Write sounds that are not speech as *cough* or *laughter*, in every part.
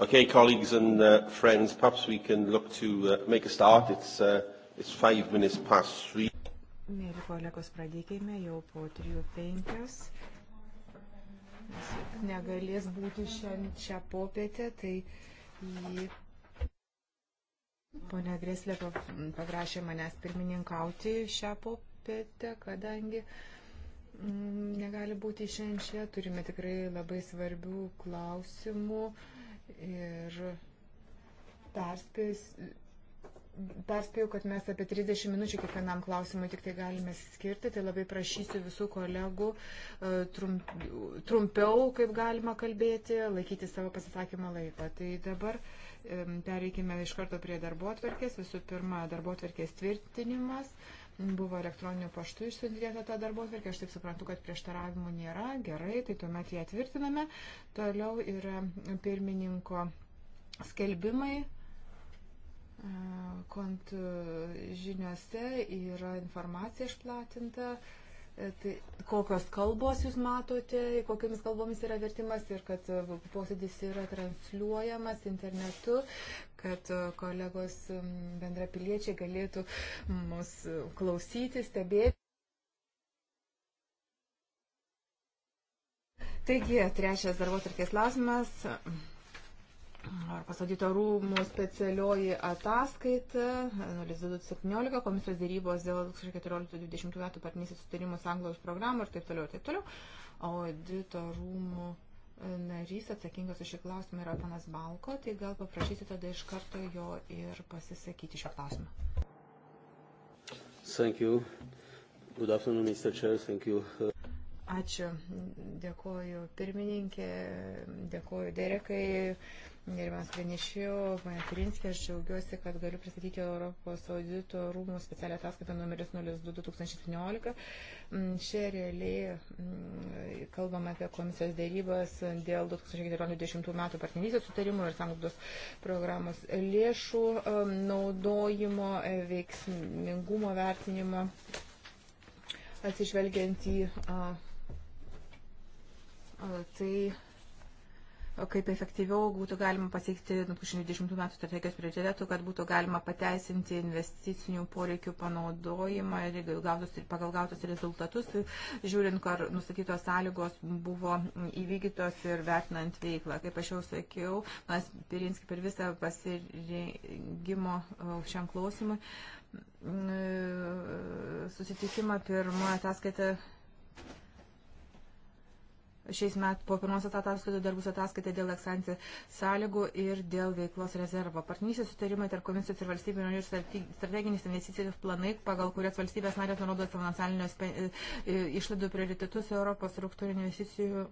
Okay, colleagues and uh, friends, perhaps we can look to uh, make a start. It's, uh, it's five minutes past three. Mėly kolegos, pradėkime jau po 3.5. Negalės būti šiandien čia popietę, tai jį ponia Greslė paprašė manęs pirmininkauti šią popietę, kadangi mm, negali būti šiandien čia, turime tikrai labai svarbių klausimų. Uh, Ir perspės, perspėjau, kad mes apie 30 minučių kiekvienam klausimui tik tai galime skirti, tai labai prašysiu visų kolegų e, trump, trumpiau, kaip galima kalbėti, laikyti savo pasisakymo laiko. Tai dabar pereikime iš karto prie darbo atverkės. Visų pirma, darbo atverkės tvirtinimas buvo elektroniniu paštu išsidėta ta darbo atvirkė. Aš taip suprantu, kad prieštaravimų nėra. Gerai, tai tuomet ją tvirtiname. Toliau yra pirmininko skelbimai. E, kont žiniuose yra informacija išplatinta. Uh, E, tai kokios kalbos jūs matote, kokiamis kalbomis yra vertimas ir kad e, posėdis yra transliuojamas internetu, kad e, kolegos bendrapiliečiai galėtų mus klausyti, stebėti. Taigi, trečias darbo tarkės klausimas. Europos audito rūmų specialioji ataskaita 0217 komisijos dėrybos dėl 2014-2020 metų partnerystės sutarimų sanglaus programų ir taip toliau ir taip toliau. Audito rūmų narys atsakingas už šį klausimą yra panas Balko, tai gal paprašysiu tada iš karto jo ir pasisakyti šio klausimu. Thank you. Good afternoon, Mr. Chair. Thank you. Ačiū. Dėkoju pirmininkė, dėkoju Derekai Gerbiamas pranešėjau, pane Pirinskė, aš džiaugiuosi, kad galiu pristatyti Europos audito rūmų specialią ataskaitą numeris 02-2017. Mm, čia realiai mm, kalbame apie komisijos dėrybas dėl 2014 metų partnerystės sutarimų ir sanglaudos programos lėšų mm, naudojimo, e, veiksmingumo vertinimo, atsižvelgiant į a, a, tai kaip efektyviau būtų galima pasiekti 2020 metų strategijos prioritetų, kad būtų galima pateisinti investicinių poreikių panaudojimą ir gautus, pagal gautus rezultatus, žiūrint, ar nustatytos sąlygos buvo įvykdytos ir vertinant veiklą. Kaip aš jau sakiau, mes Pirinski per visą pasirengimo šiam klausimui susitikimą pirmą ataskaitą šiais metais po pirmosios ataskaitos dar bus ataskaita dėl eksantį sąlygų ir dėl veiklos rezervo. Partnerystės sutarimai tarp komisijos ir valstybių narių strateginis investicijos planai, pagal kurias valstybės narės nurodo finansalinio išlaidų prioritetus Europos struktūrinių investicijų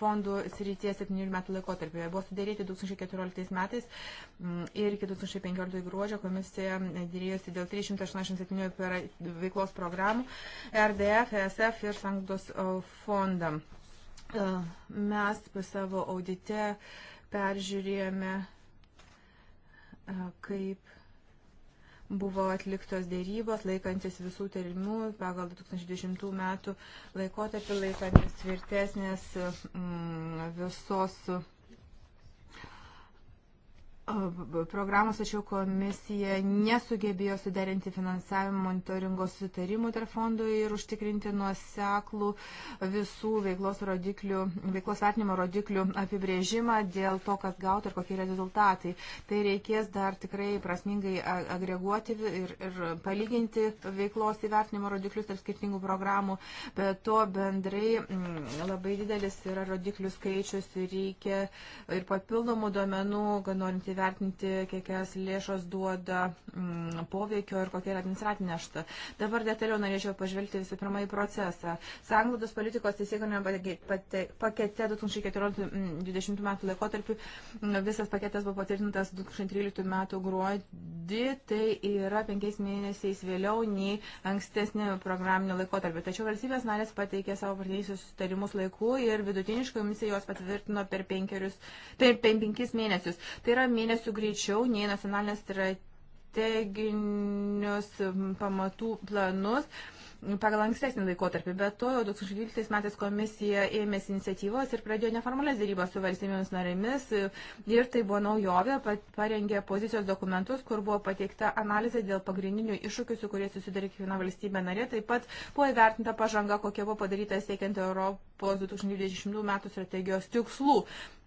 fondų srityje 7 metų laikotarpėje. Buvo sudėrėti 2014 metais ir iki 2015 gruodžio komisija dėrėjosi dėl 387 veiklos programų RDF, ESF ir Sankdos fondam. E, mes savo audite peržiūrėjome, e, kaip buvo atliktos dėrybos, laikantis visų terminų, pagal 2010 metų laikotarpį laikantis tvirtesnės visos programos, tačiau komisija nesugebėjo suderinti finansavimo monitoringo sutarimų tarp fondų ir užtikrinti nuoseklų visų veiklos, rodiklių, veiklos vertinimo rodiklių apibrėžimą dėl to, kas gauta ir kokie rezultatai. Tai reikės dar tikrai prasmingai agreguoti ir, ir palyginti veiklos įvertinimo rodiklius tarp skirtingų programų. Be to bendrai mm, labai didelis yra rodiklių skaičius ir reikia ir papildomų duomenų, norint įvertinti, kiekvienas lėšos duoda mm, poveikio ir kokia yra administratinė našta. Dabar detaliau norėčiau pažvelgti visų pirma į procesą. Sanglaudos politikos teisėkonė pakete 2014-2020 mm, metų laikotarpiu mm, visas paketas buvo patvirtintas 2013 metų gruodį, tai yra penkiais mėnesiais vėliau nei ankstesnė programinė laikotarpio. Tačiau valstybės narės pateikė savo partnerystės sutarimus laiku ir vidutiniškai komisija juos patvirtino per, penkerius, per penkis mėnesius. Tai yra mėnesius mėnesių greičiau nei nacionalinės strateginius pamatų planus pagal ankstesnį laikotarpį, bet to 2012 metais komisija ėmėsi iniciatyvos ir pradėjo neformalės dėrybas su valstybėmis narėmis ir tai buvo naujovė, parengė pozicijos dokumentus, kur buvo pateikta analizė dėl pagrindinių iššūkių, su kurie susidarė kiekviena valstybė narė, taip pat buvo įvertinta pažanga, kokia buvo padaryta siekiant Europos 2020 metų strategijos tikslų.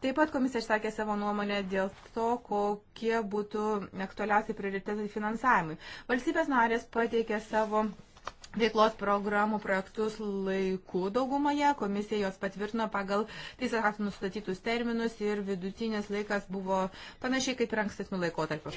Taip pat komisija išsakė savo nuomonę dėl to, kokie būtų aktualiausiai prioritetai finansavimui. Valstybės narės pateikė savo veiklos programų projektus laiku daugumoje. Komisija jos patvirtino pagal teisės aktų nustatytus terminus ir vidutinis laikas buvo panašiai kaip ir ankstesnių laikotarpių.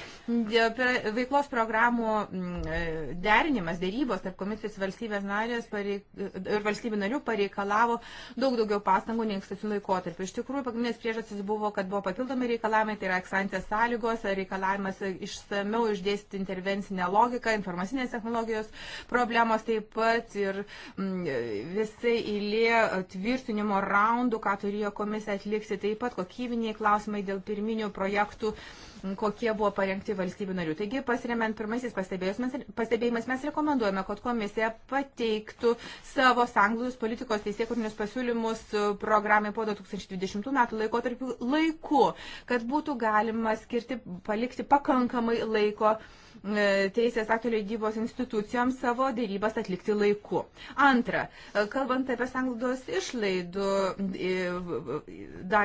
Veiklos programų mm, e, derinimas, dėrybos tarp komisijos valstybės narės pareik, e, ir valstybių narių pareikalavo daug daugiau pastangų nei ankstesnių laikotarpių. Iš tikrųjų, pagrindinės priežastys buvo, kad buvo papildomi reikalavimai, tai yra eksantės sąlygos, reikalavimas išsameu išdėstyti intervencinę logiką, informacinės technologijos problemos. Tai taip pat ir mm, visai įlė tvirtinimo raundų, ką turėjo komisija atlikti, taip pat kokybiniai klausimai dėl pirminių projektų mm, kokie buvo parengti valstybių narių. Taigi, pasiremiant pirmasis pastebėjimas, mes rekomenduojame, kad komisija pateiktų savo sanglus politikos teisėkurinius pasiūlymus programai po 2020 metų laikotarpių laiku, kad būtų galima skirti, palikti pakankamai laiko E, teisės aktų leidybos institucijoms savo dėrybas atlikti laiku. Antra, e, kalbant apie sanglaudos išlaidų e, da,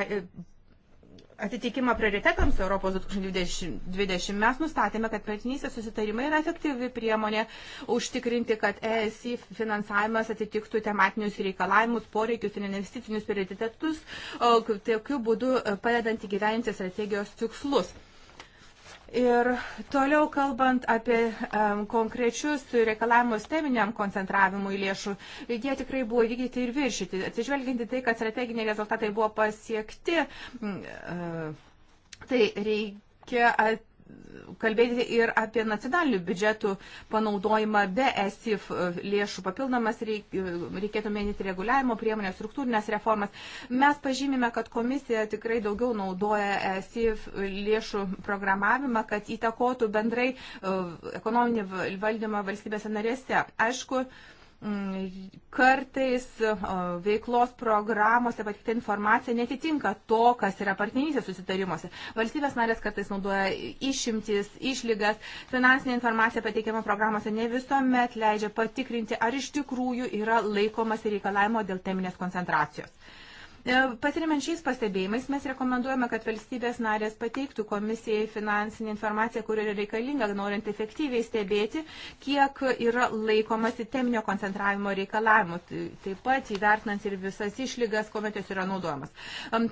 atitikimą prioritetams Europos 2020 mes nustatėme, kad partnerystės susitarimai yra efektyvi priemonė užtikrinti, kad ESI finansavimas atitiktų tematinius reikalavimus, poreikius ir investicinius prioritetus, tokiu būdu padedant įgyveninti strategijos tikslus. Ir toliau kalbant apie um, konkrečius reikalavimus teminiam koncentravimui lėšų, jie tikrai buvo vykdyti ir viršyti. Atsižvelginti tai, kad strateginiai rezultatai buvo pasiekti, uh, tai reikia. At, kalbėti ir apie nacionalinių biudžetų panaudojimą be ESIF e, lėšų papildomas, reik, e, reikėtų mėnyti reguliavimo priemonės, struktūrinės reformas. Mes pažymime, kad komisija tikrai daugiau naudoja ESIF e, lėšų programavimą, kad įtakotų bendrai ekonominį valdymą valstybėse narėse. Aišku, Mm, kartais veiklos programuose patikta informacija netitinka to, kas yra partnerystės susitarimuose. Valstybės narės kartais naudoja išimtis, išlygas, finansinė informacija pateikiama programuose ne visuomet leidžia patikrinti, ar iš tikrųjų yra laikomas reikalavimo dėl teminės koncentracijos. E, Pasiriment šiais pastebėjimais mes rekomenduojame, kad valstybės narės pateiktų komisijai finansinį informaciją, kuri yra reikalinga, norint efektyviai stebėti, kiek yra laikomasi teminio koncentravimo reikalavimų, tai taip pat įvertinant ir visas išlygas, kuomet jos yra naudojamas.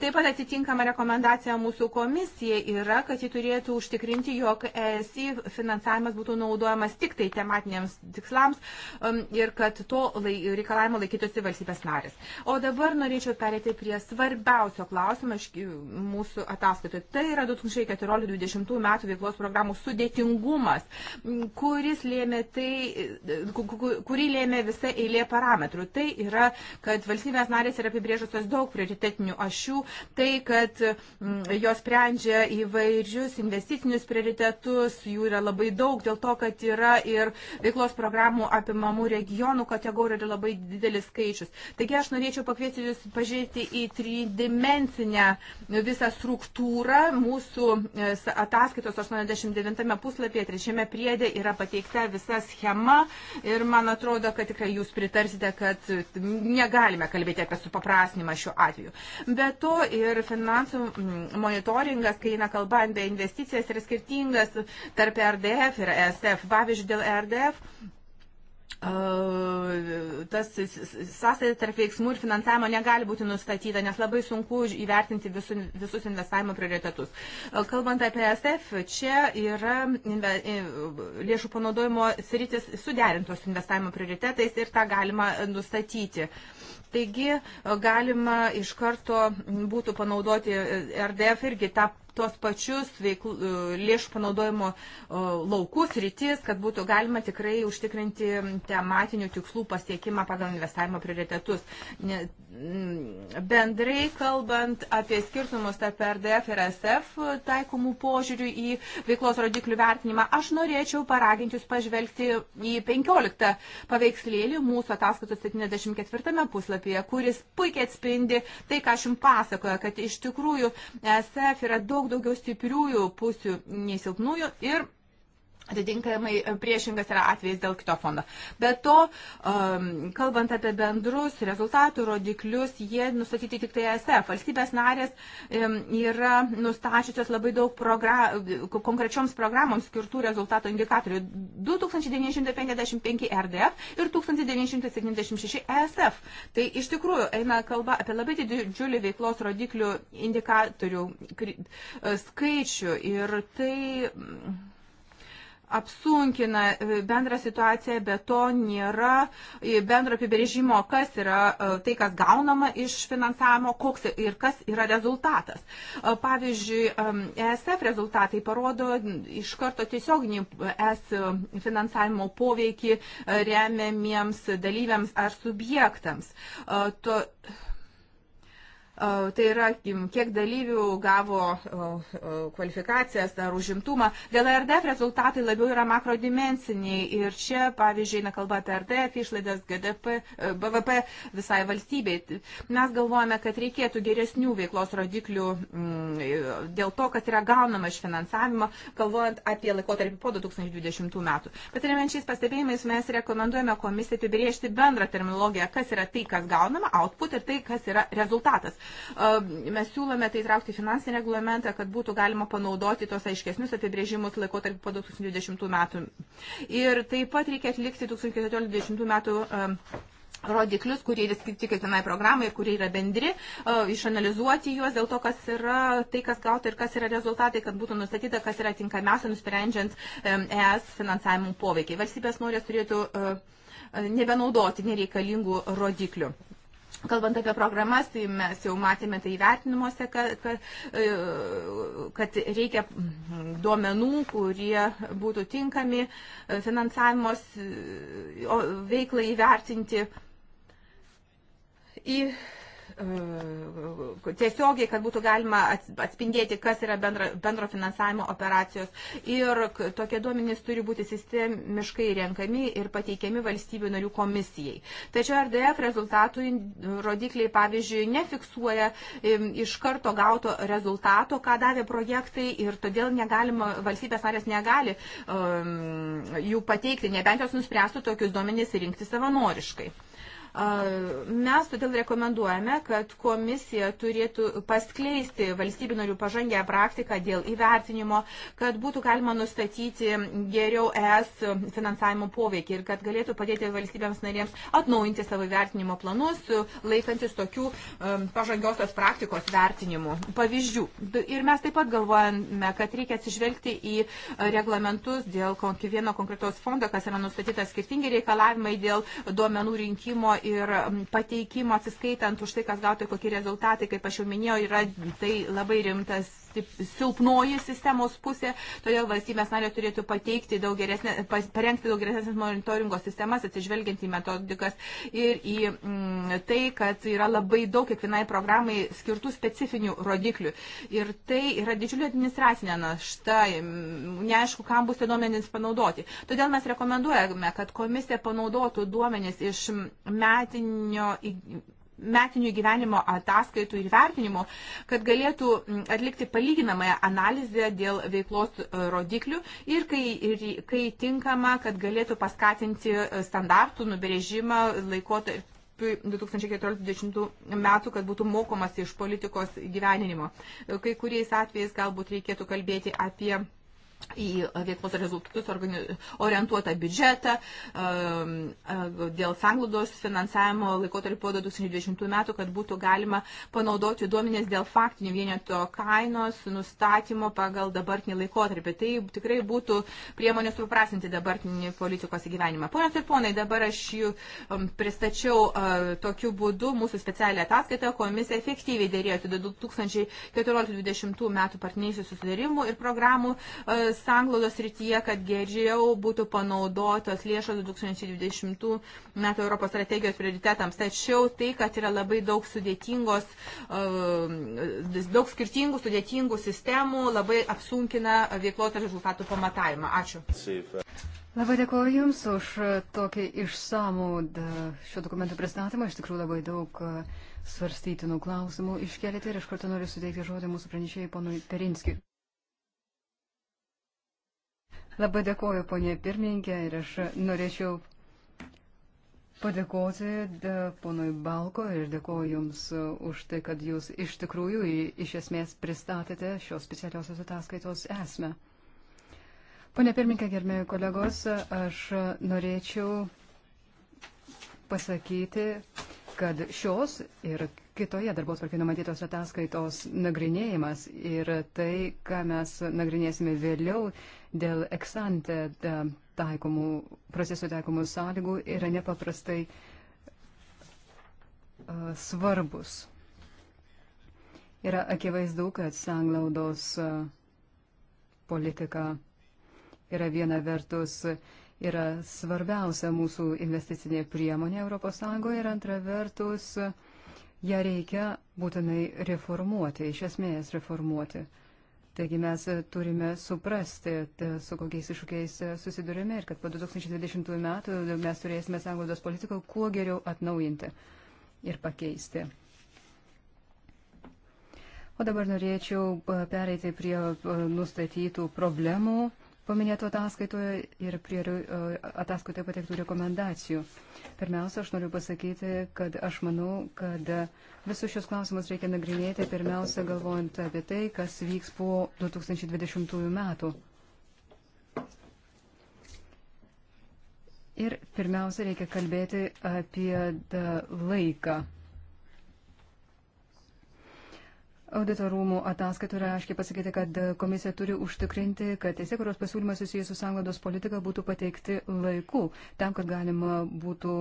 Taip pat atitinkama rekomendacija mūsų komisijai yra, kad ji turėtų užtikrinti, jog ESI finansavimas būtų naudojamas tik tai tematiniams tikslams ir kad to reikalavimo laikytųsi valstybės narės. O dabar norėčiau perėti prie prie svarbiausio klausimo mūsų ataskaitoje. Tai yra 2014-2020 metų veiklos programų sudėtingumas, kuris lėmė tai, e, kurį lėmė visa eilė parametrų. Tai yra, kad valstybės narės yra apibrėžusios daug prioritetinių ašių, tai, kad jos sprendžia įvairius investicinius prioritetus, jų yra labai daug, dėl to, kad yra ir veiklos programų apimamų regionų kategorijų yra labai didelis skaičius. Taigi aš norėčiau pakviesti Jūs pažiūrėti į tridimensinę visą struktūrą. Mūsų e, ataskaitos 89 puslapyje, trečiame priedė yra pateikta visa schema ir man atrodo, kad tikrai jūs pritarsite, kad negalime kalbėti apie supaprasnimą šiuo atveju. Be to ir finansų monitoringas, kai eina kalba apie investicijas, yra skirtingas tarp RDF ir ESF. Pavyzdžiui, dėl RDF tas sąsaja tarp veiksmų ir finansavimo negali būti nustatyta, nes labai sunku įvertinti visus, visus investavimo prioritetus. Kalbant apie SF, čia yra lėšų panaudojimo sritis suderintos su investavimo prioritetais ir tą galima nustatyti. Taigi galima iš karto būtų panaudoti RDF irgi tą tuos pačius veiklų, e, lėšų panaudojimo e, laukus, rytis, kad būtų galima tikrai užtikrinti tematinių tikslų pasiekimą pagal investavimo prioritetus bendrai kalbant apie skirtumus tarp RDF ir SF taikomų požiūrių į veiklos rodiklių vertinimą, aš norėčiau paraginti Jūs pažvelgti į 15 paveikslėlį mūsų ataskaitos 74 puslapyje, kuris puikiai atspindi tai, ką aš Jums pasakoju, kad iš tikrųjų SF yra daug daugiau stipriųjų pusių nei silpnųjų ir Atitinkamai e, priešingas yra atvejis dėl kito fondo. Be to, um, kalbant apie bendrus rezultatų rodiklius, jie nustatyti tik tai ESF. Valstybės narės yra nustačiusios labai daug progra konkrečioms programoms skirtų rezultato indikatorių. 2955 RDF ir 1976 ESF. Tai iš tikrųjų eina kalba apie labai didžiulį veiklos rodiklių indikatorių e, skaičių ir tai apsunkina e, bendrą situaciją, bet to nėra e, bendro apibrėžimo, kas yra e, tai, kas gaunama iš finansavimo, koks ir kas yra rezultatas. Pavyzdžiui, ESF rezultatai parodo iš karto tiesioginį ES finansavimo poveikį remiamiems dalyviams ar subjektams. To, Tai yra, kiek dalyvių gavo kvalifikacijas ar užimtumą. Dėl RDF rezultatai labiau yra makrodimensiniai ir čia, pavyzdžiui, eina kalba apie RDF išlaidas GDP, e, BVP visai valstybei. Mes galvojame, kad reikėtų geresnių veiklos rodiklių e, dėl to, kad yra gaunama iš finansavimo, galvojant apie laikotarpį po 2020 metų. Bet remiančiais pastebėjimais mes rekomenduojame komisijai apibriežti bendrą terminologiją, kas yra tai, kas gaunama, output ir tai, kas yra rezultatas Mes siūlome tai traukti finansinį reglamentą, kad būtų galima panaudoti tos aiškesnius apibrėžimus laikotarpį po 2020 metų. Ir taip pat reikia atlikti 2014-2020 metų rodiklius, kurie yra skirti kiekvienai programai ir kurie yra bendri, išanalizuoti juos dėl to, kas yra tai, kas gauta ir kas yra rezultatai, kad būtų nustatyta, kas yra tinkamiausia nusprendžiant ES e finansavimų poveikiai. Valstybės norės turėtų nebenaudoti nereikalingų rodiklių. Kalbant apie programas, tai mes jau matėme tai vertinimuose, kad, kad, e, kad reikia duomenų, kurie būtų tinkami e, finansavimos e, veiklai įvertinti. Į E, tiesiogiai, kad būtų galima atspindėti, kas yra bendro, bendro finansavimo operacijos. Ir tokie duomenys turi būti sistemiškai renkami ir pateikiami valstybių narių komisijai. Tačiau RDF rezultatų rodikliai, pavyzdžiui, nefiksuoja iš karto gauto rezultato, ką davė projektai ir todėl negalima, valstybės narės negali um, jų pateikti, nebent jos nuspręstų tokius duomenys rinkti savanoriškai. Uh, Mes todėl rekomenduojame, kad komisija turėtų paskleisti valstybių narių pažangę praktiką dėl įvertinimo, kad būtų galima nustatyti geriau ES finansavimo poveikį ir kad galėtų padėti valstybėms narėms atnaujinti savo įvertinimo planus, laikantis tokių pažangiosios praktikos vertinimų pavyzdžių. Ir mes taip pat galvojame, kad reikia atsižvelgti į reglamentus dėl kiekvieno konkretaus fondo, kas yra nustatyta skirtingi reikalavimai dėl duomenų rinkimo ir pateikimo atsiskaitant už tai, kas gauti kokie rezultatai, kaip aš jau minėjau, yra tai labai rimtas silpnoji sistemos pusė, todėl valstybės narė turėtų pateikti daug geresnė, parengti daug geresnės monitoringo sistemas, atsižvelgiant į metodikas ir į m, mm, tai, kad yra labai daug kiekvienai programai skirtų specifinių rodiklių. Ir tai yra didžiulė administracinė našta, mm, neaišku, kam bus tie duomenys panaudoti. Todėl mes rekomenduojame, kad komisija panaudotų duomenys iš metinio metinių gyvenimo ataskaitų ir vertinimų, kad galėtų atlikti palyginamąją analizę dėl veiklos e, rodiklių ir kai, ir, kai tinkama, kad galėtų paskatinti e, standartų nubrėžimą laikotarpį 2014-2020 metų, kad būtų mokomas iš politikos gyveninimo. E, kai kuriais atvejais galbūt reikėtų kalbėti apie į veiklos rezultatus orientuotą biudžetą um, dėl sanglaudos finansavimo laikotarpio 2020 metų, kad būtų galima panaudoti duomenės dėl faktinių vieneto kainos nustatymo pagal dabartinį laikotarpį. Tai tikrai būtų priemonė suprasinti dabartinį politikos įgyvenimą. Ponios ir ponai, dabar aš jų um, pristačiau tokiu būdu mūsų specialią ataskaitą. Komisija efektyviai dėrėjosi 2014-2020 metų partnerystės susidarimų ir programų sanglaudos rytyje, kad geriau būtų panaudotos lėšos 2020 metų Europos strategijos prioritetams. Tačiau tai, kad yra labai daug sudėtingos, e, daug skirtingų sudėtingų sistemų, labai apsunkina veiklos rezultatų pamatavimą. Ačiū. Labai dėkuoju Jums už tokį išsamų e, šio dokumento pristatymą. Iš tikrųjų labai daug e, svarstytinų klausimų iškelėte ir iš karto noriu suteikti žodį mūsų pranešėjai ponui Perinskiui. Labai dėkoju, ponė pirmininkė, ir aš norėčiau padėkoti ponui Balko ir dėkoju Jums už tai, kad Jūs iš tikrųjų iš esmės pristatėte šios specialiosios ataskaitos esmę. Pone pirmininkė, gerbėjai kolegos, aš norėčiau pasakyti, kad šios ir kitoje darbos varkė numatytos ataskaitos nagrinėjimas ir tai, ką mes nagrinėsime vėliau dėl eksante e, taikomų, procesų taikomų sąlygų, yra nepaprastai uh, svarbus. Yra akivaizdu, kad sanglaudos uh, politika yra viena vertus uh, yra svarbiausia mūsų investicinė priemonė ES ir antra vertus uh, ją reikia būtinai reformuoti, iš esmės reformuoti. Taigi mes turime suprasti, su kokiais iššūkiais susidurime ir kad po 2020 metų mes turėsime sąnglaudos politiką kuo geriau atnaujinti ir pakeisti. O dabar norėčiau pereiti prie nustatytų problemų paminėtų ataskaitoje ir prie e, ataskaitoje patektų rekomendacijų. Pirmiausia, aš noriu pasakyti, kad aš manau, kad visus šios klausimus reikia nagrinėti, pirmiausia, galvojant apie tai, kas vyks po 2020 metų. Ir pirmiausia, reikia kalbėti apie laiką. Auditorumų ataskaitų yra aiškiai pasakyti, kad komisija turi užtikrinti, kad teisėkuros pasiūlymas susijęs su sanglados politika būtų pateikti laiku, tam, kad galima būtų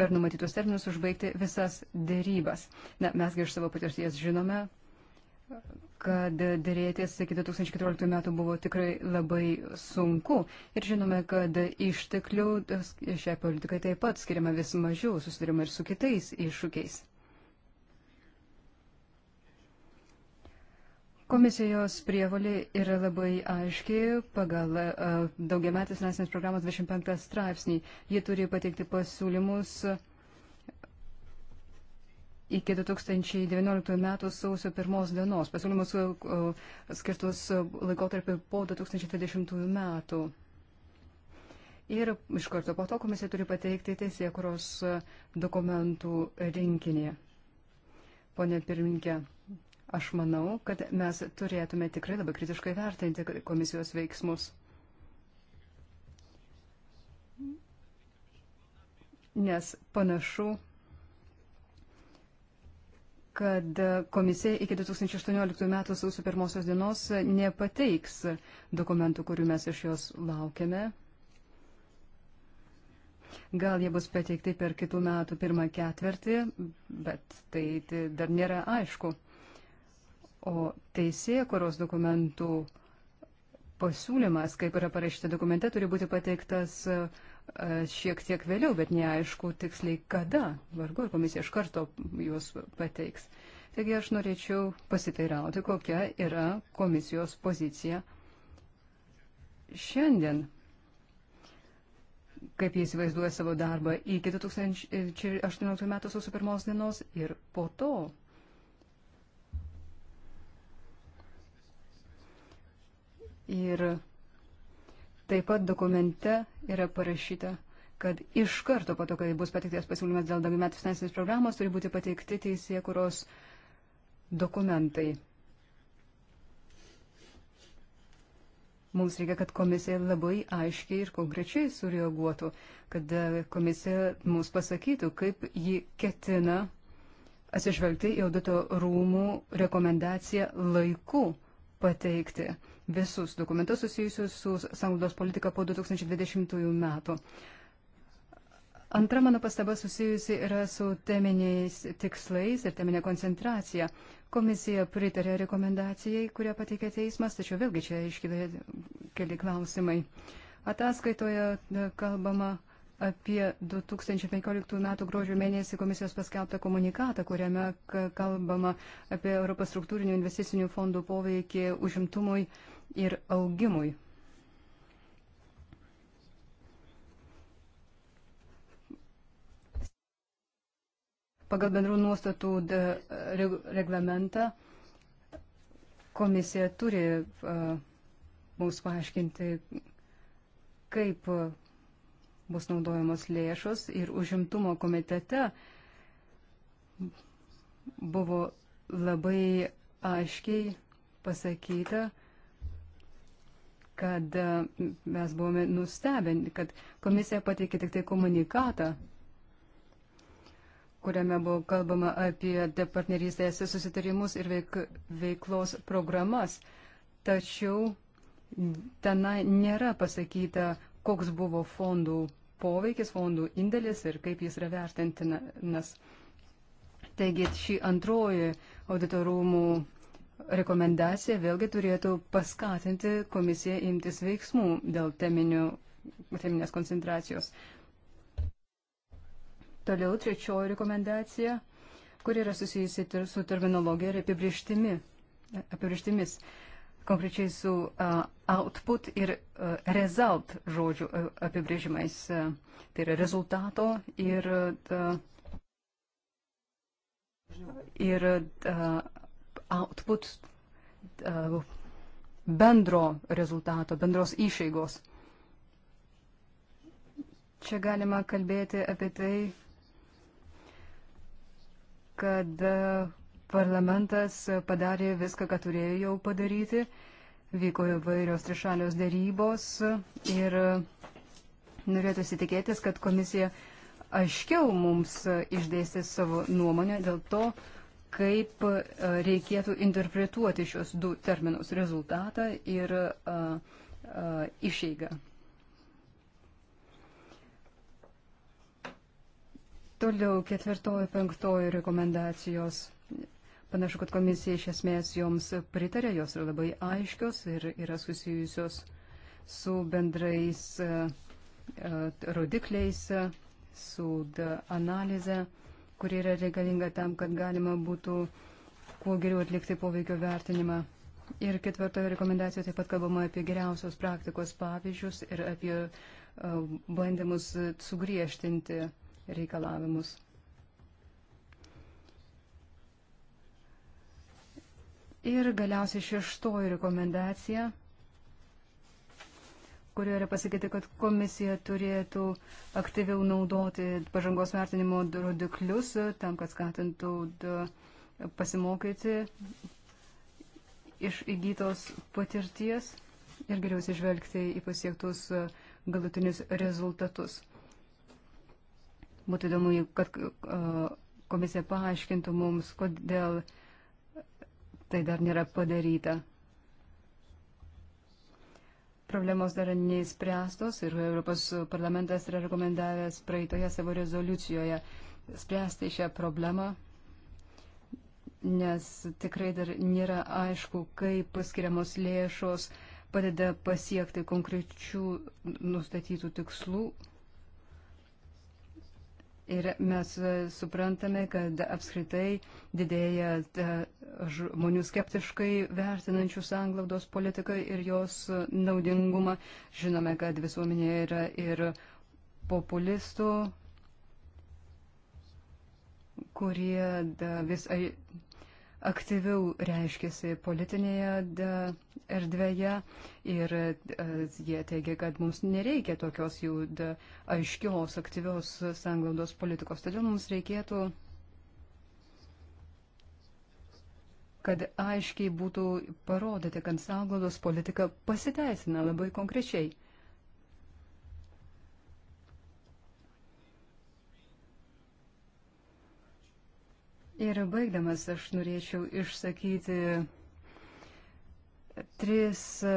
per numatytus terminus užbaigti visas dėrybas. Na, mesgi iš savo patirties žinome, kad dėrėtis iki 2014 metų buvo tikrai labai sunku ir žinome, kad išteklių šiai politikai taip pat skiriama vis mažiau, susidurima ir su kitais iššūkiais. Komisijos prievalė yra labai aiški pagal uh, daugiametės nacinės programos 25 straipsnį. Jie turi pateikti pasiūlymus iki 2019 metų sausio pirmos dienos, pasiūlymus uh, skirtus laikotarpį po 2020 metų. Ir iš karto po to komisija turi pateikti teisėkuros dokumentų rinkinį. Pone pirminkė aš manau, kad mes turėtume tikrai labai kritiškai vertinti komisijos veiksmus. Nes panašu, kad komisija iki 2018 metų sausio pirmosios dienos nepateiks dokumentų, kurių mes iš jos laukiame. Gal jie bus pateikti per kitų metų pirmą ketvirtį, bet tai, tai dar nėra aišku. O teisėkuros dokumentų pasiūlymas, kaip yra parašyta dokumente, turi būti pateiktas e, šiek tiek vėliau, bet neaišku tiksliai kada. Vargu ar komisija iš karto juos pateiks. Taigi aš norėčiau pasiteirauti, kokia yra komisijos pozicija šiandien, kaip jie įsivaizduoja savo darbą iki 2018 e, m. sausio pirmos dienos ir po to. Ir taip pat dokumente yra parašyta, kad iš karto po to, kai bus pateiktas pasiūlymas dėl daugiametės finansinės programos, turi būti pateikti teisė, kurios dokumentai. Mums reikia, kad komisija labai aiškiai ir konkrečiai sureaguotų, kad komisija mums pasakytų, kaip ji ketina atsižvelgti į audito rūmų rekomendaciją laiku pateikti visus dokumentus susijusius su sanglaudos politika po 2020 metų. Antra mano pastaba susijusi yra su teminiais tikslais ir teminė koncentracija. Komisija pritarė rekomendacijai, kurią pateikė teismas, tačiau vėlgi čia iškyla keli klausimai. Ataskaitoje e, kalbama apie 2015 m. gruodžio mėnesį komisijos paskelbtą komunikatą, kuriame kalbama apie Europos struktūrinių investicinių fondų poveikį užimtumui ir augimui. Pagal bendrų nuostatų reglamentą komisija turi mums paaiškinti, kaip bus naudojamos lėšos ir užimtumo komitete buvo labai aiškiai pasakyta, kad e, mes buvome nustebę, kad komisija pateikė tik tai komunikatą, kuriame buvo kalbama apie partnerystės susitarimus ir veik, veiklos programas. Tačiau tenai nėra pasakyta, koks buvo fondų poveikis, fondų indėlis ir kaip jis yra vertintinas. Taigi šį antroji auditorumų rekomendacija vėlgi turėtų paskatinti komisiją imtis veiksmų dėl teminių, teminės koncentracijos. Toliau trečioji rekomendacija, kuri yra susijusi su terminologija ir apibrieštimi, apibrieštimis, konkrečiai su uh, output ir uh, result žodžių uh, apibrėžimais, uh, tai yra rezultato ir, uh, ir uh, output e, bendro rezultato, bendros išeigos. Čia galima kalbėti apie tai, kad e, parlamentas padarė viską, ką turėjo padaryti, vyko įvairios trišalios dėrybos ir norėtų įsitikėtis, kad komisija aiškiau mums išdėstė savo nuomonę dėl to, kaip e, reikėtų interpretuoti šios du terminus - rezultatą ir uh, uh, išeigą. Toliau ketvirtoji, penktoji rekomendacijos. Panašu, kad komisija iš esmės joms pritarė, jos yra labai aiškios ir yra susijusios su bendrais uh, rodikliais, su analize. Uh, kuri yra reikalinga tam, kad galima būtų kuo geriau atlikti poveikio vertinimą. Ir ketvirtoje rekomendacijoje taip pat kalbama apie geriausios praktikos pavyzdžius ir apie bandymus sugriežtinti reikalavimus. Ir galiausiai šeštoji rekomendacija kurioje yra pasakyti, kad komisija turėtų aktyviau naudoti pažangos vertinimo rodiklius e, tam, kad skatintų pasimokyti iš įgytos patirties ir geriausiai žvelgti į pasiektus e, galutinius rezultatus. Būtų įdomu, kad e, komisija paaiškintų mums, kodėl tai dar nėra padaryta problemos dar neįspręstos ir Europos parlamentas yra rekomendavęs praeitoje savo rezoliucijoje spręsti šią problemą, nes tikrai dar nėra aišku, kaip skiriamos lėšos padeda pasiekti konkrečių nustatytų tikslų Ir mes suprantame, kad apskritai didėja e, žmonių skeptiškai vertinančių sanglaudos politiką ir jos naudingumą. Žinome, kad visuomenėje yra ir populistų, kurie vis aktyviau reiškėsi politinėje erdvėje ir e, jie teigia, kad mums nereikia tokios jau aiškios, aktyvios sanglaudos politikos. Todėl mums reikėtų, kad aiškiai būtų parodyti, kad sanglaudos politika pasiteisina labai konkrečiai. Ir baigdamas aš norėčiau išsakyti tris e,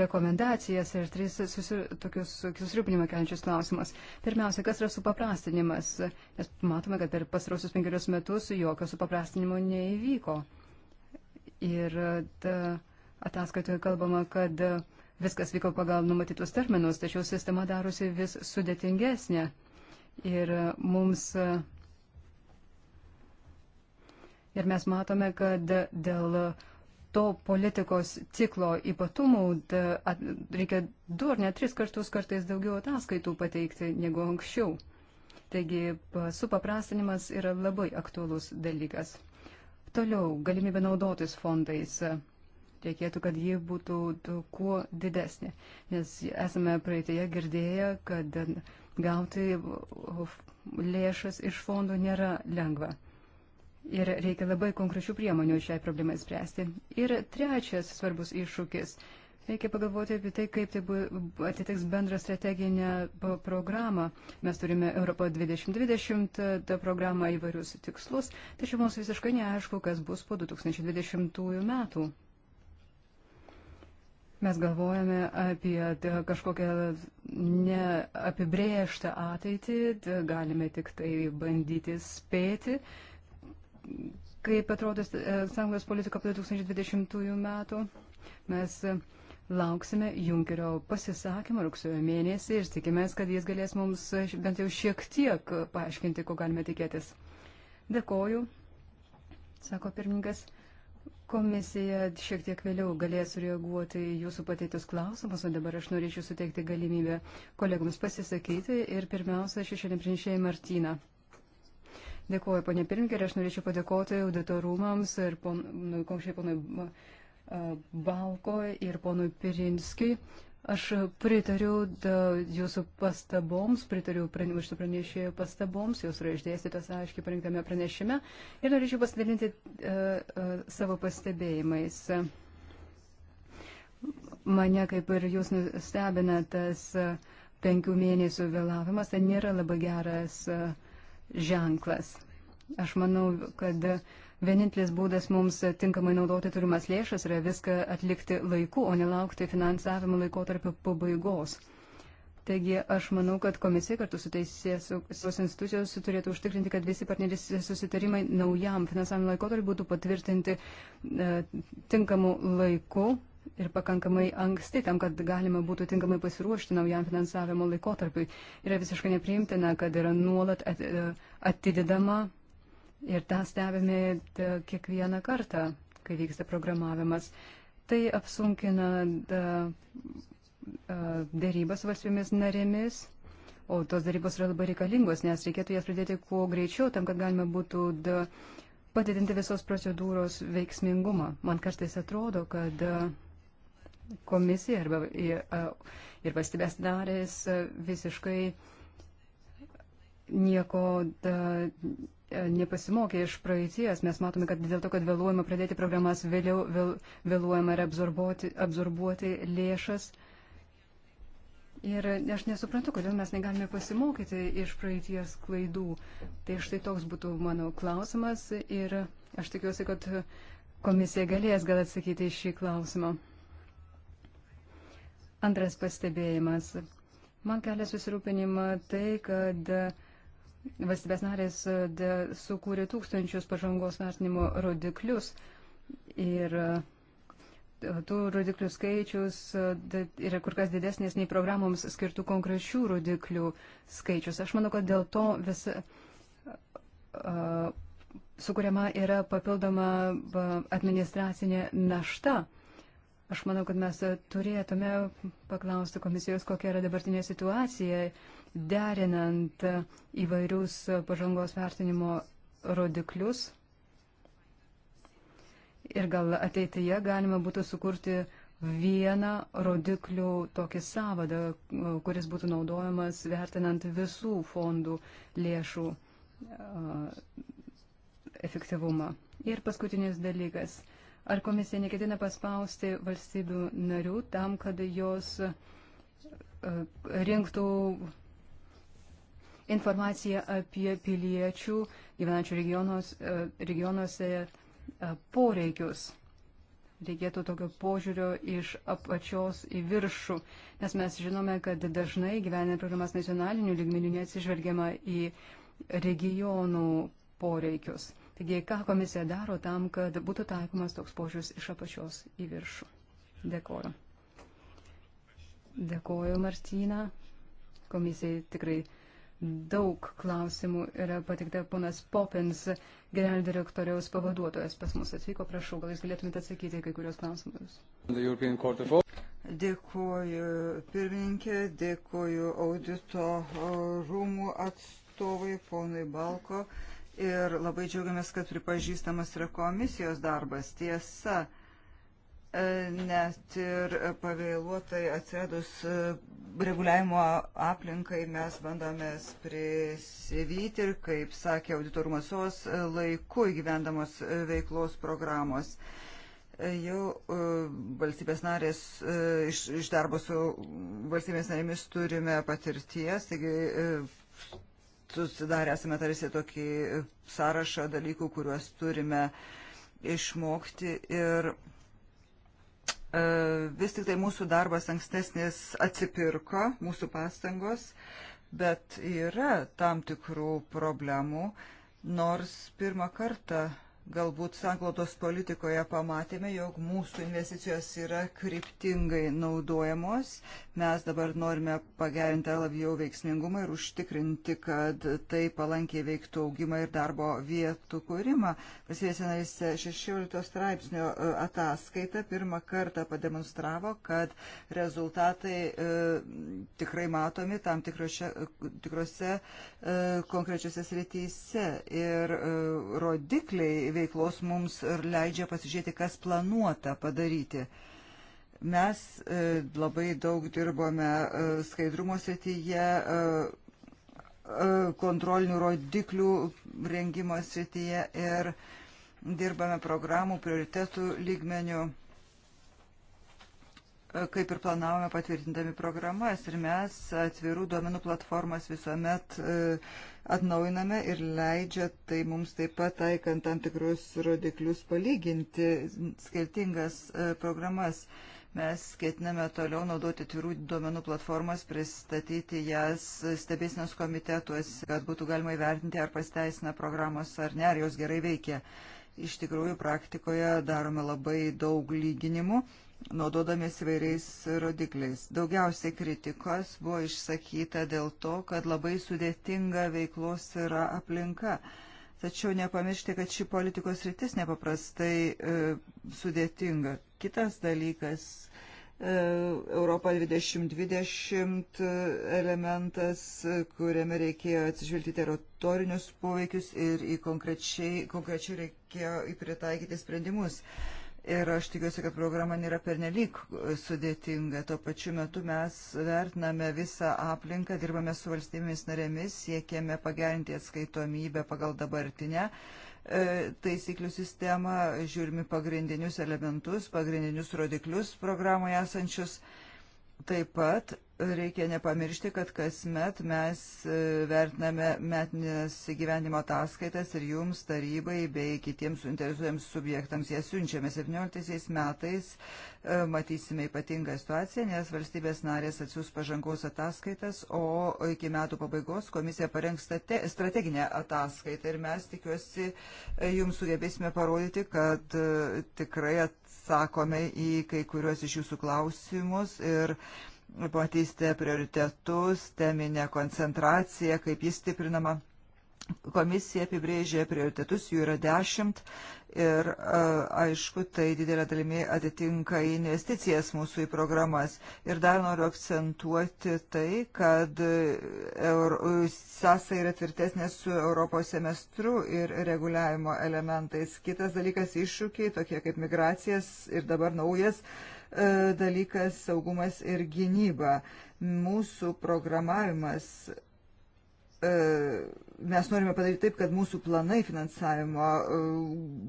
rekomendacijas ir tris susir, tokius susirūpinimą keliančius klausimus. Pirmiausia, kas yra supaprastinimas? Nes matome, kad per pastarosius penkerius metus jokio supaprastinimo neįvyko. Ir e, ataskaitoje kalbama, kad viskas vyko pagal numatytus terminus, tačiau sistema darosi vis sudėtingesnė. Ir e, mums Ir mes matome, kad dėl to politikos ciklo ypatumų reikia du ar net tris kartus kartais daugiau ataskaitų pateikti negu anksčiau. Taigi supaprastinimas yra labai aktuolus dalykas. Toliau galimybė naudotis fondais. Reikėtų, kad ji būtų kuo didesnė, nes esame praeitėje girdėję, kad gauti lėšas iš fondų nėra lengva. Ir reikia labai konkrečių priemonių šiai problemai spręsti. Ir trečias svarbus iššūkis. Reikia pagalvoti apie tai, kaip tai atitiks bendrą strateginę programą. Mes turime Europą 2020 programą įvairius tikslus, tačiau mums visiškai neaišku, kas bus po 2020 metų. Mes galvojame apie e, kažkokią neapibrėžtą ateitį, galime tik tai bandyti spėti. Uh, kaip atrodo e, sąjungos politika po 2020 metų. Mes e, lauksime Junkerio pasisakymą rugsėjo mėnesį ir tikimės, kad jis galės mums e, bent jau šiek tiek paaiškinti, ko galime tikėtis. Dėkoju, sako pirmininkas. Komisija šiek tiek vėliau galės reaguoti į jūsų pateitus klausimus, o dabar aš norėčiau suteikti galimybę kolegams pasisakyti ir pirmiausia, šešėlė prinšėjai Martyną. Dėkuoju, ponė Pirinkė, ir aš norėčiau padėkoti auditorumams ir nu, ponui Komšiai, ponui Balko ir ponui Pirinskiui. Aš pritariu da, jūsų pastaboms, pritariu šitų pranešėjų pastaboms, jos yra išdėstytas aiškiai parinktame pranešime ir norėčiau pasidalinti uh, uh, savo pastebėjimais. Mane kaip ir jūs stebina tas uh, penkių mėnesių vėlavimas, tai nėra labai geras. Uh, ženklas. Aš manau, kad vienintelis būdas mums tinkamai naudoti turimas lėšas yra viską atlikti laiku, o nelaukti finansavimo laikotarpio pabaigos. Taigi aš manau, kad komisija kartu su teisės institucijos turėtų užtikrinti, kad visi partneris susitarimai naujam finansavimo laikotarpiu būtų patvirtinti e, tinkamu laiku ir pakankamai anksti tam, kad galima būtų tinkamai pasiruošti naujam finansavimo laikotarpiui. Yra visiškai nepriimtina, kad yra nuolat e, atidedama ir tą stebime e, kiekvieną kartą, kai vyksta programavimas. Tai apsunkina e, dėrybas valstybėmis narėmis. O tos darybos yra labai reikalingos, nes reikėtų jas pradėti kuo greičiau, tam, kad galima būtų da, padidinti visos procedūros veiksmingumą. Man kartais atrodo, kad da, komisija arba, ir valstybės narės visiškai nieko da, nepasimokė iš praeities. Mes matome, kad dėl to, kad vėluojama pradėti programas, vėliau vėl, vėluojama ir absorbuoti lėšas. Ir aš nesuprantu, kodėl mes negalime pasimokyti iš praeities klaidų. Tai štai toks būtų mano klausimas ir aš tikiuosi, kad komisija galės gal atsakyti iš šį klausimą. Antras pastebėjimas. Man kelia susirūpinimą tai, kad valstybės narės e, sukūrė tūkstančius pažangos vertinimo rodiklius ir e, tų rodiklių skaičius e, yra kur kas didesnis nei programoms skirtų konkrečių rodiklių skaičius. Aš manau, kad dėl to visa sukuriama yra papildoma administracinė našta. Aš manau, kad mes turėtume paklausti komisijos, kokia yra dabartinė situacija, derinant įvairius pažangos vertinimo rodiklius. Ir gal ateityje galima būtų sukurti vieną rodiklių tokį savadą, kuris būtų naudojamas vertinant visų fondų lėšų efektyvumą. Ir paskutinis dalykas. Ar komisija neketina paspausti valstybių narių tam, kad jos e, rinktų informaciją apie piliečių gyvenančių regionos, e, regionuose e, poreikius? Reikėtų tokio požiūrio iš apačios į viršų, nes mes žinome, kad dažnai gyvenant programas nacionalinių lygmenių neatsižvelgiama į regionų poreikius. Taigi, ką komisija daro tam, kad būtų taikomas toks požiūris iš apačios į viršų? Dėkoju. Dėkoju, Martina. Komisijai tikrai daug klausimų yra patikta ponas Popins, generalinio direktoriaus pavaduotojas pas mus atvyko. Prašau, gal jūs galėtumėte atsakyti kai kurios klausimus. Dėkuoju pirmininkė, dėkuoju audito rūmų atstovai, ponui Balko. Uh, ir labai džiaugiamės, kad pripažįstamas yra komisijos darbas. Tiesa, e, net ir pavėluotai atsiradus e, reguliavimo aplinkai mes bandome prisivyti ir, kaip sakė auditorumasos, e, laiku įgyvendamos veiklos programos. Jau valstybės narės, iš, iš darbo su valstybės narėmis turime patirties, taigi susidarę esame tarsi tokį sąrašą dalykų, kuriuos turime išmokti ir e, vis tik tai mūsų darbas ankstesnis atsipirko, mūsų pastangos, bet yra tam tikrų problemų, nors pirmą kartą galbūt sanklotos politikoje pamatėme, jog mūsų investicijos yra kryptingai naudojamos. Mes dabar norime pagerinti labiau veiksmingumą ir užtikrinti, kad tai palankiai veiktų augimą ir darbo vietų kūrimą. Pasviesinarėse 16 straipsnio e, ataskaita pirmą kartą pademonstravo, kad rezultatai e, tikrai matomi tam tikrose, tikrose e, konkrečiose srityse ir e, rodikliai veiksmingumo veiklos mums leidžia pasižiūrėti, kas planuota padaryti. Mes e, labai daug dirbome e, skaidrumo srityje, e, kontrolinių rodiklių rengimo srityje ir dirbame programų prioritetų lygmenių kaip ir planavome patvirtindami programas. Ir mes atvirų duomenų platformas visuomet e, atnaujiname ir leidžia tai mums taip pat taikant tam tikrus rodiklius palyginti skirtingas e, programas. Mes ketiname toliau naudoti atvirų duomenų platformas, pristatyti jas stebėsinos komitetuose, kad būtų galima įvertinti, ar pasteisina programos ar ne, ar jos gerai veikia. Iš tikrųjų, praktikoje darome labai daug lyginimų naudodamies įvairiais rodikliais. Daugiausiai kritikos buvo išsakyta dėl to, kad labai sudėtinga veiklos yra aplinka. Tačiau nepamiršti, kad ši politikos rytis nepaprastai e, sudėtinga. Kitas dalykas e, Europa 2020 e, elementas, e, kuriame reikėjo atsižvelgti teritorinius poveikius ir į konkrečiai, konkrečiai reikėjo įpritaikyti sprendimus. E, Ir aš tikiuosi, kad programa nėra pernelyg e, sudėtinga. Tuo pačiu metu mes vertiname visą aplinką, dirbame su valstybėmis narėmis, siekėme pagerinti atskaitomybę pagal dabartinę e, taisyklių sistemą, žiūrimi pagrindinius elementus, pagrindinius rodiklius programoje esančius. Taip pat reikia nepamiršti, kad kasmet mes e, vertiname metinės įgyvenimo ataskaitas ir jums tarybai bei kitiems suinteresuojams subjektams jas siunčiame. 17 metais e, matysime ypatingą situaciją, nes valstybės narės atsiūs pažangos ataskaitas, o iki metų pabaigos komisija parengs strateginę ataskaitą ir mes tikiuosi e, jums sugebėsime parodyti, kad tikrai atsakome į kai kuriuos iš jūsų klausimus ir uh, pamatysite prioritetus, teminę koncentraciją, kaip jis stiprinama. Komisija apibrėžė prioritetus, jų yra dešimt ir aišku, tai didelė dalimi atitinka investicijas mūsų į programas. Ir dar noriu akcentuoti tai, kad sąsai yra tvirtesnė su Europos semestru ir reguliavimo elementais. Kitas dalykas iššūkiai, tokie kaip migracijas ir dabar naujas E, dalykas - saugumas ir gynyba. Mūsų programavimas, e, mes norime padaryti taip, kad mūsų planai finansavimo e,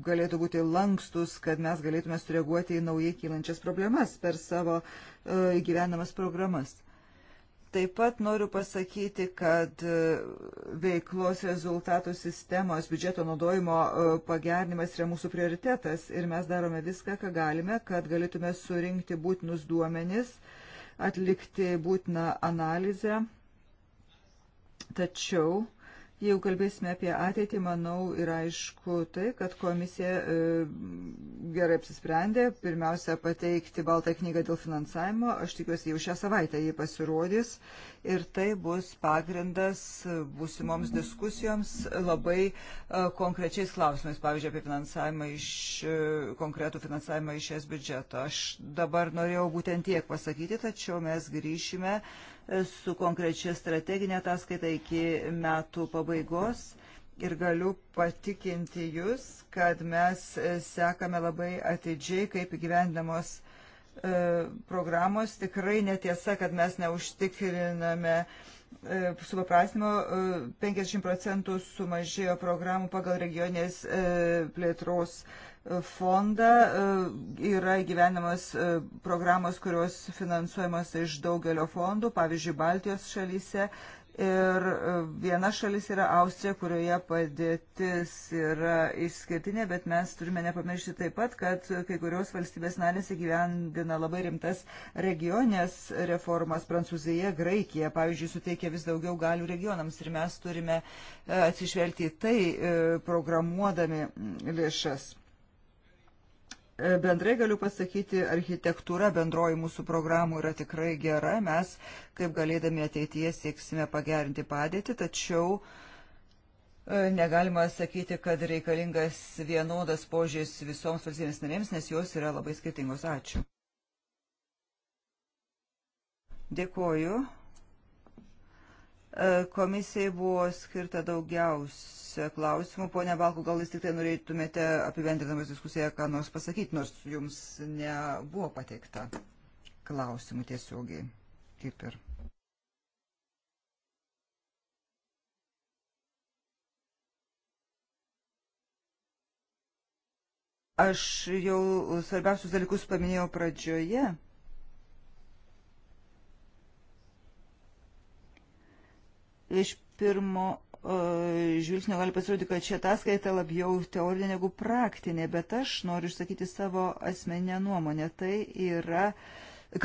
galėtų būti lankstus, kad mes galėtume sureaguoti į naujai kylančias problemas per savo gyvenamas programas. Taip pat noriu pasakyti, kad e, veiklos rezultatų sistemos biudžeto naudojimo e, pagernimas yra mūsų prioritetas ir mes darome viską, ką galime, kad galėtume surinkti būtinus duomenis, atlikti būtiną analizę. Tačiau Jeigu kalbėsime apie ateitį, manau, yra aišku tai, kad komisija e, gerai apsisprendė pirmiausia pateikti baltą knygą dėl finansavimo. Aš tikiuosi, jau šią savaitę jį pasirodys ir tai bus pagrindas būsimoms diskusijoms labai e, konkrečiais klausimais, pavyzdžiui, apie finansavimą iš, e, konkretų finansavimą iš es biudžeto. Aš dabar norėjau būtent tiek pasakyti, tačiau mes grįšime. E, su konkrečia strateginė ataskaita iki metų pabaigos. Ir galiu patikinti Jūs, kad mes sekame labai atidžiai, kaip įgyvendamos e, programos. Tikrai netiesa, kad mes neužtikriname e, supaprastinimo. 50 e, procentų sumažėjo programų pagal regionės plėtros fondą e, yra gyvenamos e, programos, kurios finansuojamos iš daugelio fondų, pavyzdžiui, Baltijos šalyse. Ir e, viena šalis yra Austrija, kurioje padėtis yra išskirtinė, bet mes turime nepamiršti taip pat, kad kai kurios valstybės narės įgyvendina labai rimtas regionės reformas. Prancūzija, Graikija, pavyzdžiui, suteikia vis daugiau galių regionams ir mes turime atsižvelgti į tai programuodami lėšas. E, bendrai galiu pasakyti, architektūra bendroji mūsų programų yra tikrai gera, mes kaip galėdami ateityje sieksime pagerinti padėtį, tačiau e, negalima sakyti, kad reikalingas vienodas požiūris visoms valstybės narėms, nes jos yra labai skirtingos. Ačiū. Dėkoju. E, komisijai buvo skirta daugiausia klausimų. Pone Balku, gal jūs tik tai norėtumėte apibendrinamas diskusiją, ką nors pasakyti, nors jums nebuvo pateikta klausimų tiesiogiai, kaip ir. Aš jau svarbiausius dalykus paminėjau pradžioje. iš pirmo e, žvilgsnio gali pasirodyti, kad ši ataskaita labiau teorinė negu praktinė, bet aš noriu išsakyti savo asmeninę nuomonę. Tai yra,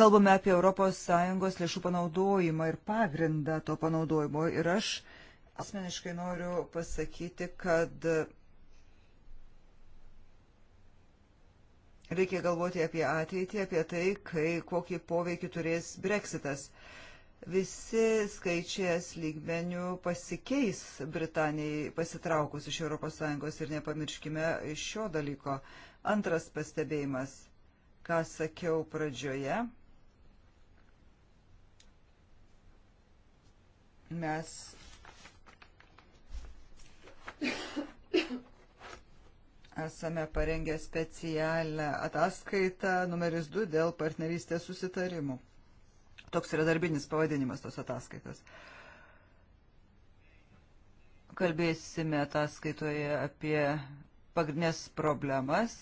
kalbame apie ES lėšų panaudojimą ir pagrindą to panaudojimo. Ir aš asmeniškai noriu pasakyti, kad reikia galvoti apie ateitį, apie tai, kai, kokį poveikį turės Brexitas. Uh, Visi skaičiai lygmenių pasikeis Britanijai pasitraukus iš ES ir nepamirškime šio dalyko. Antras pastebėjimas, ką sakiau pradžioje. Mes esame parengę specialią ataskaitą numeris 2 dėl partnerystės susitarimų. Toks yra darbinis pavadinimas tos ataskaitos. Kalbėsime ataskaitoje apie pagrindinės problemas,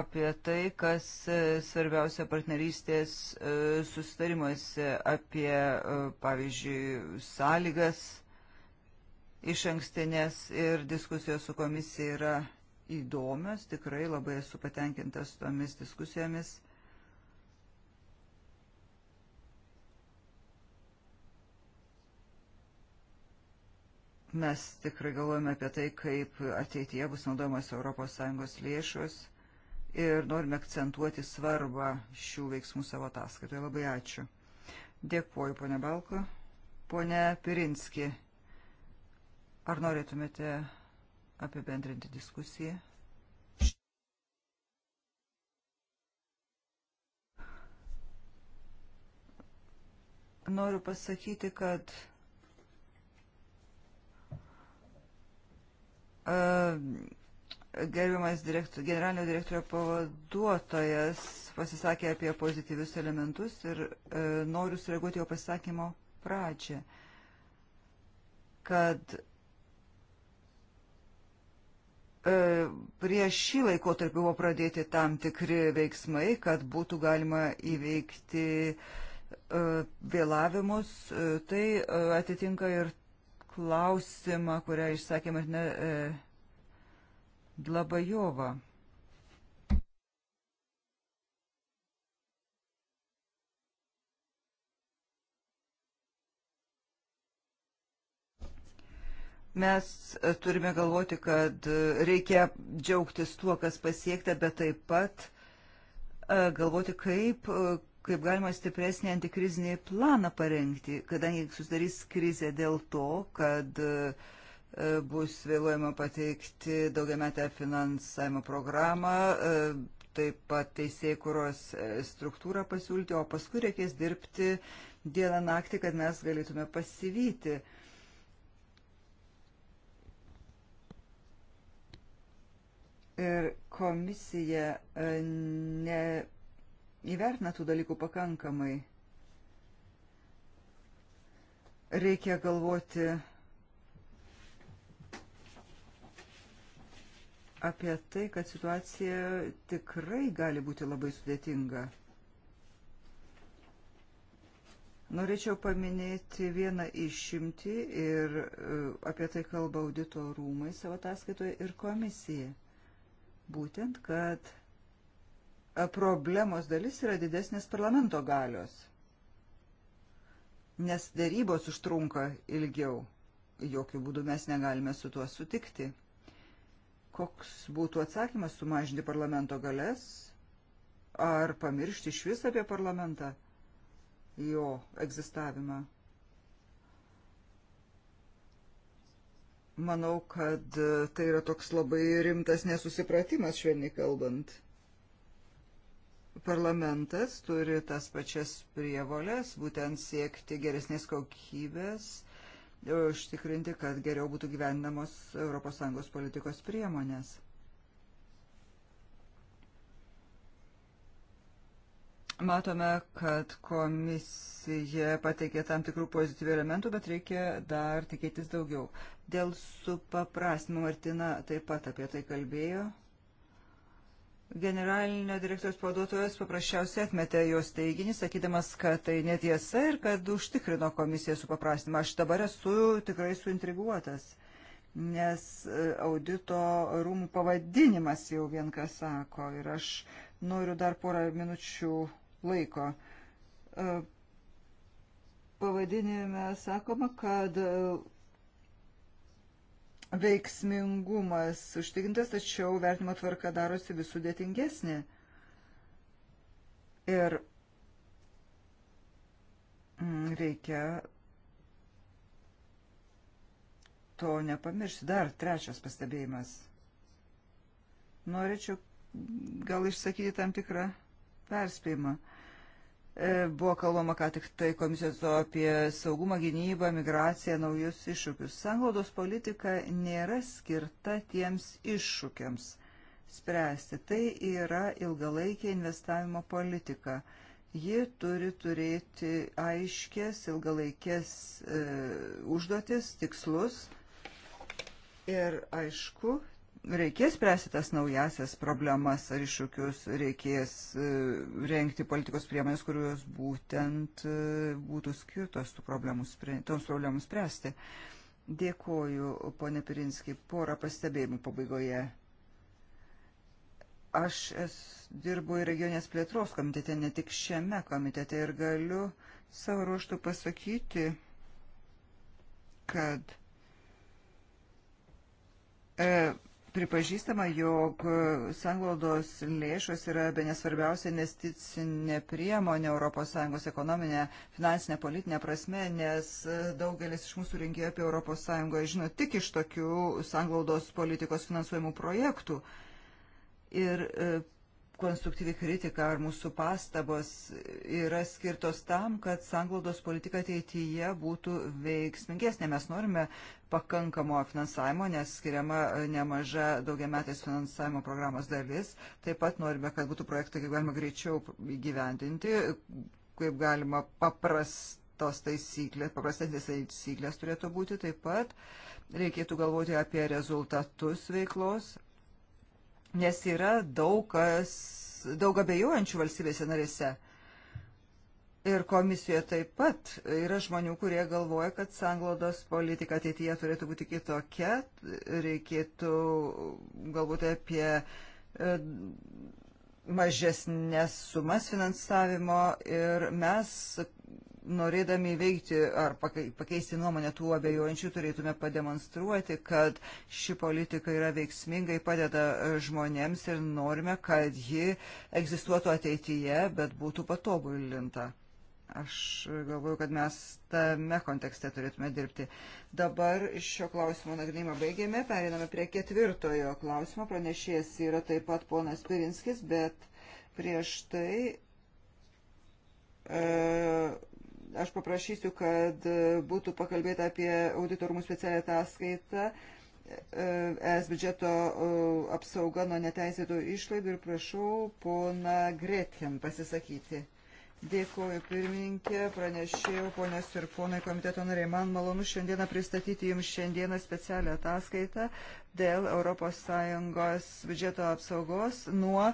apie tai, kas svarbiausia partnerystės e, sustarimuose, apie, e, pavyzdžiui, sąlygas iš ankstinės ir diskusijos su komisija yra įdomios, tikrai labai esu patenkintas tomis diskusijomis. Mes tikrai galvojame apie tai, kaip ateityje bus naudojamos ES lėšos ir norime akcentuoti svarbą šių veiksmų savo ataskaitoje. Labai ačiū. Dėkuoju, ponė Balko. Pone Pirinski, ar norėtumėte apibendrinti diskusiją? Noriu pasakyti, kad gerbiamas direktor, generalinio direktorio pavaduotojas pasisakė apie pozityvius elementus ir e, noriu sureaguoti jo pasisakymo pradžią, kad e, prieš šį laikotarpį buvo pradėti tam tikri veiksmai, kad būtų galima įveikti e, vėlavimus. Tai atitinka ir klausimą, kurią išsakė Martina e, Dlabajova. mes e, turime galvoti, kad e, reikia džiaugtis tuo, kas pasiekta, bet taip pat e, galvoti, kaip kaip galima stipresnį antikrizinį planą parengti, kadangi susidarys krizė dėl to, kad e, e, bus vėluojama pateikti daugiametę finansavimo programą, e, taip pat teisėjai kuros struktūrą pasiūlyti, o paskui reikės dirbti dieną naktį, kad mes galėtume pasivyti. Ir komisija ne įvertina tų dalykų pakankamai. Reikia galvoti apie tai, kad situacija tikrai gali būti labai sudėtinga. Norėčiau paminėti vieną išimtį ir e, apie tai kalba audito rūmai savo ataskaitoje ir komisija. Būtent, kad problemos dalis yra didesnės parlamento galios, nes dėrybos užtrunka ilgiau. Jokių būdų mes negalime su tuo sutikti. Koks būtų atsakymas sumažinti parlamento galės? Ar pamiršti iš vis apie parlamentą? Jo egzistavimą. Manau, kad tai yra toks labai rimtas nesusipratimas, švelniai kalbant parlamentas turi tas pačias prievolės, būtent siekti geresnės kokybės, užtikrinti, kad geriau būtų gyvenamos ES politikos priemonės. Matome, kad komisija pateikė tam tikrų pozityvių elementų, bet reikia dar tikėtis daugiau. Dėl supaprastinimo Martina taip pat apie tai kalbėjo. Generalinio direktoriaus pavaduotojas paprasčiausiai atmetė jos teiginį, sakydamas, kad tai netiesa ir kad užtikrino komisiją su paprastinimu. Aš dabar esu tikrai suintriguotas, nes e, audito rūmų pavadinimas jau vien ką sako ir aš noriu dar porą minučių laiko. E, pavadinime sakoma, kad e, veiksmingumas užtikrintas, tačiau vertimo tvarka darosi vis sudėtingesnė. Ir mm, reikia to nepamiršti. Dar trečias pastebėjimas. Norėčiau gal išsakyti tam tikrą perspėjimą. E, buvo kalbama, ką tik tai komisijos apie saugumą, gynybą, migraciją, naujus iššūkius. Sanglaudos politika nėra skirta tiems iššūkiams spręsti. Tai yra ilgalaikė investavimo politika. Ji turi turėti aiškės ilgalaikės e, užduotis, tikslus ir aišku, reikės spręsti tas naujasias problemas ar iššūkius, reikės e, renkti politikos priemonės, kurios būtent e, būtų skirtos problemų, toms problemų spręsti. Dėkoju, ponė Pirinski, porą pastebėjimų pabaigoje. Aš es, dirbu ir regionės plėtros komitete, ne tik šiame komitete ir galiu savo ruoštų pasakyti, kad e, pripažįstama, jog sanglaudos lėšos yra be nesvarbiausia investicinė priemonė ES ekonominė, finansinė, politinė prasme, nes daugelis iš mūsų rinkėjų apie ES žino tik iš tokių sanglaudos politikos finansuojamų projektų. Ir e, konstruktyvi kritika ar mūsų pastabos yra skirtos tam, kad sanglaudos politika ateityje būtų veiksmingesnė. Mes norime pakankamo finansavimo, nes skiriama e, nemaža daugiametės finansavimo programos dalis. Taip pat norime, kad būtų projektai, kaip galima greičiau įgyvendinti, kaip galima paprastos taisyklės, paprastesnės taisyklės turėtų būti. Taip pat reikėtų galvoti apie rezultatus veiklos nes yra daug kas, daug abejojančių valstybėse narėse. Ir komisijoje taip pat yra žmonių, kurie galvoja, kad sanglodos politika ateityje turėtų būti kitokia, reikėtų galbūt apie e, mažesnės sumas finansavimo ir mes norėdami veikti ar pakeisti nuomonę tų abejojančių, turėtume pademonstruoti, kad ši politika yra veiksmingai padeda žmonėms ir norime, kad ji egzistuotų ateityje, bet būtų patobulinta. Aš galvoju, kad mes tame kontekste turėtume dirbti. Dabar šio klausimo nagrinimą baigėme, periname prie ketvirtojo klausimo. Pranešėjas yra taip pat ponas Pirinskis, bet prieš tai e, Aš paprašysiu, kad e, būtų pakalbėta apie auditorumų specialią ataskaitą e, es biudžeto e, apsauga nuo neteisėtų išlaidų ir prašau pona Gretchen pasisakyti. Dėkuoju pirmininkė, pranešėjau ponios ir ponai komiteto nariai. Man malonu šiandieną pristatyti Jums šiandieną specialią ataskaitą dėl ES biudžeto apsaugos nuo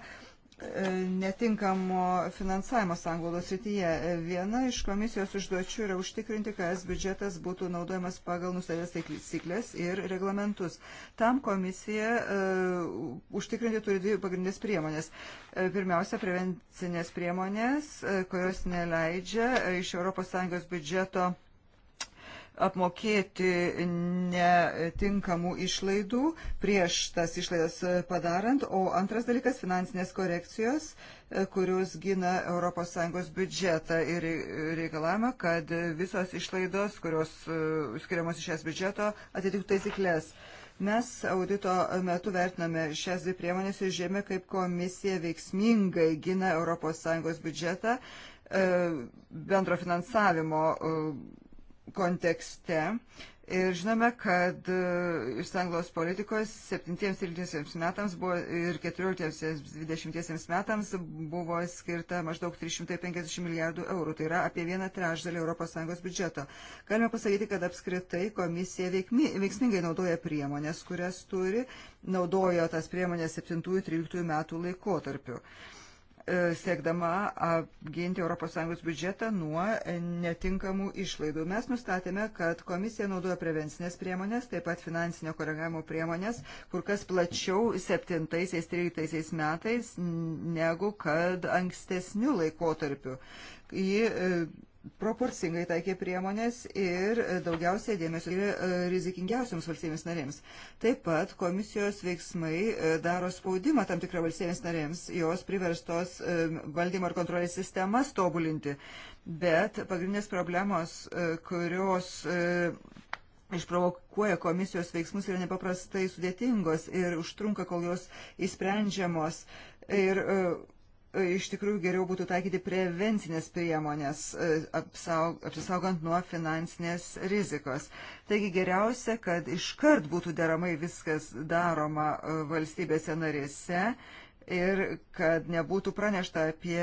E, netinkamo finansavimo sanglaudos srityje. Viena iš komisijos užduočių yra užtikrinti, kad es biudžetas būtų naudojamas pagal nustatytas taisyklės ir reglamentus. Tam komisija uh, užtikrinti turi dvi pagrindinės priemonės. E, pirmiausia, prevencinės priemonės, kurios neleidžia iš ES biudžeto uh, apmokėti netinkamų išlaidų prieš tas išlaidas padarant, o antras dalykas - finansinės korekcijos, e, kurios gina ES biudžetą ir reikalavimą, kad visos išlaidos, kurios e, skiriamos iš es biudžeto, atitiktų taisyklės. Mes audito metu vertiname šias dvi priemonės ir žiūrėjome, kaip komisija veiksmingai gina ES biudžetą e, bendro finansavimo kontekste. Ir žinome, kad e, iš Anglos politikos 7-13 metams buvo, ir 14-20 metams buvo skirta maždaug 350 milijardų eurų, tai yra apie vieną trešdalį ES biudžeto. Galime pasakyti, kad apskritai komisija veikmi, veiksmingai naudoja priemonės, kurias turi, naudojo tas priemonės 7-13 metų laikotarpiu. tarpiu. E, siekdama apginti ES biudžetą nuo netinkamų išlaidų. Mes nustatėme, kad komisija naudoja prevencinės priemonės, taip pat finansinio koregavimo priemonės, kur kas plačiau 7-13 metais negu kad ankstesnių laikotarpių. Ji e, proporcingai taikė priemonės ir daugiausiai dėmesio e, rizikingiausiams valstybėms narėms. Taip pat komisijos veiksmai e, daro spaudimą tam tikrą valstybėms narėms, jos priverstos e, valdymo ir kontrolės sistemas tobulinti. Bet pagrindinės problemos, kurios išprovokuoja komisijos veiksmus, yra nepaprastai sudėtingos ir užtrunka, kol jos įsprendžiamos. Ir iš tikrųjų geriau būtų taikyti prevencinės priemonės, e, apsaug, apsisaugant nuo finansinės rizikos. Taigi geriausia, kad iškart būtų deramai viskas daroma e, valstybėse narėse ir kad nebūtų pranešta apie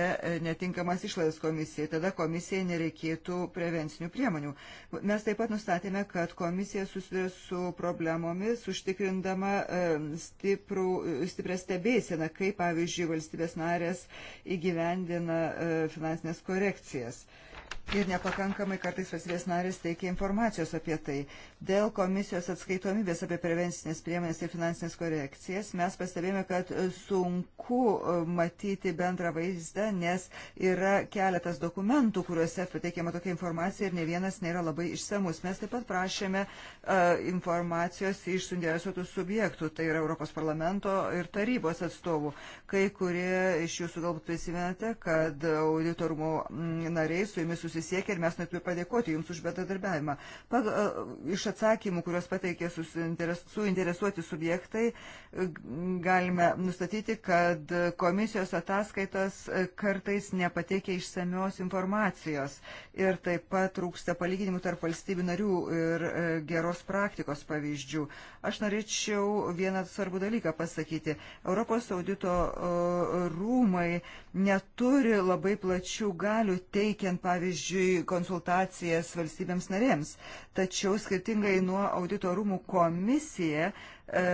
netinkamas išlaidas komisijai. Tada komisijai nereikėtų prevencinių priemonių. Mes taip pat nustatėme, kad komisija susiduria su problemomis, užtikrindama stiprų, stiprią stebėsieną, kaip pavyzdžiui valstybės narės įgyvendina e, finansinės korekcijas ir nepakankamai kartais valstybės narės teikia informacijos apie tai. Dėl komisijos atskaitomybės apie prevencinės priemonės ir finansinės korekcijas mes pastebėjome, kad sunku e, matyti bendrą vaizdą, nes yra keletas dokumentų, kuriuose pateikiama tokia informacija ir ne vienas nėra labai išsamus. Mes taip pat prašėme uh, informacijos iš suinteresuotų subjektų, tai yra Europos parlamento ir tarybos atstovų. Kai kurie iš jūsų galbūt prisimenate, kad auditorumo nariai su jumis mumis susisiekė ir mes norėtume padėkoti Jums už bendradarbiavimą. E, iš atsakymų, kuriuos pateikė suinteresuoti subjektai, galime nustatyti, kad komisijos ataskaitos kartais nepateikia išsamios informacijos ir taip pat trūksta palyginimų tarp valstybių narių ir e, geros praktikos pavyzdžių. Aš norėčiau vieną svarbų dalyką pasakyti. Europos audito e, rūmai neturi labai plačių galių teikiant, pavyzdžiui, pavyzdžiui, konsultacijas valstybėms narėms. Tačiau skirtingai nuo audito rūmų komisija e,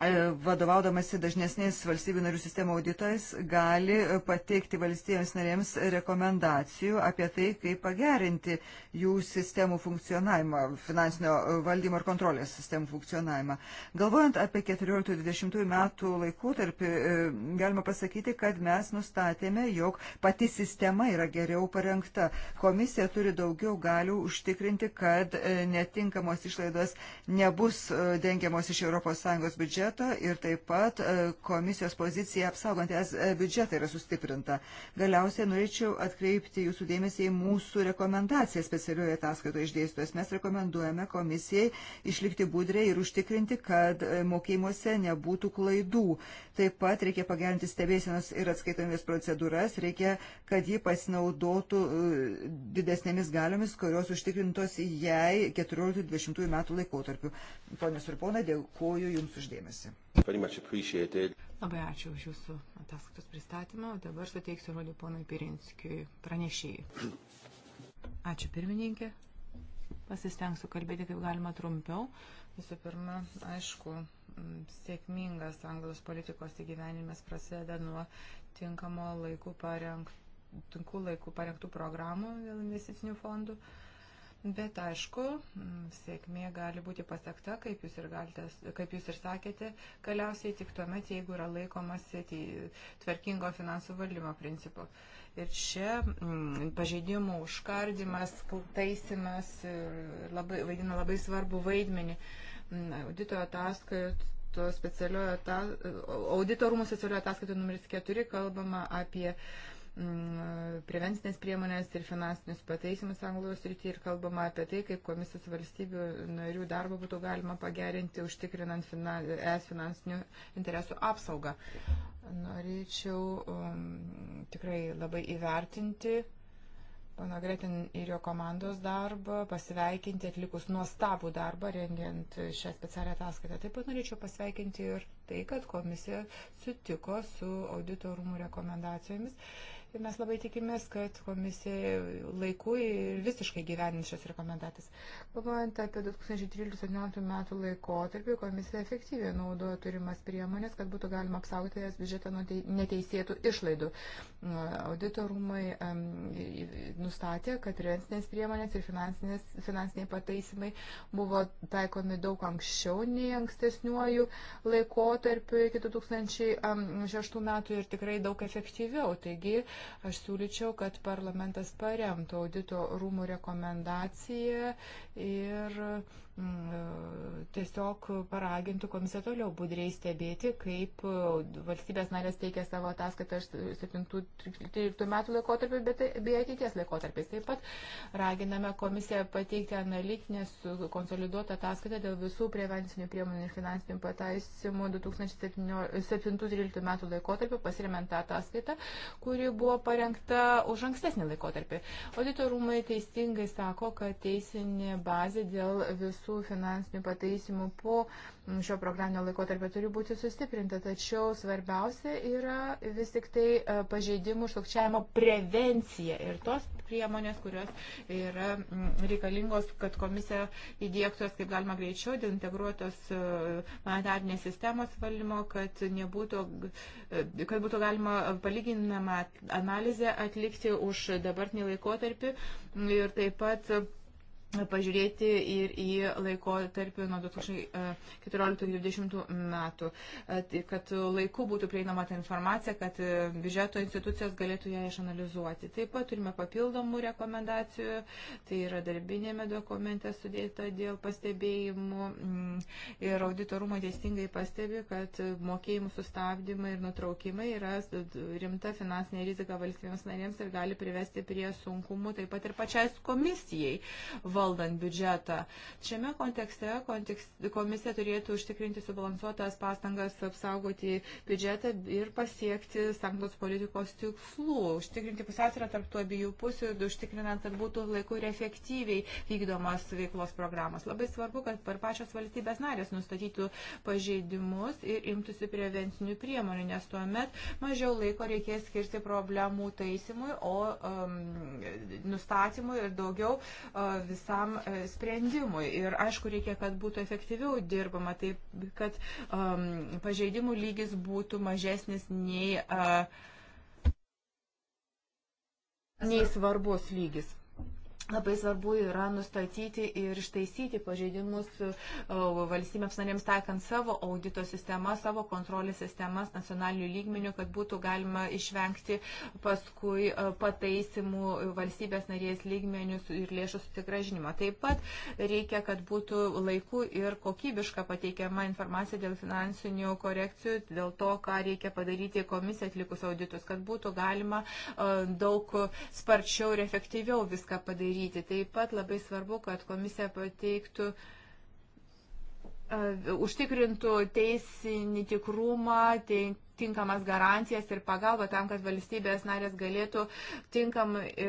E, vadovaudamasi dažnesnės valstybių narių sistemo auditais, gali pateikti valstybėms narėms rekomendacijų apie tai, kaip pagerinti jų sistemų funkcionavimą, finansinio valdymo ir kontrolės sistemų funkcionavimą. Galvojant apie 14-20 metų laikotarpį, e, galima pasakyti, kad mes nustatėme, jog pati sistema yra geriau parengta. Komisija turi daugiau galių užtikrinti, kad e, netinkamos išlaidos nebus dengiamos iš ES biudžeto biudžetą ir taip pat e, komisijos pozicija apsaugant es e, biudžetą yra sustiprinta. Galiausiai norėčiau atkreipti jūsų dėmesį į mūsų rekomendaciją specialioje ataskaitoje išdėstytos. Mes rekomenduojame komisijai išlikti budriai ir užtikrinti, kad e, mokymuose nebūtų klaidų. Taip pat reikia pagerinti stebėsienos ir atskaitomės procedūras, reikia, kad ji pasinaudotų didesnėmis galiomis, kurios užtikrintos jai 14-20 metų laikotarpiu. Ponios ir ponai, dėkuoju Jums uždėmesi dėmesį. Labai ačiū už Jūsų ataskaitos pristatymą. Dabar suteiksiu žodį ponui Pirinskiui, pranešėjai. Ačiū pirmininkė. Pasistengsiu kalbėti kaip galima trumpiau. Visų pirma, aišku, sėkmingas anglos politikos įgyvenimas prasideda nuo tinkamo laikų parengtų, laikų parengtų programų dėl investicinių fondų. Uh, Bet aišku, mm, sėkmė gali būti pasiekta, kaip jūs ir, galite, kaip jūs ir sakėte, galiausiai tik tuomet, jeigu yra laikomasi tvarkingo finansų valdymo principų. Ir čia m, mm, pažeidimų užkardimas, taisimas labai, vaidina labai svarbų vaidmenį. Mm, audito ataskaito specialiojo, audito rūmų specialiojo ataskaito numeris 4 kalbama apie uh, Mm, prevencinės priemonės ir finansinius pataisimus Anglijos rytyje ir kalbama apie tai, kaip komisijos valstybių narių darbą būtų galima pagerinti, užtikrinant finan, es finansinių interesų apsaugą. Norėčiau um, tikrai labai įvertinti Pana Gretin ir jo komandos darbą, pasveikinti atlikus nuostabų darbą, rengiant šią specialią ataskaitą. Taip pat norėčiau pasveikinti ir tai, kad komisija sutiko su auditorumų rekomendacijomis Ir tai mes labai tikimės, kad komisija laiku ir visiškai gyvenins šias rekomendacijas. Kalbant apie 2013-2017 metų laikotarpį, komisija efektyviai naudojo turimas priemonės, kad būtų galima apsaugoti jas biudžetą nuo neteisėtų išlaidų. Auditorumai um, nustatė, kad prevencinės priemonės ir finansiniai pataisimai buvo taikomi daug anksčiau nei ankstesniuoju laikotarpiu iki 2006 metų ir tikrai daug efektyviau. Taigi, Aš siūlyčiau, kad parlamentas paremtų audito rūmų rekomendaciją ir Mm, e, tiesiog paraginti komisiją toliau budriai stebėti, kaip e, valstybės narės teikia savo ataskaitą 7-13 metų laikotarpį, bet tai, bei ateities laikotarpis. Taip pat raginame komisiją pateikti analitinės konsoliduotą ataskaitą dėl visų prevencinių priemonių ir finansinių pataisimų 2007-2013 metų laikotarpį, pasiremiant tą ataskaitą, kuri buvo parengta už ankstesnį laikotarpį. Auditorumai teisingai sako, kad teisinė bazė dėl visų visų finansinių pataisimų po šio programinio laikotarpio turi būti sustiprinta, tačiau svarbiausia yra vis tik tai e, pažeidimų sukčiavimo prevencija ir tos priemonės, kurios yra reikalingos, kad komisija įdėktos kaip galima greičiau dėl integruotos e, monetarnės sistemos valdymo, kad, nebūtų, e, kad būtų galima palyginamą analizę atlikti už dabartinį laikotarpį ir taip pat pažiūrėti ir į laiko tarp nuo 2014-2020 metų, e, tai kad laiku būtų prieinama ta informacija, kad e, biudžeto institucijos galėtų ją išanalizuoti. Taip pat turime papildomų rekomendacijų, tai yra darbinėme dokumente sudėta dėl pastebėjimų mm, ir auditorumo teisingai pastebi, kad mokėjimų sustabdymai ir nutraukimai yra rimta finansinė rizika valstybėms narėms ir gali privesti prie sunkumų taip pat ir pačiais komisijai. Va, valdant biudžetą. Šiame kontekste kontekst, komisija turėtų užtikrinti subalansuotas pastangas apsaugoti biudžetą ir pasiekti sankcijos politikos tikslų, užtikrinti pusiausvyrą tarp tų abiejų pusių ir užtikrinant, kad būtų laiku ir efektyviai vykdomas veiklos programos. Labai svarbu, kad per pačios valstybės narės nustatytų pažeidimus ir imtųsi preventinių priemonių, nes tuomet mažiau laiko reikės skirti problemų taisimui, o um, nustatymui ir daugiau uh, visą visam e, sprendimui. Ir aišku, reikia, kad būtų efektyviau dirbama, taip, kad um, pažeidimų lygis būtų mažesnis nei, uh, nei svarbus lygis. Labai svarbu yra nustatyti ir ištaisyti pažeidimus e, valstybėms narėms taikant savo audito sistemą, savo kontrolės sistemas nacionalinių lygmenių, kad būtų galima išvengti paskui e, pataisimų valstybės narės lygmenius ir lėšų susigražinimo. Taip pat reikia, kad būtų laiku ir kokybiška pateikiama informacija dėl finansinių korekcijų, dėl to, ką reikia padaryti komisija atlikus auditus, kad būtų galima e, daug sparčiau ir efektyviau viską padaryti pasakyti. Taip pat labai svarbu, kad komisija pateiktų, uh, užtikrintų teisinį tikrumą, te, tinkamas garantijas ir pagalbą tam, kad valstybės narės galėtų tinkam e,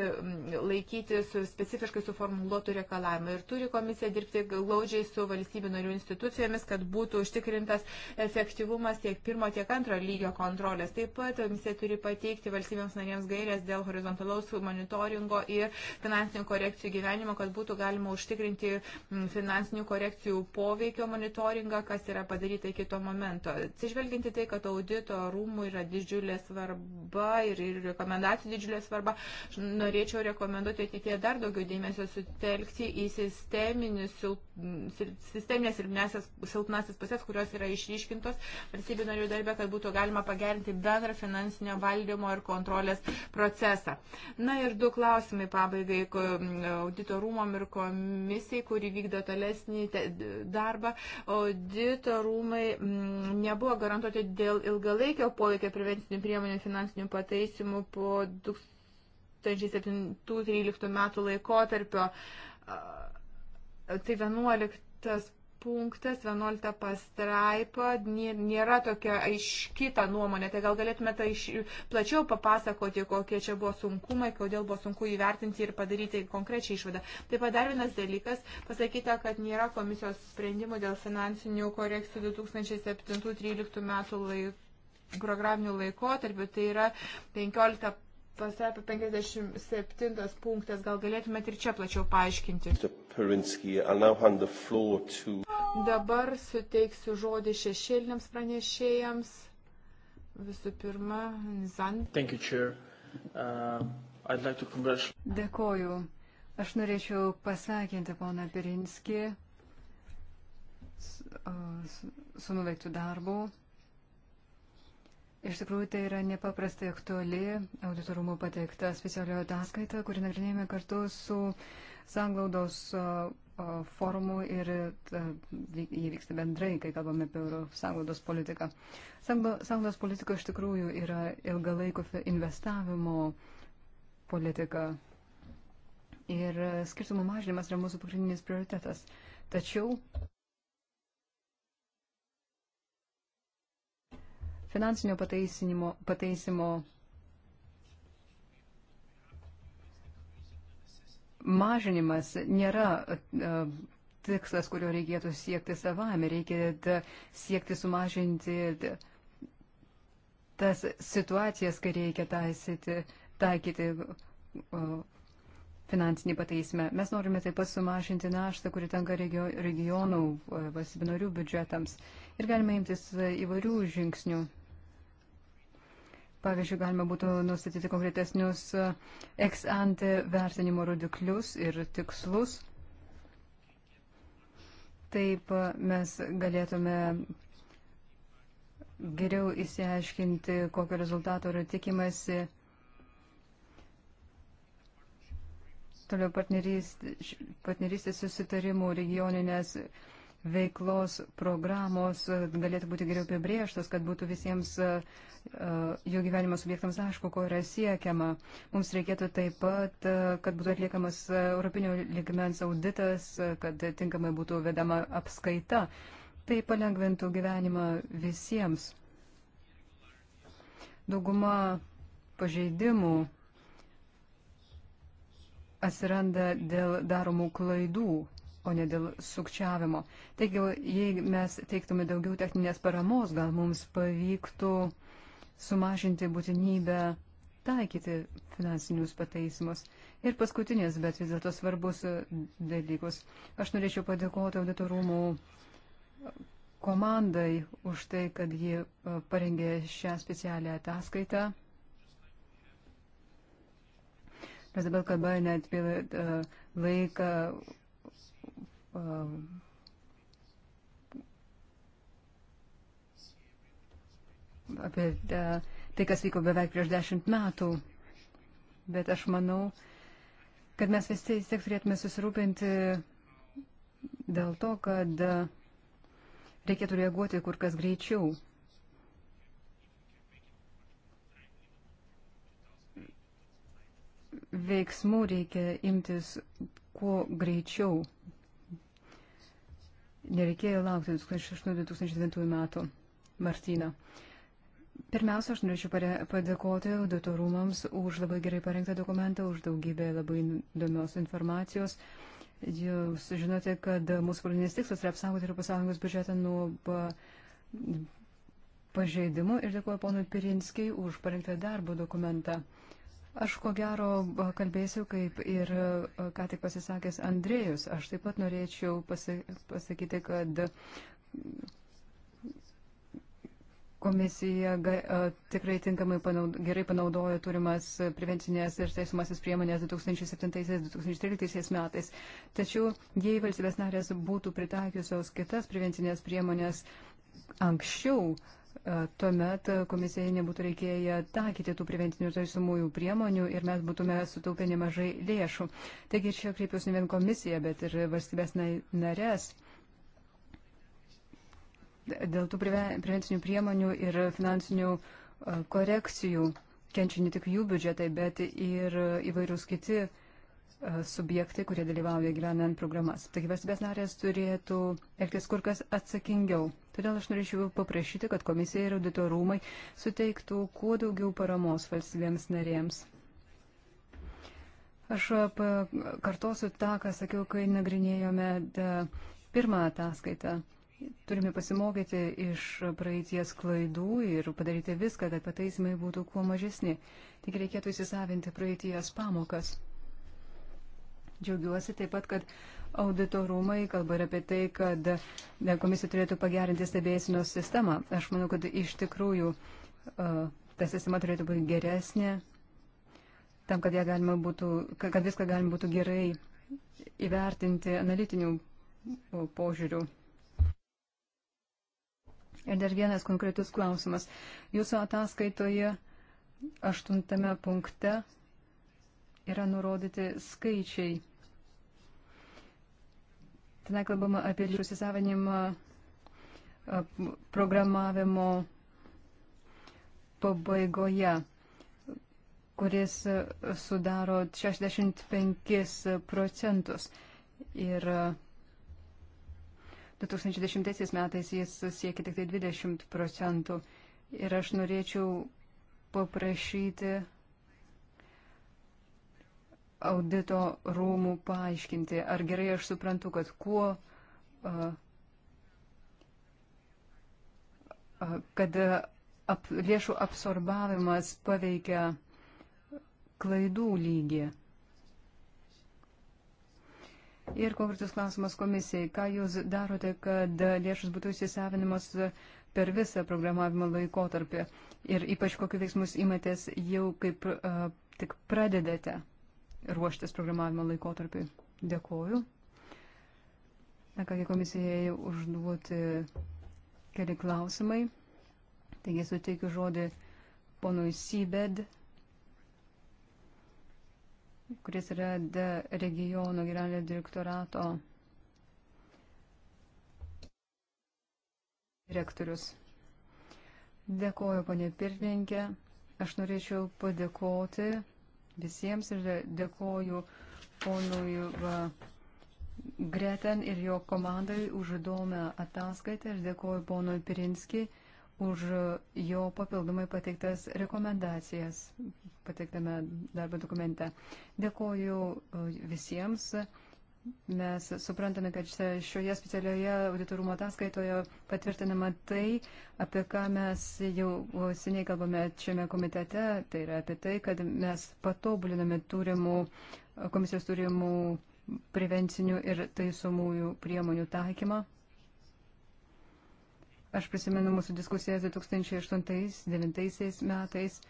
laikyti su specifiškai suformuluotų reikalavimų. Ir turi komisija dirbti glaudžiai su valstybių narių institucijomis, kad būtų užtikrintas efektyvumas tiek pirmo, tiek antro lygio kontrolės. Taip pat komisija turi pateikti valstybėms narėms gairias dėl horizontalaus monitoringo ir finansinių korekcijų gyvenimo, kad būtų galima užtikrinti finansinių korekcijų poveikio monitoringą, kas yra padaryta iki to momento. Atsižvelginti tai, kad audito atsparumui yra didžiulė svarba ir, ir rekomendacijų didžiulė svarba. Aš norėčiau rekomenduoti ateityje dar daugiau dėmesio sutelkti į sil, sisteminės ir silpnasis pusės, kurios yra išryškintos valstybių narių darbė, kad būtų galima pagerinti bendrą finansinio valdymo ir kontrolės procesą. Na ir du klausimai pabaigai auditorumom ir komisijai, kuri vykdo tolesnį darbą. Auditorumai nebuvo garantuoti dėl ilgalaikio ilgalaikio poveikio prevencinių priemonių finansinių pataisimų po 2007-2013 metų laikotarpio. Tai 11 punktas, 11 pastraipa, nėra tokia aiški ta nuomonė. Tai gal galėtumėte iš, plačiau papasakoti, kokie čia buvo sunkumai, kodėl buvo sunku įvertinti ir padaryti konkrečią išvadą. Taip pat dar vienas dalykas, pasakyta, kad nėra komisijos sprendimų dėl finansinių korekcijų 2007-2013 metų laikų programinių laikotarpių, tai yra 15 pasapė 57 punktas, gal galėtumėte ir čia plačiau paaiškinti. To... Dabar suteiksiu žodį šešėliniams pranešėjams. Visų pirma, Nizan. Uh, like congratulate... Dėkoju. Aš norėčiau pasakinti poną Pirinskį uh, su, su, su nuveiktų darbų. Iš tikrųjų, tai yra nepaprastai aktuali auditorumų pateikta specialioje ataskaita, kuri nagrinėjame kartu su sanglaudos forumu ir jį vyksta bendrai, kai kalbame apie sanglaudos politiką. Sanglaudos politika iš tikrųjų yra ilgalaiko investavimo politika. Ir skirtumų mažinimas yra mūsų pagrindinis prioritetas. Tačiau finansinio pataisimo mažinimas nėra e, tikslas, kurio reikėtų siekti savame, reikia e, siekti sumažinti e, tas situacijas, kai reikia taisyti, taikyti finansinį pataismę. Mes norime taip pat sumažinti naštą, kuri tenka regio, regionų valstybinarių biudžetams ir galime imtis įvairių žingsnių. Pavyzdžiui, galima būtų nustatyti konkretesnius e, ex ante vertinimo rodiklius ir tikslus. Taip mes galėtume geriau įsiaiškinti, kokio rezultato yra tikimasi. Toliau partnerystės susitarimų regioninės veiklos programos e, galėtų būti geriau apibrieštos, kad būtų visiems e, e, jų gyvenimo subjektams aišku, ko yra siekiama. Mums reikėtų taip pat, kad būtų atliekamas Europinio ligmens auditas, kad tinkamai būtų vedama apskaita. Tai palengventų gyvenimą visiems. Dauguma pažeidimų atsiranda dėl daromų klaidų, o ne dėl sukčiavimo. Taigi, jei mes teiktume daugiau techninės paramos, gal mums pavyktų sumažinti būtinybę taikyti finansinius pataisimus. Ir paskutinis, bet vis dėlto svarbus dalykus. Aš norėčiau padėkoti auditorumų komandai už tai, kad ji e, parengė šią specialią ataskaitą. Mes dabar kalbame net apie e, laiką, Ehm, apie e, tai, kas vyko beveik prieš dešimt metų. Bet aš manau, kad mes visi vis tiek turėtume susirūpinti dėl to, kad e, reikėtų reaguoti kur kas greičiau. Veiksmų reikia imtis kuo greičiau. Nereikėjo laukti 2008-2009 metų. Martyna. Pirmiausia, aš norėčiau padėkoti auditorumams už labai gerai parengtą dokumentą, už daugybę labai įdomios informacijos. Jūs žinote, kad mūsų pagrindinis tikslas yra apsaugoti Europos Sąjungos biudžetą nuo pažeidimų ir dėkuoju ponui Pirinskijai už parengtą darbo dokumentą. Aš ko gero kalbėsiu kaip ir ką tik pasisakęs Andrėjus. Aš taip pat norėčiau pasakyti, kad komisija tikrai tinkamai panaud, gerai panaudojo turimas prevencinės ir teisumasis priemonės 2007-2013 metais. Tačiau jei valstybės narės būtų pritaikiusios kitas prevencinės priemonės, anksčiau, e, tuomet komisijai nebūtų reikėję taikyti tų preventinių taisomųjų priemonių ir mes būtume sutaupę nemažai lėšų. Taigi čia kreipiuosi ne vien komisiją, bet ir valstybės narės. Dėl tų prevencinių priemonių ir finansinių e, korekcijų kenčia ne tik jų biudžetai, bet ir įvairūs kiti uh, E, subjektai, kurie dalyvauja gyvenant programas. Taigi valstybės narės turėtų elgtis kur kas atsakingiau. Todėl aš norėčiau paprašyti, kad komisija ir auditorumai suteiktų kuo daugiau paramos valstybėms narėms. Aš kartosiu tą, ką sakiau, kai nagrinėjome pirmą ataskaitą. Turime pasimokyti iš praeities klaidų ir padaryti viską, kad pataisimai būtų kuo mažesni. Tik reikėtų įsisavinti praeities pamokas. Džiaugiuosi taip pat, kad auditorumai kalba ir apie tai, kad e, komisija turėtų pagerinti stebėsinos sistemą. Aš manau, kad iš tikrųjų e, ta sistema turėtų būti geresnė, tam, kad, galima būtų, kad viską galima būtų gerai įvertinti analitinių požiūrių. Ir dar vienas konkretus klausimas. Jūsų ataskaitoje aštuntame punkte yra nurodyti skaičiai. Ten kalbama apie lėšų įsisavinimą, programavimo pabaigoje, kuris sudaro 65 procentus. Ir 2010 metais jis siekia tik tai 20 procentų. Ir aš norėčiau paprašyti audito rūmų paaiškinti, ar gerai aš suprantu, kad kuo, kad ap, lėšų absorbavimas paveikia klaidų lygį. Ir konkretus klausimas komisijai, ką jūs darote, kad lėšus būtų įsisavinimas per visą programavimo laikotarpį ir ypač kokiu veiksmus imatės jau kaip uh, tik pradedate? ruoštis programavimo laikotarpiui. Dėkoju. Na kągi komisijai užduoti keli klausimai. Taigi suteikiu žodį ponui Sybed, kuris yra regiono generalinio direktorato direktorius. Dėkoju, ponė pirmininkė. Aš norėčiau padėkoti visiems ir dėkoju ponui Greten ir jo komandai už įdomią ataskaitą ir dėkoju ponui Pirinski už jo papildomai pateiktas rekomendacijas pateiktame darbo dokumente. Dėkoju e, visiems. Mes suprantame, kad šioje specialioje auditorumo ataskaitoje patvirtinama tai, apie ką mes jau seniai kalbame šiame komitete, tai yra apie tai, kad mes patobuliname turimų, komisijos turimų prevencinių ir taisomųjų priemonių taikymą. Aš prisimenu mūsų diskusijas 2008-2009 metais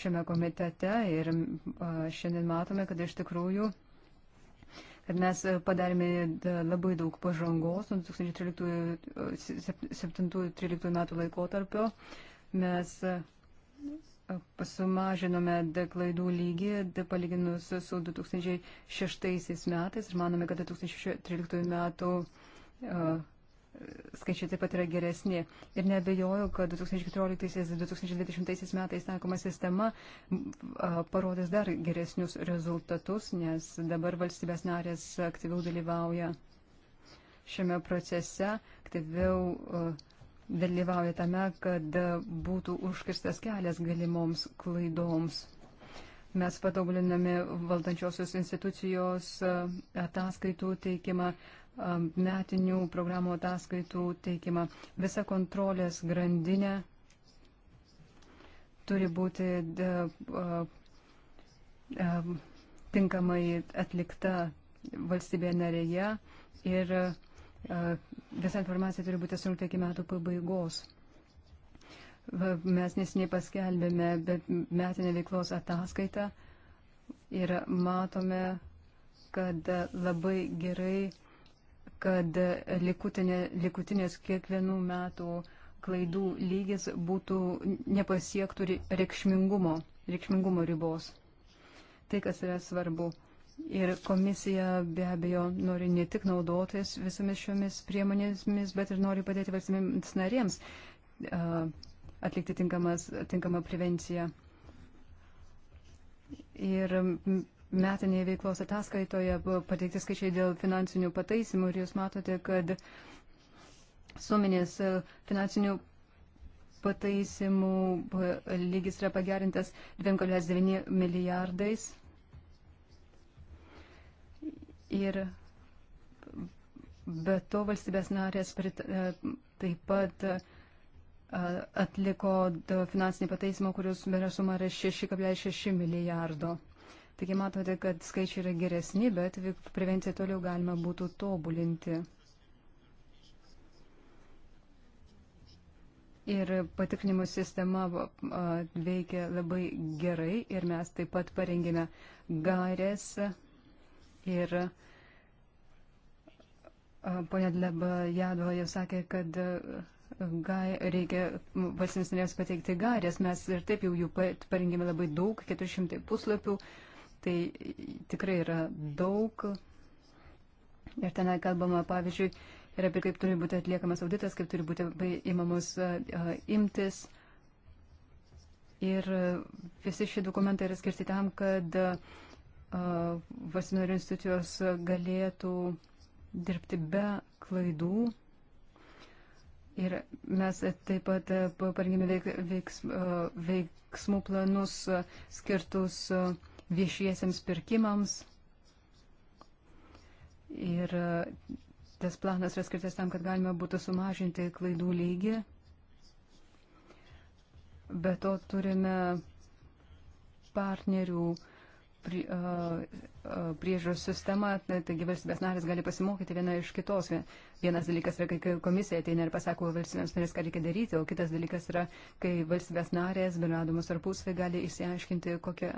šiame komitete ir šiandien matome, kad iš tikrųjų kad mes padarėme labai daug pažangos nuo 2007-2013 e, metų laikotarpio. Mes e, sumažinome klaidų lygį palyginus su 2006 metais ir manome, kad 2013 metų e, skaičiai taip pat yra geresni. Ir nebejoju, kad 2014-2020 metais taikoma sistema parodys dar geresnius rezultatus, nes dabar valstybės narės aktyviau dalyvauja šiame procese, aktyviau dalyvauja tame, kad būtų užkirstas kelias galimoms klaidoms. Mes patobuliname valdančiosios institucijos ataskaitų teikimą, Um, metinių programų ataskaitų teikimą. Visa kontrolės grandinė turi būti de, de, tinkamai atlikta valstybė narėje ir visa informacija turi būti surinkta iki metų pabaigos. Mes nesiniai paskelbėme metinę veiklos ataskaitą ir matome, kad labai gerai kad likutinė, likutinės kiekvienų metų klaidų lygis būtų nepasiektų reikšmingumo, reikšmingumo ribos. Tai, kas yra svarbu. Ir komisija be abejo nori ne tik naudotis visomis šiomis priemonėmis, bet ir nori padėti valstybėms narėms atlikti tinkamas, tinkamą prevenciją. Ir metinėje veiklos ataskaitoje pateikti skaičiai dėl finansinių pataisimų ir jūs matote, kad suminės e, finansinių pataisimų e, lygis yra pagerintas 2,9 milijardais. Ir be to valstybės narės e, taip pat atliko finansinį pataisymą, kurios bendra suma yra 6,6 milijardo. Taigi matote, kad skaičiai yra geresni, bet prevenciją toliau galima būtų tobulinti. Ir patikrinimo sistema veikia labai gerai ir mes taip pat parengėme gairės ir Pone Dleba Jadova jau sakė, kad gai, reikia valstybės narėms pateikti gairės. Mes ir taip jau jų parengėme labai daug, 400 puslapių, Tai tikrai yra daug. Ir tenai kalbama, pavyzdžiui, ir apie kaip turi būti atliekamas auditas, kaip turi būti įmamos uh, imtis. Ir e, visi šie dokumentai yra skirti tam, kad uh, valstybinio institucijos galėtų dirbti be klaidų. Ir mes taip pat e, parengėme veiks, veiksmų planus skirtus uh, viešiesiems pirkimams. Ir e, tas planas yra skirtas tam, kad galima būtų sumažinti klaidų lygį. Be to turime partnerių uh, priežiūros sistema, tai, taigi valstybės narės gali pasimokyti viena iš kitos. Vienas dalykas yra, kai komisija ateina ir pasako valstybėms narės, ką reikia daryti, o kitas dalykas yra, kai valstybės narės, bendraudamos tarpusavį, gali įsiaiškinti, kokia,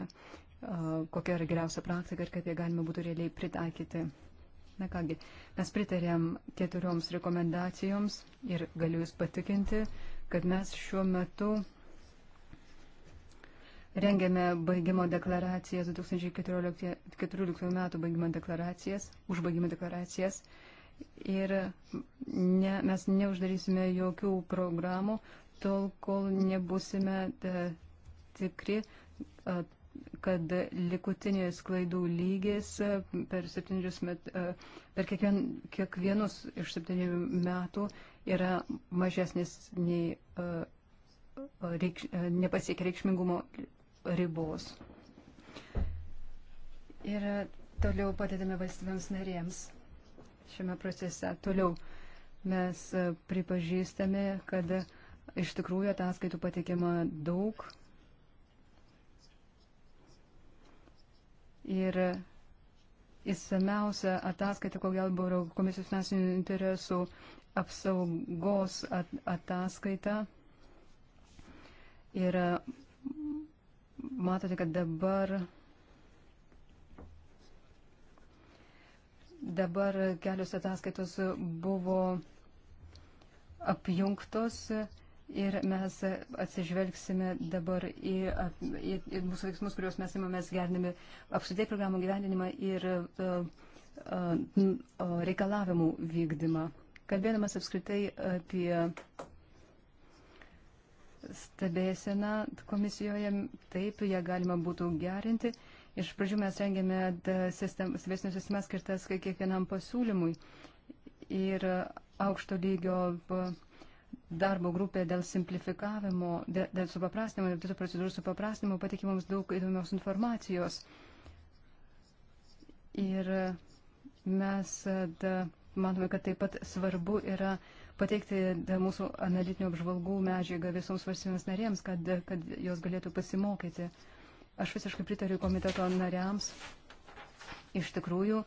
kokia yra geriausia praktika ir kaip ją galima būtų realiai pritaikyti. Na kągi, mes pritarėm keturioms rekomendacijoms ir galiu Jūs patikinti, kad mes šiuo metu Rengėme baigimo deklaracijas, 2014 metų baigimo deklaracijas, užbaigimo deklaracijas. Ir ne, mes neuždarysime jokių programų, tol kol nebusime da, e, tikri, a, e, kad likutinės klaidų lygis e, per, met, per kiekvien, kiekvienus iš septynių metų yra mažesnis nei reikš, nepasiekia reikšmingumo ribos. Ir toliau padedame valstybėms narėms šiame procese. Toliau mes pripažįstame, kad iš tikrųjų ataskaitų patikima daug. Ir įsamiausia ataskaita, ko gal buvo komisijos finansinių interesų apsaugos at ataskaita. Ir matote, kad dabar, dabar kelios ataskaitos buvo apjungtos ir mes atsižvelgsime dabar į, į, į mūsų veiksmus, kuriuos mes imamės gernami apsidėj programų gyvendinimą ir uh, uh, reikalavimų vykdymą. Kalbėdamas apskritai apie stebėseną komisijoje, taip ją galima būtų gerinti. Iš pradžių mes rengėme sistem, stebėsinio sistemas skirtas kiekvienam pasiūlymui ir aukšto lygio darbo grupė dėl simplifikavimo, dėl, dėl supaprastinimo, dėl visų procedūrų supaprastinimo patikė mums daug įdomios informacijos. Ir mes da, manome, kad taip pat svarbu yra uh, pateikti mūsų analitinių apžvalgų medžiagą visoms valstybėms narėms, kad, kad jos galėtų pasimokyti. Aš visiškai pritariu komiteto nariams. Iš tikrųjų,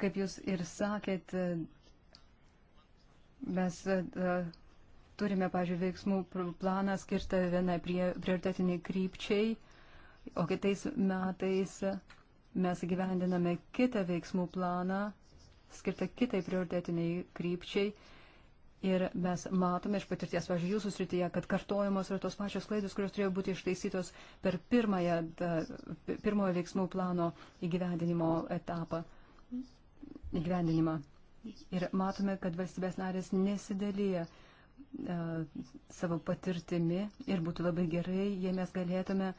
kaip jūs ir sakėt, mes e, turime, pažiūrėjau, veiksmų planą skirtą vienai prioritetiniai krypčiai, o kitais metais mes gyvendiname kitą veiksmų planą, skirtą kitai prioritetiniai krypčiai. Ir mes matome iš patirties, važiuoju, jūsų srityje, kad kartojamos yra tos pačios klaidos, kurios turėjo būti ištaisytos per pirmąją, da, pirmojo veiksmų plano įgyvendinimo etapą. Įgyvendinimą. Ir matome, kad valstybės narės nesidalyja savo patirtimi ir būtų labai gerai, jei mes galėtume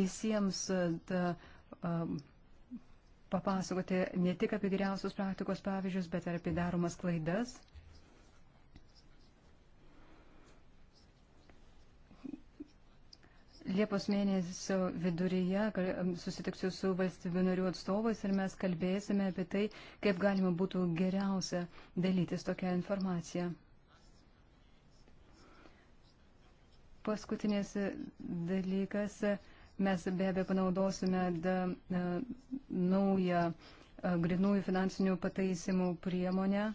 visiems da, a, papasakoti ne tik apie geriausius praktikos pavyzdžius, bet ir apie daromas klaidas. Liepos mėnesio viduryje susitiksiu su valstybių narių atstovais ir mes kalbėsime apie tai, kaip galima būtų geriausia dalytis tokią informaciją. Paskutinis dalykas Mes be abejo panaudosime da, na, e, naują e, grinųjų finansinių pataisimų priemonę,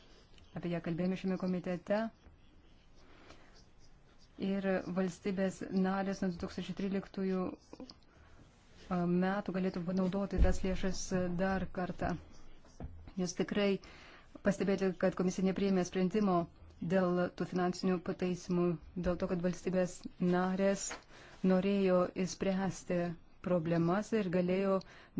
apie ją kalbėjome šiame komitete. Ir valstybės narės nuo 2013 e, metų galėtų panaudoti tas lėšas dar kartą. Jūs tikrai pastebėjote, kad komisija nepriėmė sprendimo dėl tų finansinių pataisimų, dėl to, kad valstybės narės norėjo įspręsti problemas ir galėjo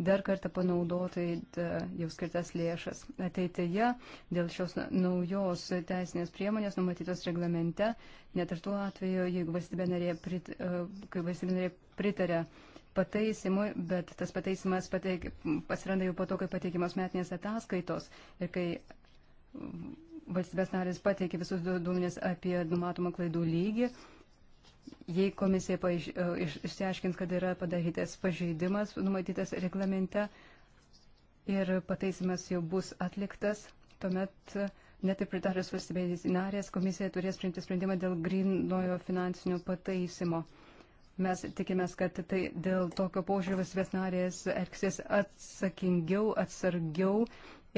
dar kartą panaudoti e, jau skirtas lėšas. Ateityje dėl šios naujos teisinės priemonės numatytos reglamente, net ir tuo atveju, jeigu valstybė narė, prit, e, kai valstybė narė pritarė pataisimui, bet tas pataisimas pateik, pasiranda jau po to, kai pateikimas metinės ataskaitos ir kai valstybės narės pateikia visus duomenis apie numatomą klaidų lygį, Jei komisija paaiš, e, iš, išsiaiškins, kad yra padarytas pažeidimas numatytas reglamente ir pataisimas jau bus atliktas, tuomet e, net ir pritaręs valstybės narės komisija turės priimti sprendimą dėl grinojo finansinio pataisimo. Mes tikimės, kad tai dėl tokio požiūrio valstybės narės elgsis atsakingiau, atsargiau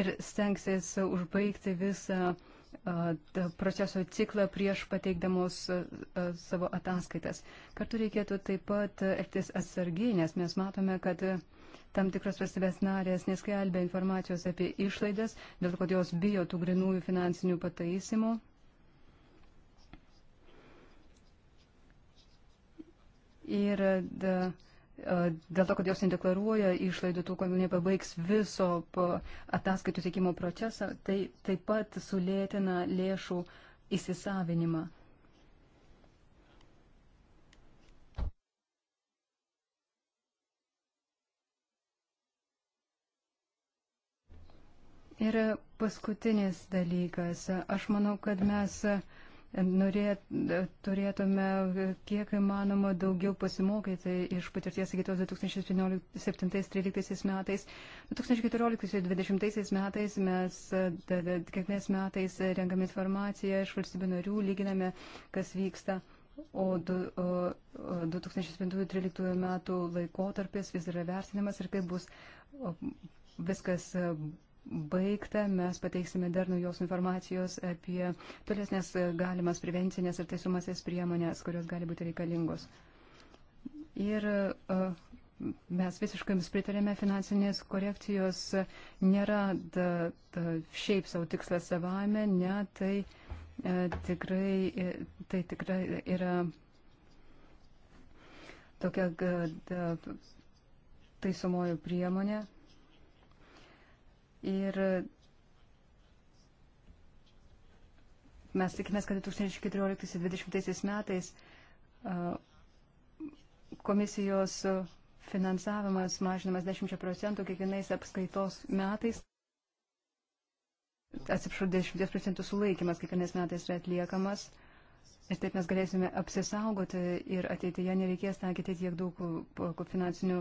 ir stengsis užbaigti visą proceso ciklą prieš pateikdamos savo ataskaitas. Kartu reikėtų taip pat elgtis atsargiai, nes mes matome, kad tam tikros valstybės narės neskelbia informacijos apie išlaidas, dėl to, kad jos bijo tų grinųjų finansinių pataisimų. Ir da, de E, dėl to, kad jos nedeklaruoja išlaidų, tų, kol nepabaigs viso ataskaitų teikimo procesą, tai taip pat sulėtina lėšų įsisavinimą. Ir paskutinis dalykas. Aš manau, kad mes Norėt, turėtume kiek įmanoma daugiau pasimokyti iš patirties įgytos 2017-2013 metais. 2014-2020 metais mes kiekvienais metais renkame informaciją iš valstybių narių, lyginame, kas vyksta. O 2005-2013 metų laikotarpis vis yra vertinimas ir kaip bus viskas baigta. Mes pateiksime dar naujos informacijos apie tolesnės galimas prevencinės ir teisumasias priemonės, kurios gali būti reikalingos. Ir uh, mes visiškai jums pritarėme, finansinės korekcijos nėra da, da, šiaip savo tikslas savame, ne, tai, e, tikrai, e, tai tikrai yra tokia da, taisomoji priemonė. Ir mes tikimės, kad 2014-2020 metais komisijos finansavimas mažinamas 10 procentų kiekvienais apskaitos metais. Atsiprašau, 10 procentų sulaikimas kiekvienais metais yra atliekamas. Ir taip mes galėsime apsisaugoti ir ateityje nereikės taikyti tiek daug finansinių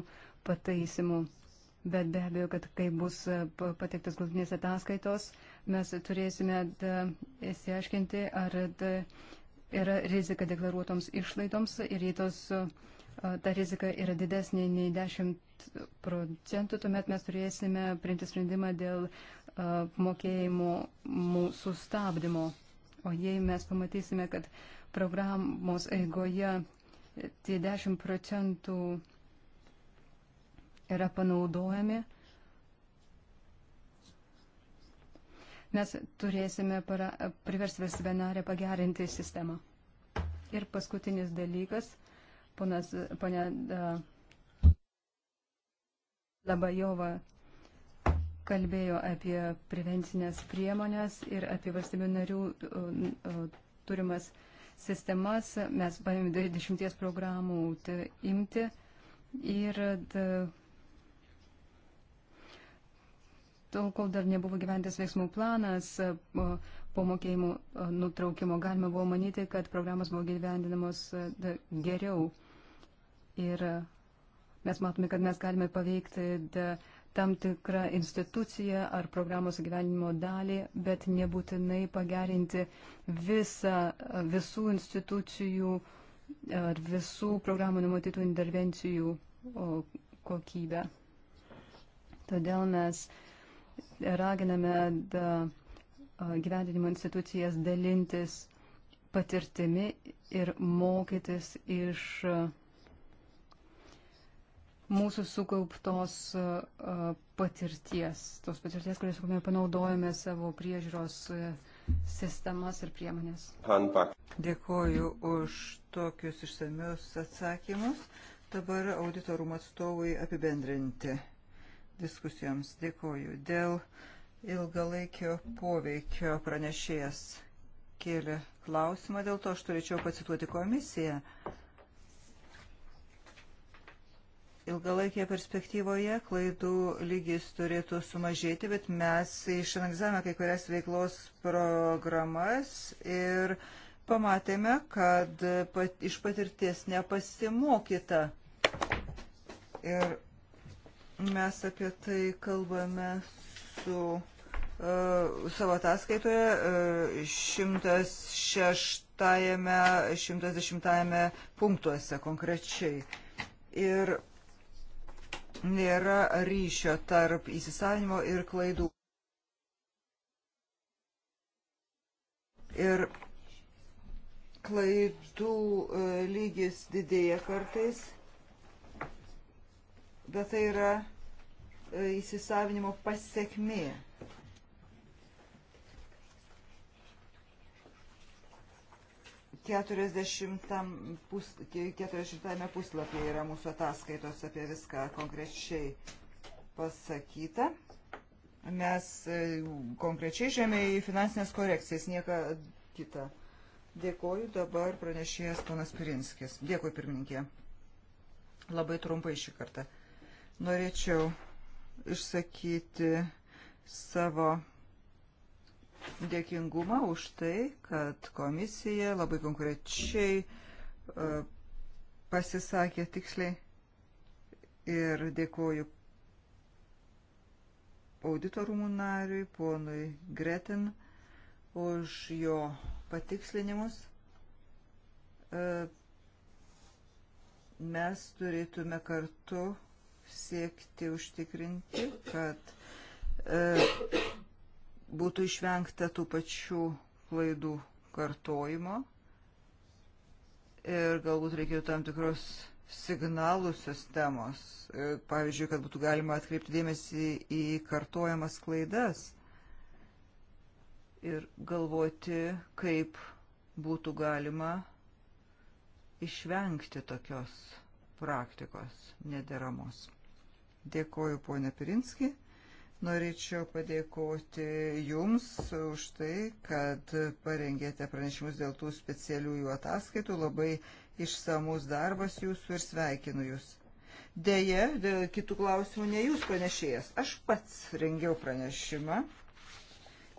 pataisimų bet be abejo, kad kai bus e, pateiktas galutinės ataskaitos, mes turėsime įsiaiškinti, ar yra rizika deklaruotoms išlaidoms ir jei tos e, ta rizika yra didesnė nei 10 procentų, tuomet mes turėsime priimti sprendimą dėl e, mokėjimų sustabdymo. O jei mes pamatysime, kad programos eigoje tie 10 procentų yra panaudojami, mes turėsime para, priversti valstybę narę pagerinti sistemą. Ir paskutinis dalykas, ponas, ponia uh, Labajova kalbėjo apie prevencinės priemonės ir apie valstybių narių uh, uh, turimas sistemas. Mes paėmėme 20 programų imti ir. Da, tol, kol dar nebuvo gyventas veiksmų planas e, po mokėjimų e, nutraukimo, galima buvo manyti, kad programos buvo gyvendinamos e, geriau. Ir mes matome, kad mes galime paveikti tam tikrą instituciją ar programos gyvenimo dalį, bet nebūtinai pagerinti visą, visų institucijų ar visų programų numatytų intervencijų kokybę. Todėl mes uh, raginame gyvendinimo institucijas dalintis patirtimi ir mokytis iš mūsų sukauptos patirties, tos patirties, kurias mes panaudojame savo priežiūros sistemas ir priemonės. Dėkoju už tokius išsamius atsakymus. Dabar auditorumo atstovui apibendrinti diskusijoms. Dėkoju. Dėl ilgalaikio poveikio pranešėjas kėlė klausimą, dėl to aš turėčiau pacituoti komisiją. Ilgalaikėje perspektyvoje klaidų lygis turėtų sumažėti, bet mes išanalizavome kai kurias veiklos programas ir pamatėme, kad pat, iš patirties nepasimokyta. Ir Mes apie tai kalbame su uh, savo ataskaitoje uh, 106, 110 punktuose konkrečiai. Ir nėra ryšio tarp įsisavinimo ir klaidų. Ir klaidų e, lygis didėja kartais bet tai yra e, įsisavinimo pasiekmė. Keturiasdešimtame pus, puslapyje yra mūsų ataskaitos apie viską konkrečiai pasakyta. Mes e, konkrečiai žemė į finansinės korekcijas, nieko kita. Dėkoju dabar pranešėjas ponas Pirinskis. Dėkui pirmininkė. Labai trumpai šį kartą. Norėčiau išsakyti savo dėkingumą už tai, kad komisija labai konkrečiai e, pasisakė tiksliai ir dėkoju auditorumų nariui, ponui Gretin, už jo patikslinimus. E, mes turėtume kartu siekti užtikrinti, kad e, būtų išvengta tų pačių klaidų kartojimo ir galbūt reikėtų tam tikros signalų sistemos, e, pavyzdžiui, kad būtų galima atkreipti dėmesį į kartojamas klaidas ir galvoti, kaip būtų galima išvengti tokios praktikos nederamos. Dėkoju, ponė Pirinski. Norėčiau padėkoti Jums už tai, kad parengėte pranešimus dėl tų specialiųjų ataskaitų. Labai išsamus darbas Jūsų ir sveikinu Jūs. Deja, dėl kitų klausimų ne Jūs pranešėjas. Aš pats rengiau pranešimą.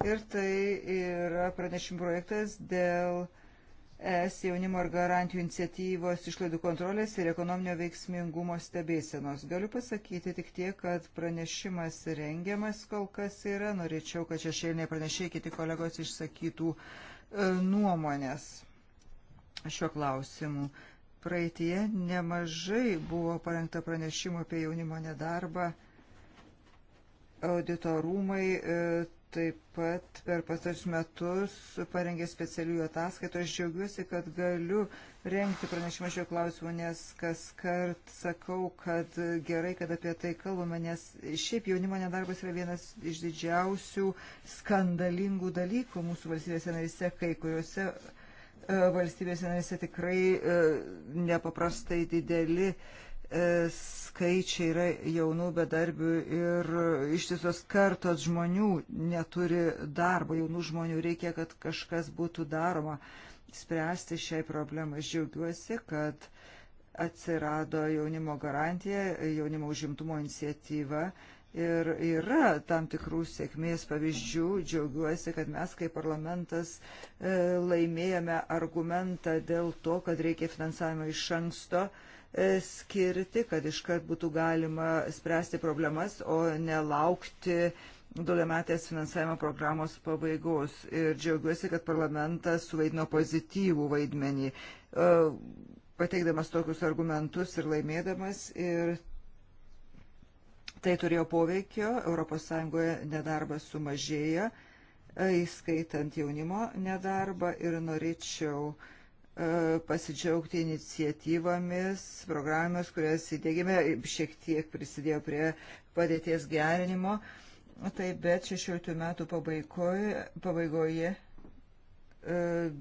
Ir tai yra pranešimų projektas dėl uh, Es jaunimo ir garantijų iniciatyvos išlaidų kontrolės ir ekonominio veiksmingumo stebėsenos. Galiu pasakyti tik tiek, kad pranešimas rengiamas kol kas yra. Norėčiau, kad šešėliniai pranešėjai kiti kolegos išsakytų e, nuomonės šiuo klausimu. Praeitie nemažai buvo parengta pranešimų apie jaunimo nedarbą. Auditorumai e, taip pat per pastarus metus parengė specialiųjų ataskaitų. Aš džiaugiuosi, kad galiu rengti pranešimą šio klausimu, nes kas kart sakau, kad gerai, kad apie tai kalbame, nes šiaip jaunimo nedarbas yra vienas iš didžiausių skandalingų dalykų mūsų valstybėse narise, kai kuriuose e, valstybėse narise tikrai e, nepaprastai dideli e, skaičiai yra jaunų bedarbių ir ištisos kartos žmonių neturi darbo, jaunų žmonių reikia, kad kažkas būtų daroma spręsti šiai problemai. Aš džiaugiuosi, kad atsirado jaunimo garantija, jaunimo užimtumo iniciatyva. Ir yra tam tikrų sėkmės pavyzdžių. Džiaugiuosi, kad mes kaip parlamentas e, laimėjome argumentą dėl to, kad reikia finansavimo iš anksto. E, E, skirti, kad iškart būtų galima spręsti problemas, o nelaukti daugiametės finansavimo programos pabaigos. Ir džiaugiuosi, kad parlamentas suvaidino pozityvų vaidmenį, e, pateikdamas tokius argumentus ir laimėdamas. Ir tai turėjo poveikio, ES nedarbas sumažėjo, e, įskaitant jaunimo nedarbą ir norėčiau uh, pasidžiaugti iniciatyvomis, programomis, kurias įdėgėme, šiek tiek prisidėjo prie padėties gerinimo. Tai bet 16 metų pabaigoje, pabaigoje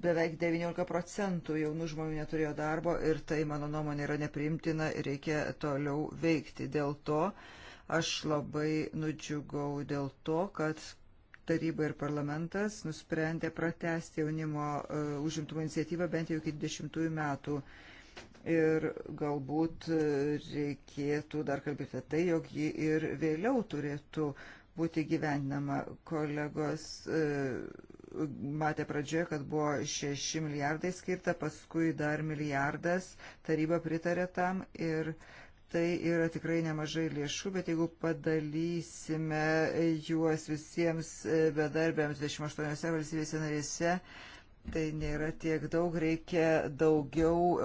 beveik 19 procentų jaunų žmonių neturėjo darbo ir tai, mano nuomonė, yra neprimtina ir reikia toliau veikti. Dėl to aš labai nudžiugau dėl to, kad taryba ir parlamentas nusprendė pratesti jaunimo e, užimtumo iniciatyvą bent jau iki 20 metų. Ir galbūt e, reikėtų dar kalbėti apie tai, jog ji ir vėliau turėtų būti gyvendinama. Kolegos e, matė pradžioje, kad buvo 6 milijardai skirta, paskui dar milijardas, taryba pritarė tam ir uh, Tai yra tikrai nemažai lėšų, bet jeigu padalysime juos visiems e, bedarbiams 28 valstybėse narėse, tai nėra tiek daug, reikia daugiau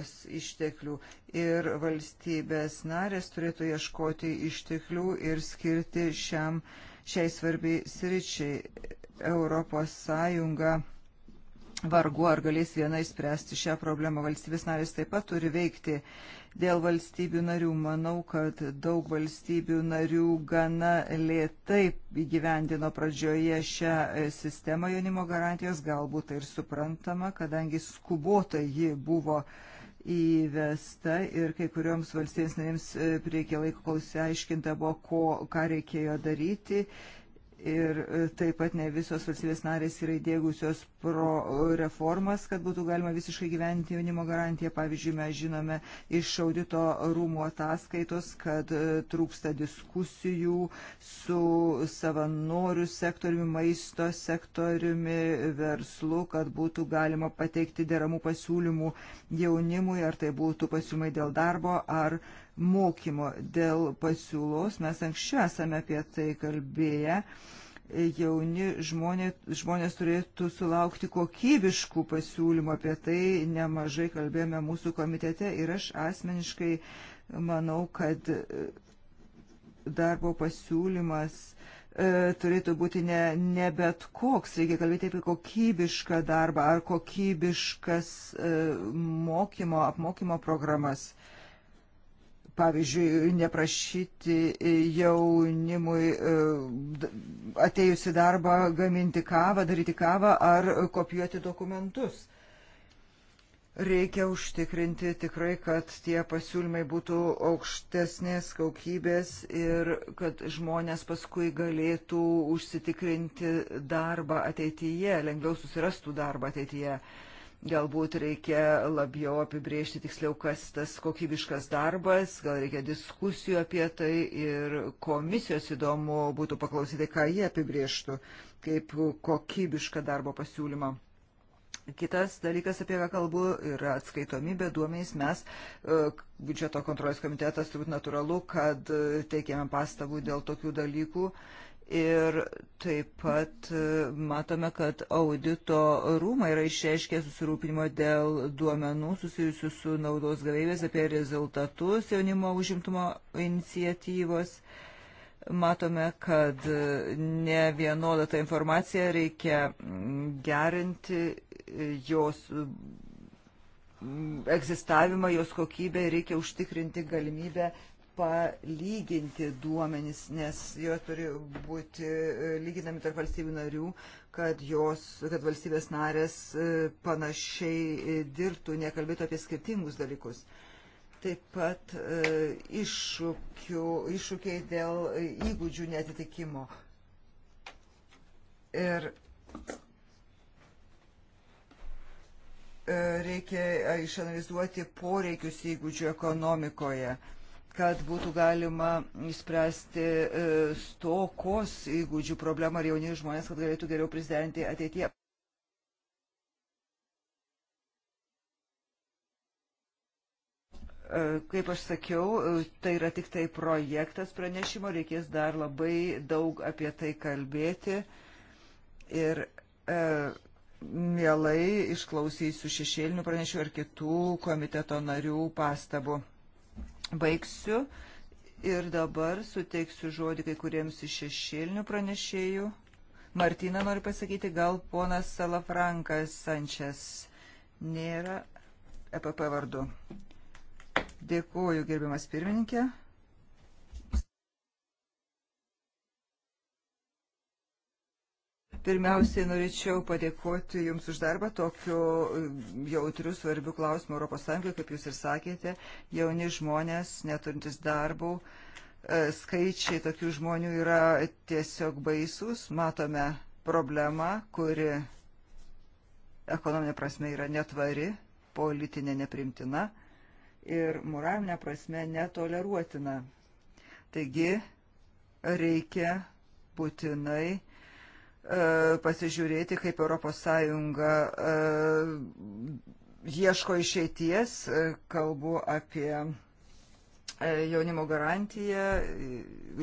ES išteklių. Ir valstybės narės turėtų ieškoti išteklių ir skirti šiam, šiai svarbiai sričiai. ES vargu ar galės viena išspręsti šią problemą. Valstybės narės taip pat turi veikti Dėl valstybių narių manau, kad daug valstybių narių gana lėtai įgyvendino pradžioje šią e, sistemą jaunimo garantijos, galbūt tai ir suprantama, kadangi skubotai ji buvo įvesta ir kai kurioms valstybės narėms e, prireikė laiko, kol įsiaiškinta buvo, ko, ką reikėjo daryti ir e, taip pat ne visos valstybės narės yra įdėgusios pro reformas, kad būtų galima visiškai gyventi jaunimo garantiją. Pavyzdžiui, mes žinome iš audito rūmų ataskaitos, kad e, trūksta diskusijų su savanorių sektoriumi, maisto sektoriumi, verslu, kad būtų galima pateikti deramų pasiūlymų jaunimui, ar tai būtų pasiūlymai dėl darbo, ar uh, mokymo. Dėl pasiūlos mes anksčiau esame apie tai kalbėję. Jauni žmonės, žmonės turėtų sulaukti kokybiškų pasiūlymų, apie tai nemažai kalbėjome mūsų komitete ir aš asmeniškai manau, kad e, darbo pasiūlymas e, turėtų būti ne, ne bet koks, reikia kalbėti apie kokybišką darbą ar kokybiškas e, mokymo, apmokymo programas. E, pavyzdžiui, neprašyti jaunimui e, atėjus į darbą gaminti kavą, daryti kavą ar kopijuoti dokumentus. Reikia užtikrinti tikrai, kad tie pasiūlymai būtų aukštesnės kokybės ir kad žmonės paskui galėtų užsitikrinti darbą ateityje, lengviau susirastų darbą ateityje. Uh, Galbūt reikia labiau apibriežti tiksliau, kas tas kokybiškas darbas, gal reikia diskusijų apie tai ir komisijos įdomu būtų paklausyti, ką jie apibriežtų kaip kokybišką darbo pasiūlymą. Kitas dalykas, apie ką kalbu, yra atskaitomybė duomenys. Mes, e, biudžeto kontrolės komitetas, turbūt natūralu, kad e, teikiame pastabų dėl tokių dalykų Ir taip pat e, matome, kad audito rūmai yra išreiškę susirūpinimo dėl duomenų susijusių su naudos gavėjais apie rezultatus jaunimo užimtumo iniciatyvos. Matome, kad e, ne vienodą tą informaciją reikia gerinti, e, jos egzistavimą, jos kokybę ir reikia užtikrinti galimybę palyginti duomenys, nes jo turi būti e, lyginami tarp valstybių narių, kad, jos, kad valstybės narės e, panašiai e, dirbtų, nekalbėtų apie skirtingus dalykus. Taip pat iššūkių, iššūkiai dėl įgūdžių netitikimo. Ir reikia išanalizuoti poreikius įgūdžių ekonomikoje kad būtų galima išspręsti e, stokos įgūdžių problemą ir jauni žmonės, kad galėtų geriau prisidengti ateityje. E, kaip aš sakiau, tai yra tik tai projektas pranešimo, reikės dar labai daug apie tai kalbėti ir e, mielai išklausysiu šešėlinių pranešių ar kitų komiteto narių pastabų baigsiu ir dabar suteiksiu žodį kai kuriems iš šešėlinių pranešėjų. Martina nori pasakyti, gal ponas Salafrankas Sančias nėra EPP vardu. Dėkuoju, gerbiamas pirmininkė. Pirmiausiai norėčiau padėkoti Jums už darbą tokiu e, jautriu, svarbiu klausimu ES, kaip Jūs ir sakėte, jauni žmonės neturintis darbų. E, skaičiai tokių žmonių yra tiesiog baisus. Matome problemą, kuri ekonominė prasme yra netvari, politinė neprimtina ir moralinė prasme netoleruotina. Taigi reikia būtinai E, pasižiūrėti, kaip ES e, ieško išeities, e, kalbu apie jaunimo garantiją,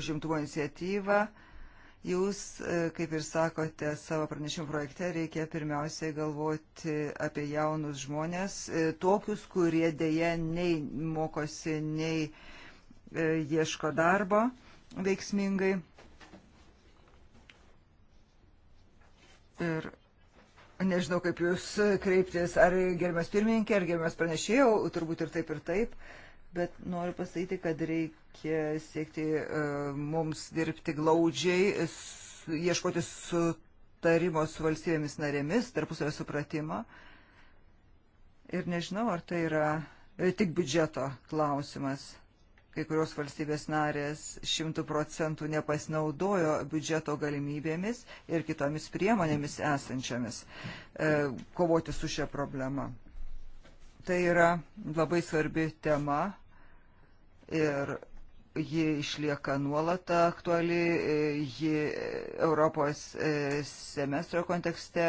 užimtumo iniciatyvą. Jūs, kaip ir sakote, savo pranešimų projekte reikia pirmiausiai galvoti apie jaunus žmonės, tokius, kurie dėje nei mokosi, nei ieško darbo veiksmingai. Ir nežinau, kaip jūs kreiptis, ar gerbiamas pirmininkė, ar gerbiamas pranešėjau, turbūt ir taip ir taip, bet noriu pasakyti, kad reikia siekti e, mums dirbti glaudžiai, ieškoti sutarimo su valstybėmis narėmis, tarpusavio supratimą. Ir nežinau, ar tai yra tik biudžeto klausimas kai kurios valstybės narės šimtų procentų nepasinaudojo biudžeto galimybėmis ir kitomis priemonėmis esančiomis e, kovoti su šia problema. Tai yra labai svarbi tema ir ji išlieka nuolat aktuali, e, ji Europos e, semestro kontekste,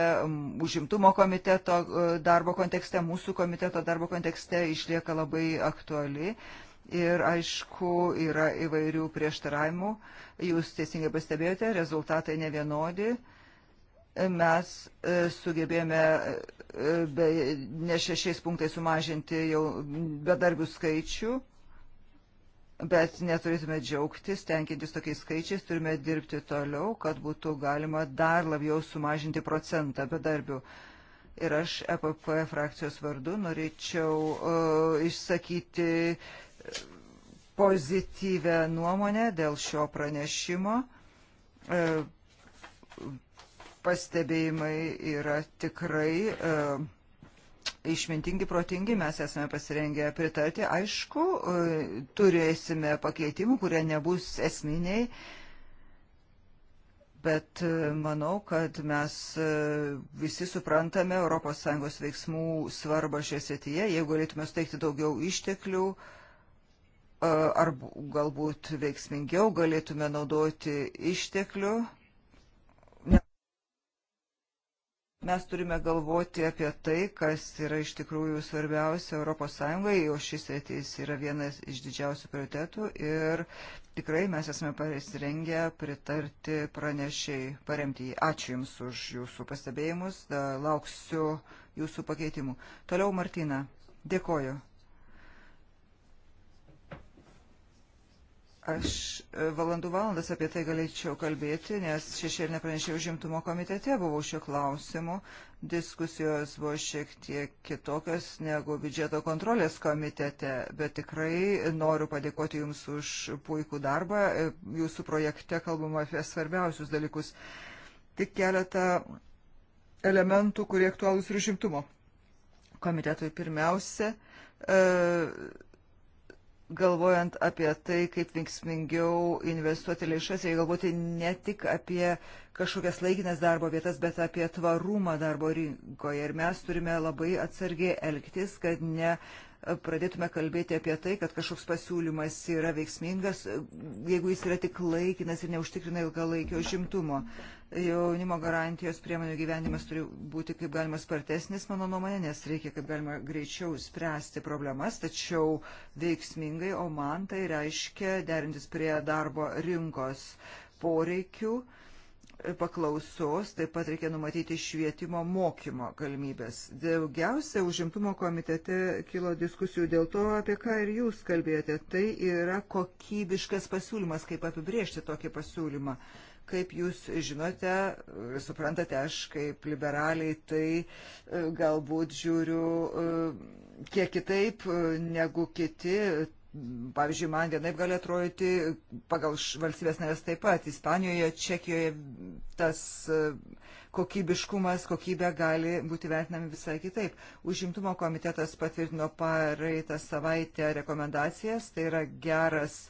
užimtumo komiteto e, darbo kontekste, mūsų komiteto darbo kontekste išlieka labai aktuali. E, ir aišku yra įvairių prieštaravimų. Jūs teisingai pastebėjote, rezultatai nevienodi. Mes e, sugebėjome e, be, ne šešiais punktais sumažinti jau bedarbių skaičių, bet neturėtume džiaugtis, tenkintis tokiais skaičiais, turime dirbti toliau, kad būtų galima dar labiau sumažinti procentą bedarbių ir aš EPP frakcijos vardu norėčiau uh, išsakyti pozityvę nuomonę dėl šio pranešimo. E, pastebėjimai yra tikrai e, išmintingi, protingi, mes esame pasirengę pritarti. Aišku, e, turėsime pakeitimų, kurie nebus esminiai, bet manau, kad mes visi suprantame ES veiksmų svarbą šioje srityje. Jeigu galėtume suteikti daugiau išteklių, uh, ar galbūt veiksmingiau galėtume naudoti išteklių. Mes turime galvoti apie tai, kas yra iš tikrųjų svarbiausia ES, o šis rytis yra vienas iš didžiausių prioritetų ir tikrai mes esame pasirengę pritarti pranešiai paremti jį. Ačiū Jums už Jūsų pastebėjimus, da, lauksiu Jūsų pakeitimų. Toliau Martina, dėkoju. Aš e, valandų valandas apie tai galėčiau kalbėti, nes šešėlinė pranešė užimtumo komitete buvau šio klausimu. Diskusijos buvo šiek tiek kitokios negu biudžeto kontrolės komitete, bet tikrai noriu padėkoti Jums už puikų darbą. E, Jūsų projekte kalbama apie svarbiausius dalykus. Tik keletą elementų, kurie aktualūs ir užimtumo komitetui pirmiausia. E, galvojant apie tai, kaip veiksmingiau investuoti lėšas, reikia galvoti ne tik apie kažkokias laikinas darbo vietas, bet apie tvarumą darbo rinkoje. Ir mes turime labai atsargiai elgtis, kad ne pradėtume kalbėti apie tai, kad kažkoks pasiūlymas yra veiksmingas, jeigu jis yra tik laikinas ir neužtikrina ilgalaikio žimtumo. Jaunimo garantijos priemonių gyvenimas turi būti kaip galima spartesnis, mano nuomonė, nes reikia kaip galima greičiau spręsti problemas, tačiau veiksmingai, o man tai reiškia derintis prie darbo rinkos poreikių paklausos, taip pat reikia numatyti švietimo mokymo galimybės. Daugiausia užimtumo komitete kilo diskusijų dėl to, apie ką ir jūs kalbėjote. Tai yra kokybiškas pasiūlymas, kaip apibriežti tokį pasiūlymą. Kaip jūs žinote, suprantate, aš kaip liberaliai tai e, galbūt žiūriu e, kiek kitaip e, negu kiti Pavyzdžiui, man vienaip gali atrodyti, pagal valstybės narės taip pat, Ispanijoje, Čekijoje tas e, kokybiškumas, kokybė gali būti vertinami visai kitaip. Užimtumo komitetas patvirtino pareitą savaitę rekomendacijas, tai yra geras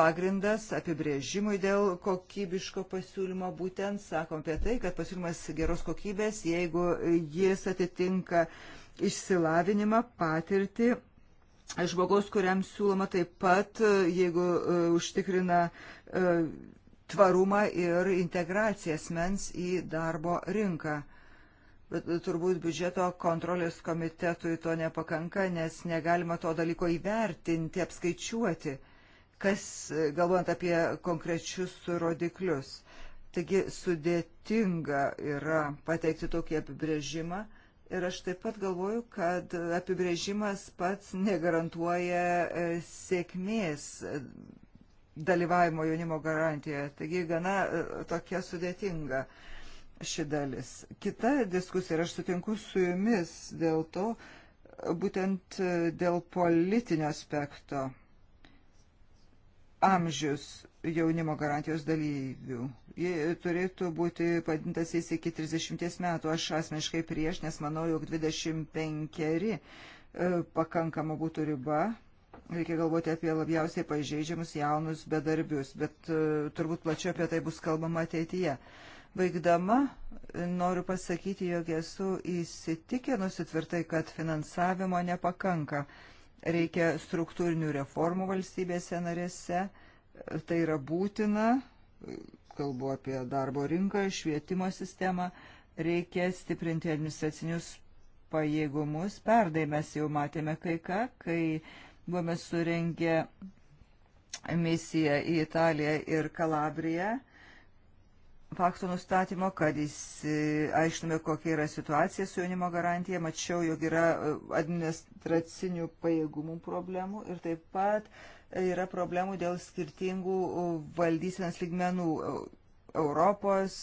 pagrindas apibrėžimui dėl kokybiško pasiūlymo. Būtent sakom apie tai, kad pasiūlymas geros kokybės, jeigu jis atitinka išsilavinimą, patirtį žmogaus, kuriam siūloma taip pat, e, jeigu e, užtikrina e, tvarumą ir integraciją asmens į darbo rinką. Bet turbūt biudžeto kontrolės komitetui to nepakanka, nes negalima to dalyko įvertinti, apskaičiuoti, kas, galvojant apie konkrečius rodiklius. Taigi sudėtinga yra pateikti tokį apibrėžimą Ir aš taip pat galvoju, kad apibrėžimas pats negarantuoja e, sėkmės dalyvavimo jaunimo garantijoje. Taigi gana e, tokia sudėtinga ši dalis. Kita diskusija, ir aš sutinku su jumis dėl to, būtent e, dėl politinio aspekto amžius jaunimo garantijos dalyvių. Ji turėtų būti padintas jis iki 30 metų. Aš asmeniškai prieš, nes manau, jog 25 e, pakankama būtų riba. Reikia galvoti apie labiausiai pažeidžiamus jaunus bedarbius, bet e, turbūt plačiau apie tai bus kalbama ateityje. Baigdama, noriu pasakyti, jog esu įsitikinusi tvirtai, kad finansavimo nepakanka. Reikia struktūrinių reformų valstybėse narėse, tai yra būtina, kalbu apie darbo rinką, švietimo sistemą, reikia stiprinti administracinius pajėgumus. Perdai mes jau matėme kai ką, kai buvome surengę misiją į Italiją ir Kalabriją faktų nustatymo, kad aiškinume, kokia yra situacija su jaunimo garantija. Mačiau, jog yra e, administracinių pajėgumų problemų ir taip pat e, yra problemų dėl skirtingų e, valdysenos lygmenų Europos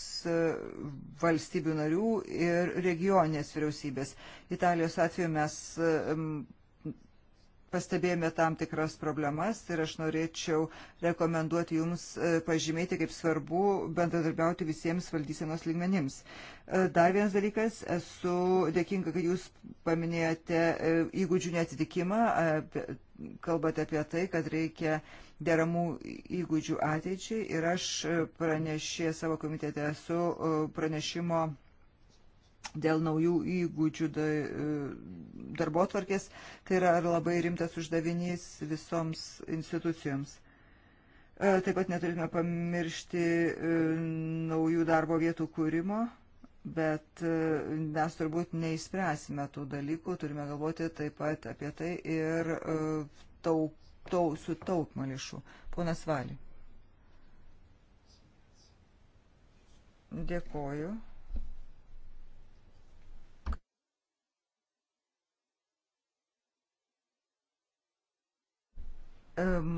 valstybių narių ir regioninės vyriausybės. Italijos atveju mes pastebėjome tam tikras problemas ir aš norėčiau rekomenduoti Jums e, pažymėti, kaip svarbu bendradarbiauti visiems valdysenos lygmenims. E, dar vienas dalykas, esu dėkinga, kad Jūs paminėjote e, įgūdžių netitikimą, kalbate apie tai, kad reikia deramų įgūdžių ateičiai ir aš pranešė savo komitete esu pranešimo dėl naujų įgūdžių e, darbo tvarkės, tai yra labai rimtas uždavinys visoms institucijoms. E, taip pat neturime pamiršti e, naujų darbo vietų kūrimo, bet mes turbūt neįspręsime tų dalykų, turime galvoti taip pat apie tai ir taup, tau, sutaupimą lėšų. Ponas Valį. Dėkoju.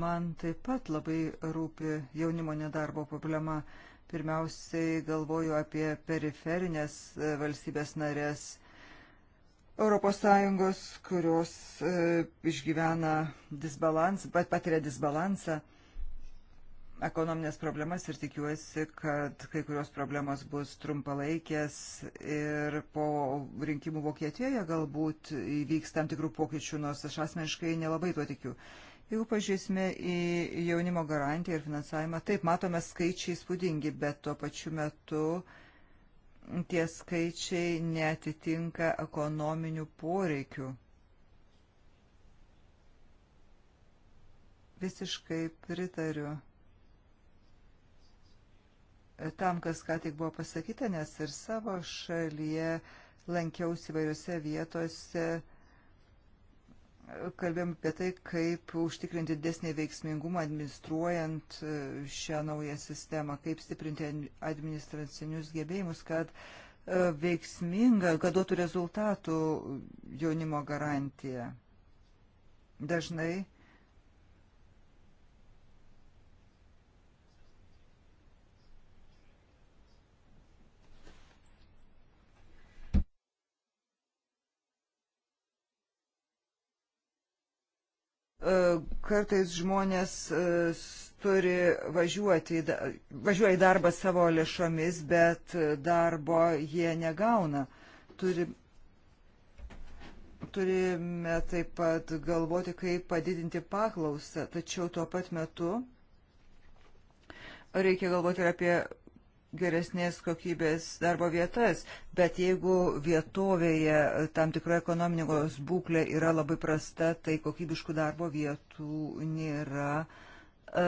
Man taip pat labai rūpi jaunimo nedarbo problema. Pirmiausiai galvoju apie periferinės e, valstybės narės ES, kurios e, išgyvena disbalansą, pat patiria disbalansą, ekonominės problemas ir tikiuosi, kad kai kurios problemos bus trumpalaikės ir po rinkimų Vokietijoje galbūt įvyks tam tikrų pokyčių, nors aš asmeniškai nelabai tuo tikiu. Jeigu pažiūrėsime į jaunimo garantiją ir finansavimą, taip matome skaičiai spūdingi, bet tuo pačiu metu tie skaičiai netitinka ekonominių poreikių. Visiškai pritariu tam, kas ką tik buvo pasakyta, nes ir savo šalyje lankiausi vairiose vietose kalbėjom apie tai, kaip užtikrinti didesnį veiksmingumą administruojant e, šią naują sistemą, kaip stiprinti administracinius gebėjimus, kad e, veiksminga, kad duotų rezultatų jaunimo garantija. Dažnai E, kartais žmonės e, turi važiuoti, važiuoja į darbą savo lėšomis, bet e, darbo jie negauna. Turi, turime taip pat galvoti, kaip padidinti paklausą, tačiau tuo pat metu reikia galvoti ir apie geresnės kokybės darbo vietas, bet jeigu vietovėje tam tikra ekonomikos būklė yra labai prasta, tai kokybiškų darbo vietų nėra e,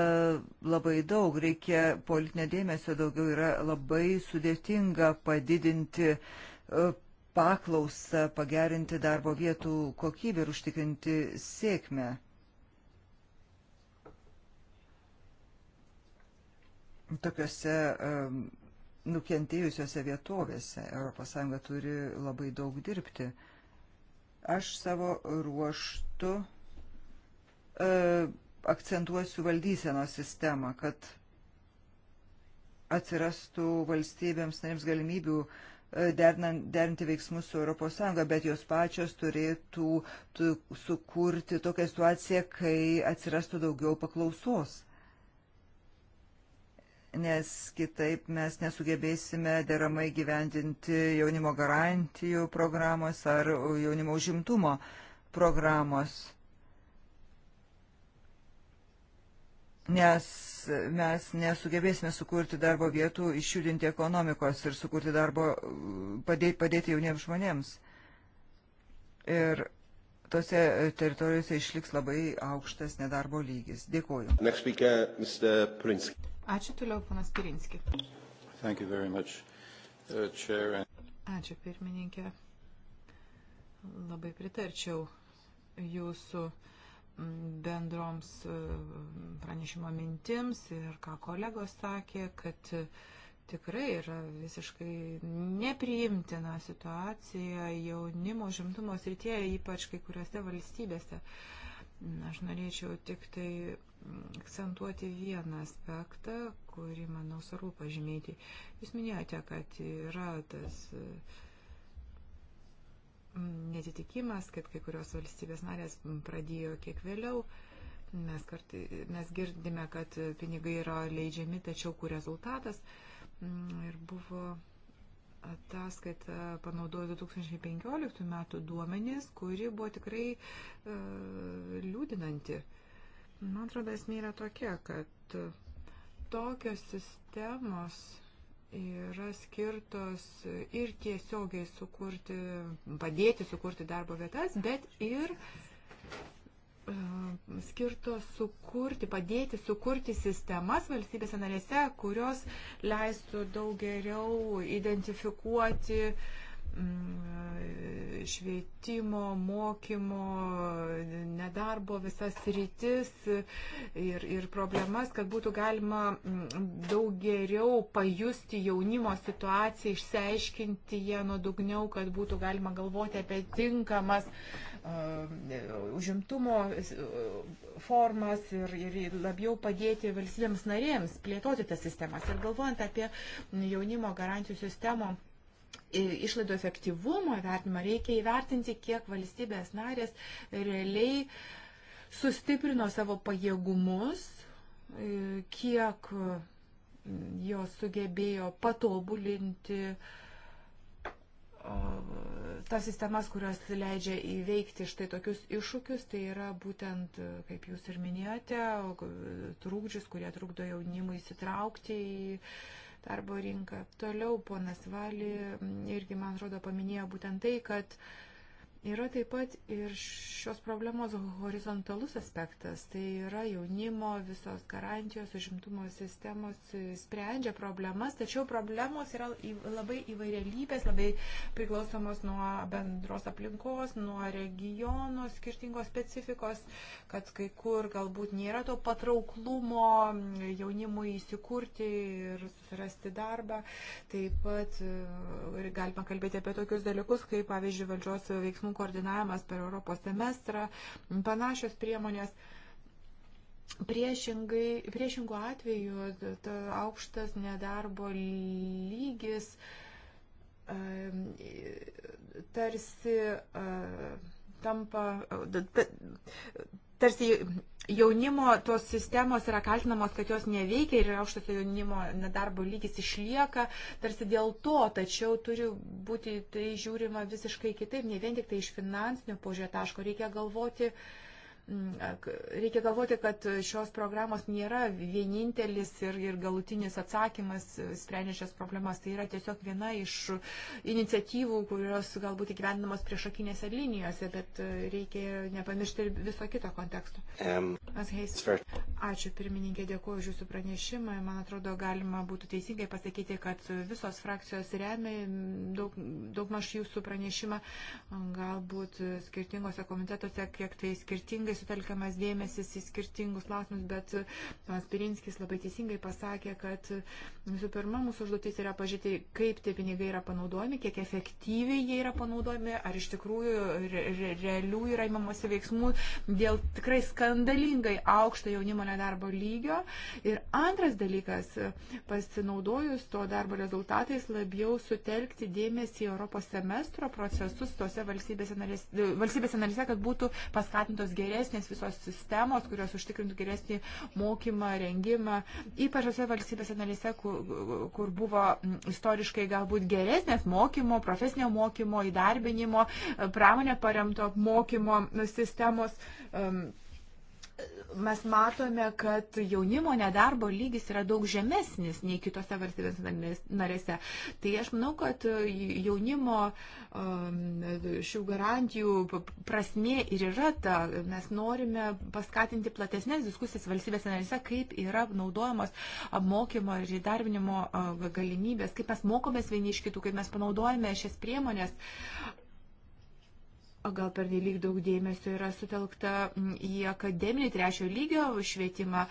labai daug, reikia politinio dėmesio daugiau, yra labai sudėtinga padidinti e, paklausą, pagerinti darbo vietų kokybę ir užtikrinti sėkmę. tokiuose nukentėjusiuose vietovėse. ES turi labai daug dirbti. Aš savo ruoštų e, akcentuosiu valdysenos sistemą, kad atsirastų valstybėms narėms galimybių e, derinti veiksmus su ES, bet jos pačios turėtų sukurti tokią situaciją, kai atsirastų daugiau paklausos nes kitaip mes nesugebėsime deramai gyvendinti jaunimo garantijų programos ar jaunimo užimtumo programos. Nes mes nesugebėsime sukurti darbo vietų, išjudinti ekonomikos ir sukurti darbo, padėti, padėti jauniems žmonėms. Ir tose teritorijose išliks labai aukštas nedarbo lygis. Dėkuoju. Next speaker, Mr. Prinsky. Ačiū toliau, panas Pirinski. Much, uh, chair. Ačiū pirmininkė. Labai pritarčiau jūsų mm, bendroms e, pranešimo mintims ir ką kolegos sakė, kad e, tikrai yra visiškai nepriimtina situacija jaunimo žimtumo srityje, ypač kai kuriuose valstybėse. Uh, Aš norėčiau tik tai mm, akcentuoti vieną aspektą, kurį, manau, svarbu pažymėti. Jūs minėjote, kad yra tas mm, netitikimas, kad kai kurios valstybės narės mm, pradėjo kiek vėliau. Mes, kartai, mes girdime, kad pinigai yra leidžiami, tačiau kur rezultatas. Ir buvo ataskaita panaudojo 2015 metų duomenys, kuri buvo tikrai uh, liūdinanti. Man atrodo, esmė yra tokia, kad tokios sistemos yra skirtos ir tiesiogiai sukurti, padėti sukurti darbo vietas, bet ir uh, E, skirtos sukurti, padėti sukurti sistemas valstybėse narėse, kurios leistų daug geriau identifikuoti mm, e, švietimo, mokymo, nedarbo visas rytis ir, ir problemas, kad būtų galima mm, daug geriau pajusti jaunimo situaciją, išsiaiškinti ją nuodugniau, kad būtų galima galvoti apie tinkamas uh, Um, užimtumo formas ir, ir labiau padėti valstybėms narėms plėtoti tas sistemas. Ir galvojant apie jaunimo garantijų sistemą išlaidų efektyvumo vertinimą, reikia įvertinti, kiek valstybės narės realiai sustiprino savo pajėgumus, kiek jos sugebėjo patobulinti uh, tas sistemas, kurios leidžia įveikti štai tokius iššūkius, tai yra būtent, kaip jūs ir minėjote, trūkdžius, kurie trukdo jaunimui įsitraukti į darbo rinką. Toliau ponas Vali irgi, man atrodo, paminėjo būtent tai, kad uh, Yra taip pat ir šios problemos horizontalus aspektas, tai yra jaunimo visos garantijos užimtumo sistemos e, sprendžia problemas, tačiau problemos yra labai įvairialybės, labai priklausomos nuo bendros aplinkos, nuo regiono skirtingos specifikos, kad kai kur galbūt nėra to patrauklumo jaunimui įsikurti ir susirasti darbą. Taip pat e, galima kalbėti apie tokius dalykus, kaip pavyzdžiui valdžios veiksmų veiksmų koordinavimas per Europos semestrą, panašios priemonės. Priešingų atveju aukštas nedarbo lygis tarsi tampa tarsi jaunimo tos sistemos yra kaltinamos, kad jos neveikia ir aukštas jaunimo nedarbo lygis išlieka, tarsi dėl to, tačiau turi būti tai žiūrima visiškai kitaip, ne vien tik tai iš finansinio požiūrio taško, reikia galvoti uh, Mm, reikia galvoti, kad šios programos nėra vienintelis ir, ir galutinis atsakymas e, sprendžia šias problemas. Tai yra tiesiog viena iš iniciatyvų, kurios galbūt įgyvendinamos priešakinėse linijose, bet e, reikia nepamiršti ir viso kito konteksto. Um, Ačiū pirmininkė, dėkuoju už Jūsų pranešimą. Man atrodo, galima būtų teisingai pasakyti, kad visos frakcijos remia daug, daug maž Jūsų pranešimą. Galbūt skirtingose komitetuose kiek tai skirtingai sutelkiamas dėmesys į skirtingus klausimus, bet panas Pirinskis labai teisingai pasakė, kad visų pirma mūsų užduotis yra pažiūrėti, kaip tie pinigai yra panaudojami, kiek efektyviai jie yra panaudojami, ar iš tikrųjų re re realių yra įmamosi veiksmų dėl tikrai skandalingai aukšto jaunimo nedarbo lygio. Ir antras dalykas, pasinaudojus to darbo rezultatais, labiau sutelkti dėmesį Europos semestro procesus tose valstybėse narėse, valstybėse narėse kad būtų paskatintos gerės išsamesnės visos sistemos, kurios užtikrintų geresnį mokymą, rengimą, ypač tose valstybėse narėse, kur, kur buvo istoriškai galbūt geresnės mokymo, profesinio mokymo, įdarbinimo, pramonė paremto mokymo sistemos. Um, mes matome, kad jaunimo nedarbo lygis yra daug žemesnis nei kitose valstybės narėse. Tai aš manau, kad jaunimo um, šių garantijų prasmė ir yra ta, mes norime paskatinti platesnės diskusijas valstybės narėse, kaip yra naudojamos mokymo ir įdarbinimo uh, galimybės, kaip mes mokomės vieni iš kitų, kaip mes panaudojame šias priemonės gal pernelyg daug dėmesio yra sutelkta į akademinį trečio lygio švietimą,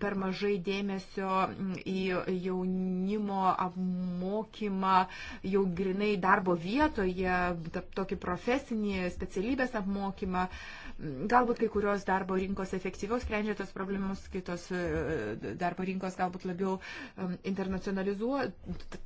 per mažai dėmesio į jaunimo apmokymą, jau grinai darbo vietoje, tokį profesinį specialybės apmokymą. Galbūt kai kurios darbo rinkos efektyviau sprendžia tos problemus, kitos e, darbo rinkos galbūt labiau internacionalizuoja,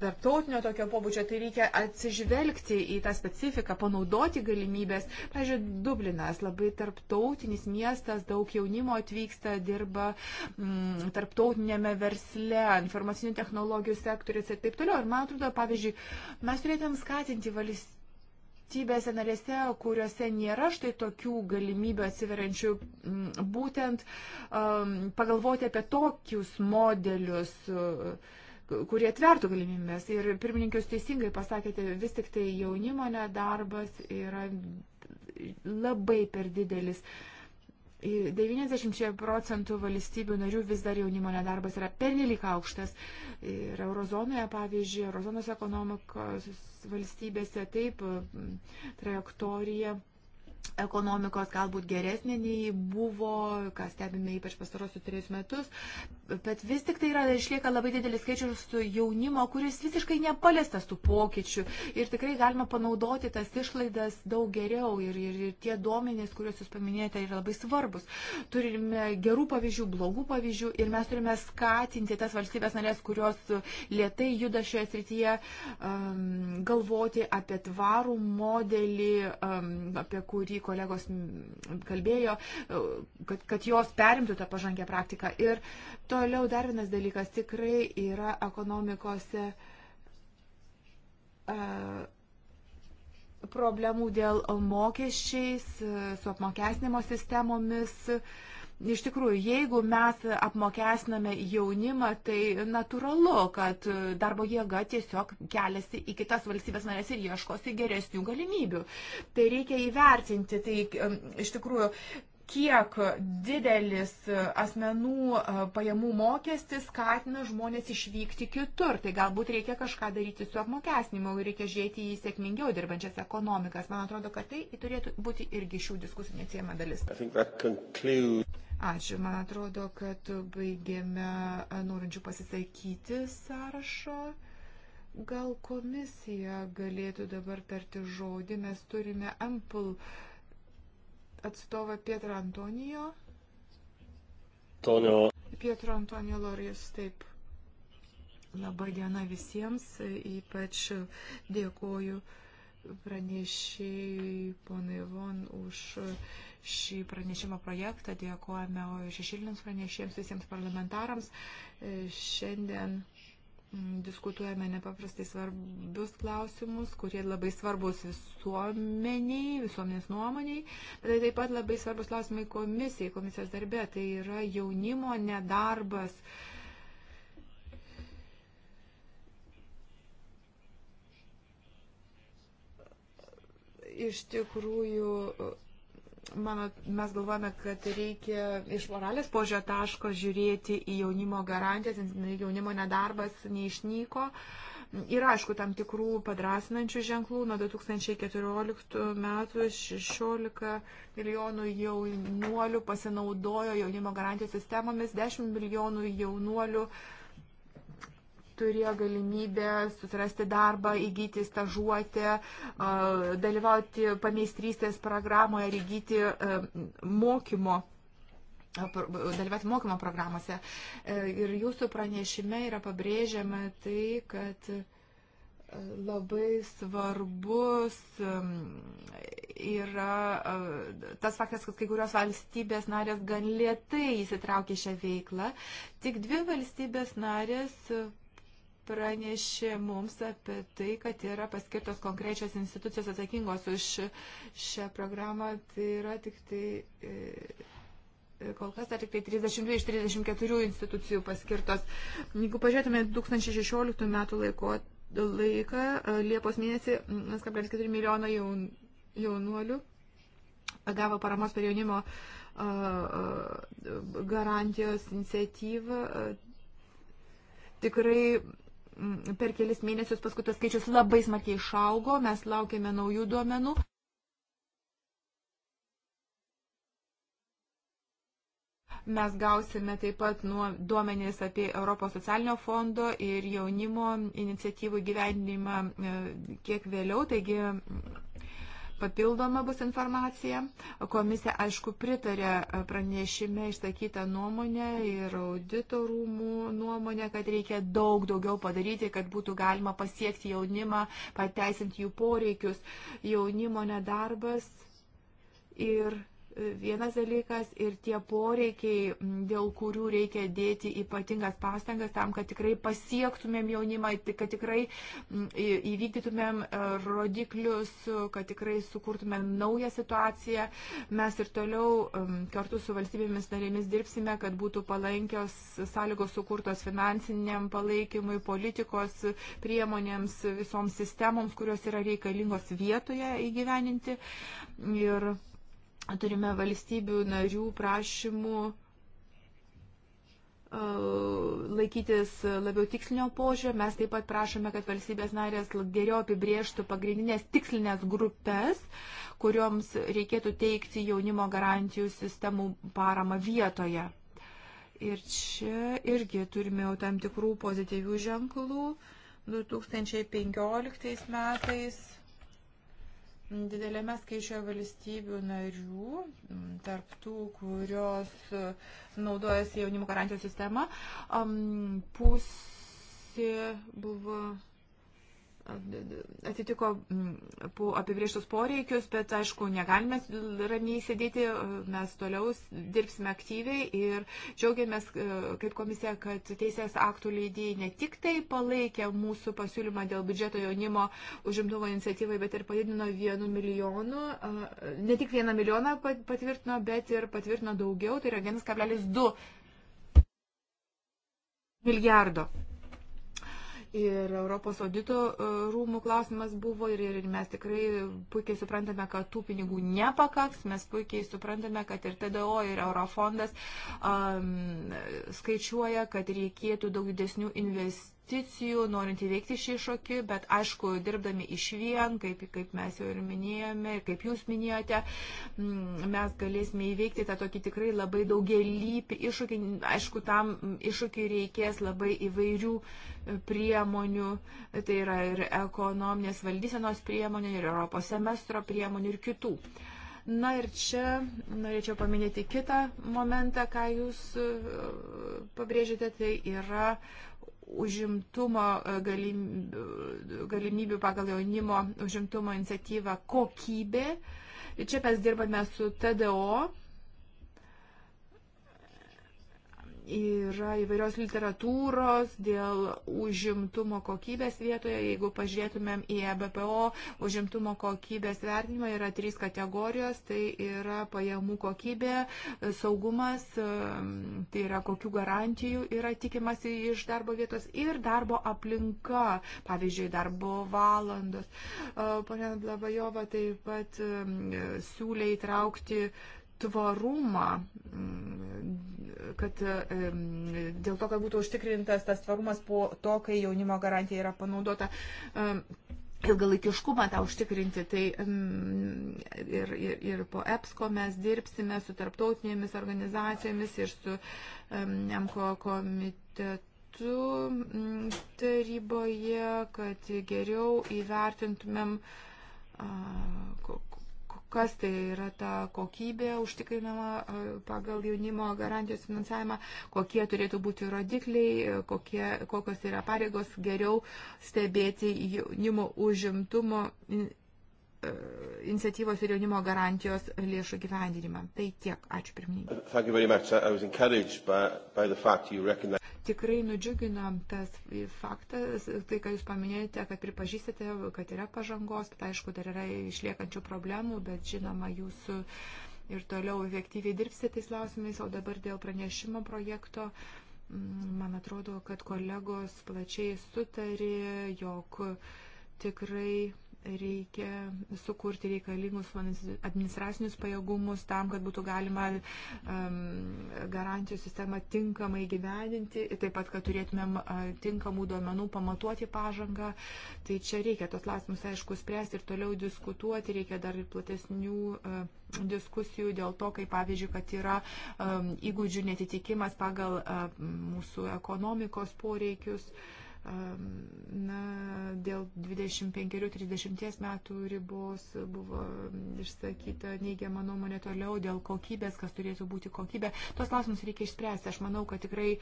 tarptautinio tokio pobūdžio, tai reikia atsižvelgti į tą specifiką, panaudoti galimybės Pavyzdžiui, Dublinas labai tarptautinis miestas, daug jaunimo atvyksta, dirba mm, tarptautinėme versle, informacinių technologijų sektoriuose ir taip toliau. Ir man atrodo, pavyzdžiui, mes turėtumėm skatinti valstybę valstybėse narėse, kuriuose nėra štai tokių galimybių atsiveriančių, mm, būtent um, pagalvoti apie tokius modelius, uh, kurie atvertų galimybės. Ir pirmininkius teisingai pasakėte, tai vis tik tai jaunimo nedarbas yra labai per didelis. 90 procentų valstybių narių vis dar jaunimo nedarbas yra pernelyg aukštas. Ir eurozonoje, pavyzdžiui, eurozonos ekonomikos valstybėse taip trajektorija ekonomikos galbūt geresnė nei buvo, ką stebime ypač pastarosius trejus metus, bet vis tik tai yra išlieka labai didelis skaičius jaunimo, kuris visiškai nepalestas tų pokyčių ir tikrai galima panaudoti tas išlaidas daug geriau ir, ir, ir tie duomenys, kuriuos jūs paminėjote, yra labai svarbus. Turime gerų pavyzdžių, blogų pavyzdžių ir mes turime skatinti tas valstybės narės, kurios lietai juda šioje srityje, um, galvoti apie tvarų modelį, um, apie kurį jį kolegos kalbėjo, kad, kad jos perimtų tą pažangę praktiką. Ir toliau dar vienas dalykas tikrai yra ekonomikose. Uh, problemų dėl mokesčiais, su apmokestinimo sistemomis, uh, Iš tikrųjų, jeigu mes apmokesname jaunimą, tai natūralu, kad darbo jėga tiesiog keliasi į kitas valstybės narės ir ieškosi geresnių galimybių. Tai reikia įvertinti. Tai iš tikrųjų, kiek didelis asmenų e, pajamų mokestis skatina žmonės išvykti kitur. Tai galbūt reikia kažką daryti su apmokesnimu, reikia žiūrėti į sėkmingiau dirbančias ekonomikas. Man atrodo, kad tai turėtų būti irgi šių diskusijų neatsiema dalis. Conclude... Ačiū. Man atrodo, kad baigėme norinčių pasisakyti sąrašą. Gal komisija galėtų dabar tarti žodį. Mes turime Ampul atstovą Pietrą Antonijo. Tonio. Pietro Antonijo Lorijus, taip. Labai diena visiems, ypač dėkoju pranešėjai ponai Von už uh, šį pranešimo projektą, dėkojame šešiliniams pranešėjams, visiems parlamentarams. E, šiandien mm, diskutuojame nepaprastai svarbius klausimus, kurie labai svarbus visuomeniai, visuomenės nuomoniai, bet tai taip pat labai svarbus klausimai komisijai, komisijos darbė, tai yra jaunimo nedarbas. Iš tikrųjų, mano, mes galvojame, kad reikia iš moralės požio taško žiūrėti į jaunimo garantijas, jaunimo nedarbas neišnyko. Yra, aišku, tam tikrų padrasinančių ženklų. Nuo 2014 metų 16 milijonų jaunuolių pasinaudojo jaunimo garantijų sistemomis, 10 milijonų jaunuolių uh, turėjo galimybę susirasti darbą, įgyti stažuotę, dalyvauti pameistrystės programoje ir įgyti mokymo dalyvauti mokymo programuose. E, ir jūsų pranešime yra pabrėžiama tai, kad e, labai svarbus yra tas faktas, kad kai kurios valstybės narės gan lietai įsitraukia šią veiklą. Tik dvi valstybės narės pranešė mums apie tai, kad yra paskirtos konkrečios institucijos atsakingos už šią programą. Tai yra tik tai, e, e, kol kas dar tik tai 32 iš 34 institucijų paskirtos. Jeigu pažiūrėtume 2016 metų laiko, laiką, e, Liepos mėnesį 1,4 milijono jaun, jaunuolių gavo paramos per jaunimo garantijos iniciatyvą tikrai per kelis mėnesius paskui tas skaičius labai smarkiai išaugo, mes laukiame naujų duomenų. Mes gausime taip pat nuo duomenys apie Europos socialinio fondo ir jaunimo iniciatyvų gyvendinimą e, kiek vėliau, taigi papildoma bus informacija. Komisija, aišku, pritarė pranešime išsakytą nuomonę ir auditorumų nuomonę, kad reikia daug daugiau padaryti, kad būtų galima pasiekti jaunimą, pateisinti jų poreikius. Jaunimo nedarbas ir vienas dalykas ir tie poreikiai, dėl kurių reikia dėti ypatingas pastangas tam, kad tikrai pasiektumėm jaunimą, kad tikrai įvykdytumėm e, rodiklius, kad tikrai sukurtumėm naują situaciją. Mes ir toliau kartu su valstybėmis narėmis dirbsime, kad būtų palankios sąlygos sukurtos finansiniam palaikymui, politikos priemonėms, visoms sistemoms, kurios yra reikalingos vietoje įgyveninti. Ir turime valstybių narių prašymų e, laikytis labiau tikslinio požiūrio. Mes taip pat prašome, kad valstybės narės geriau apibrieštų pagrindinės tikslinės grupės, kurioms reikėtų teikti jaunimo garantijų sistemų paramą vietoje. Ir čia irgi turime jau tam tikrų pozityvių ženklų. 2015 metais didelėme skaičiuje valstybių narių, tarptų, kurios e, naudojasi jaunimo garantijos sistema, pusė buvo atitiko mm, apibrieštus poreikius, bet aišku, negalime ramiai sėdėti, mes toliau dirbsime aktyviai ir džiaugiamės e, kaip komisija, kad teisės aktų leidėjai ne tik tai palaikė mūsų pasiūlymą dėl biudžeto jaunimo užimtumo iniciatyvai, bet ir padidino vienu milijonu, ne tik vieną milijoną patvirtino, bet ir patvirtino daugiau, tai yra 1,2 milijardo ir Europos audito e, rūmų klausimas buvo ir, ir mes tikrai puikiai suprantame, kad tų pinigų nepakaks, mes puikiai suprantame, kad ir TDO, ir Eurofondas um, skaičiuoja, kad reikėtų daug didesnių investicijų investicijų, norint įveikti šį iššūkį, bet aišku, dirbdami iš vien, kaip, kaip mes jau ir minėjome, kaip jūs minėjote, mm, mes galėsime įveikti tą tokį tikrai labai daugelįpį iššūkį. Aišku, tam iššūkiai reikės labai įvairių e, priemonių, tai yra ir ekonominės valdysenos priemonių, ir Europos semestro priemonių, ir kitų. Na ir čia norėčiau paminėti kitą momentą, ką jūs e, pabrėžėte, tai yra užimtumo e, galim, e, galimybių pagal jaunimo užimtumo iniciatyvą kokybė. Čia mes dirbame su TDO yra įvairios literatūros dėl užimtumo kokybės vietoje. Jeigu pažiūrėtumėm į EBPO užimtumo kokybės vertinimą, yra trys kategorijos. Tai yra pajamų kokybė, saugumas, tai yra kokių garantijų yra tikimasi iš darbo vietos ir darbo aplinka, pavyzdžiui, darbo valandos. Pane Blabajova taip pat siūlė įtraukti tvarumą, mm, kad dėl to, kad būtų užtikrintas tas tvarumas po to, kai jaunimo garantija yra panaudota ilgalaikiškumą tą užtikrinti. Tai ir, ir, ir po EPSCO mes dirbsime su tarptautinėmis organizacijomis ir su MKO komitetu mm, taryboje, kad geriau įvertintumėm kas tai yra ta kokybė užtikrinama e, pagal jaunimo garantijos finansavimą, kokie turėtų būti rodikliai, e, kokie, kokios yra pareigos geriau stebėti jaunimo užimtumo E, iniciatyvos ir jaunimo garantijos lėšų gyvendinimą. Tai tiek. Ačiū pirmininkai. Tikrai nudžiugino tas faktas, tai, ką Jūs paminėjote, kad pripažįstate, kad yra pažangos, kad aišku, dar yra išliekančių problemų, bet žinoma, Jūsų ir toliau efektyviai dirbsite tais klausimais, o dabar dėl pranešimo projekto. Mm, man atrodo, kad kolegos plačiai sutarė, jog tikrai reikia sukurti reikalingus administracinius pajėgumus tam, kad būtų galima um, garantijų sistemą tinkamai gyveninti, taip pat, kad turėtumėm uh, tinkamų duomenų pamatuoti pažangą. Tai čia reikia tos klausimus, aišku, spręsti ir toliau diskutuoti, reikia dar ir platesnių uh, diskusijų dėl to, kaip pavyzdžiui, kad yra um, įgūdžių netitikimas pagal uh, mūsų ekonomikos poreikius. Uh, na, dėl 25-30 metų ribos buvo išsakyta neigiama nuomonė toliau dėl kokybės, kas turėtų būti kokybė. Tuos klausimus reikia išspręsti. Aš manau, kad tikrai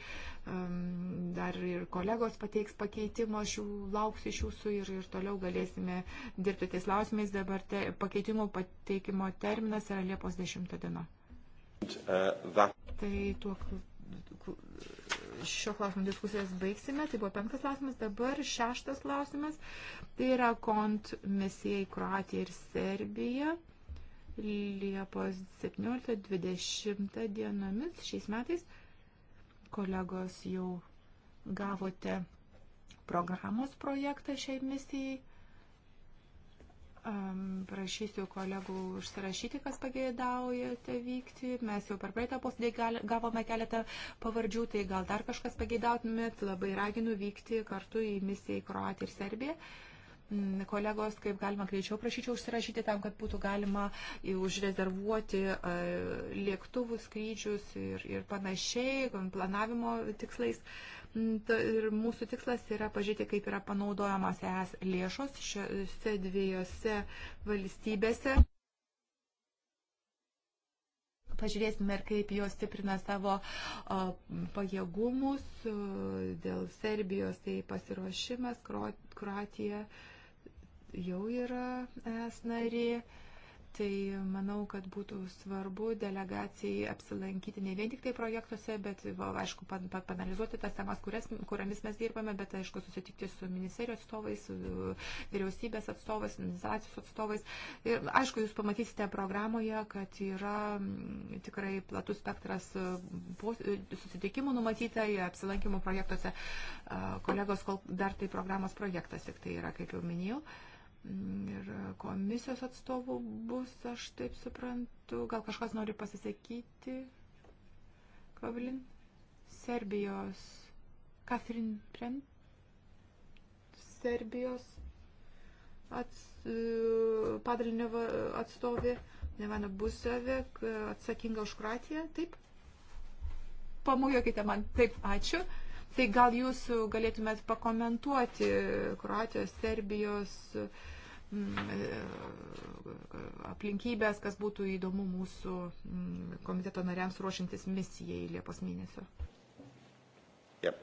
um, dar ir kolegos pateiks pakeitimo, aš jų lauksiu iš jūsų ir, ir toliau galėsime dirbti ties klausimais. Dabar te, pakeitimo pateikimo terminas yra Liepos 10 diena. Uh, that... Tai tuo šio klausimo diskusijas baigsime. Tai buvo penktas klausimas, dabar šeštas klausimas. Tai yra kont misija į Kroatiją ir Serbiją. Liepos 17-20 dienomis šiais metais kolegos jau gavote programos projektą šiai misijai. Prašysiu kolegų užsirašyti, kas pageidaujate vykti. Mes jau per praeitą posėdį gavome keletą pavardžių, tai gal dar kažkas pageidautumėt. Labai raginu vykti kartu į misiją į Kroatiją ir Serbiją. Mm, kolegos, kaip galima greičiau prašyčiau užsirašyti tam, kad būtų galima užrezervuoti lėktuvų skrydžius ir, ir panašiai, planavimo tikslais. Mm, ir mūsų tikslas yra pažiūrėti, kaip yra panaudojamas ES lėšos šiose dviejose valstybėse pažiūrėsime ir kaip jos stiprina savo o, pajėgumus o, dėl Serbijos, tai pasiruošimas, Kroatija. Kro, jau yra es narė. Tai manau, kad būtų svarbu delegacijai apsilankyti ne vien tik tai projektuose, bet, va, aišku, panalizuoti tas temas, kurias, kuriamis mes dirbame, bet, aišku, susitikti su ministerijos atstovais, su vyriausybės atstovais, administracijos atstovais. Ir, aišku, jūs pamatysite programoje, kad yra mm, tikrai platus spektras mm, susitikimų numatyta, apsilankimų projektuose. Kolegos, kol dar tai programos projektas, tik tai yra, kaip jau minėjau. Uh, ir komisijos atstovų bus, aš taip suprantu. Gal kažkas nori pasisakyti? Kvablin? Serbijos. Katrin Brent? Serbijos ats, padalinio atstovė Nevana Busavek, atsakinga už Kroatiją. Taip? Pamojokite man. Taip, ačiū. Tai gal jūs galėtumėt pakomentuoti Kroatijos, Serbijos uh, Mm, aplinkybės, kas būtų įdomu mūsų mm, komiteto nariams ruošintis misijai Liepos mėnesio. Yep.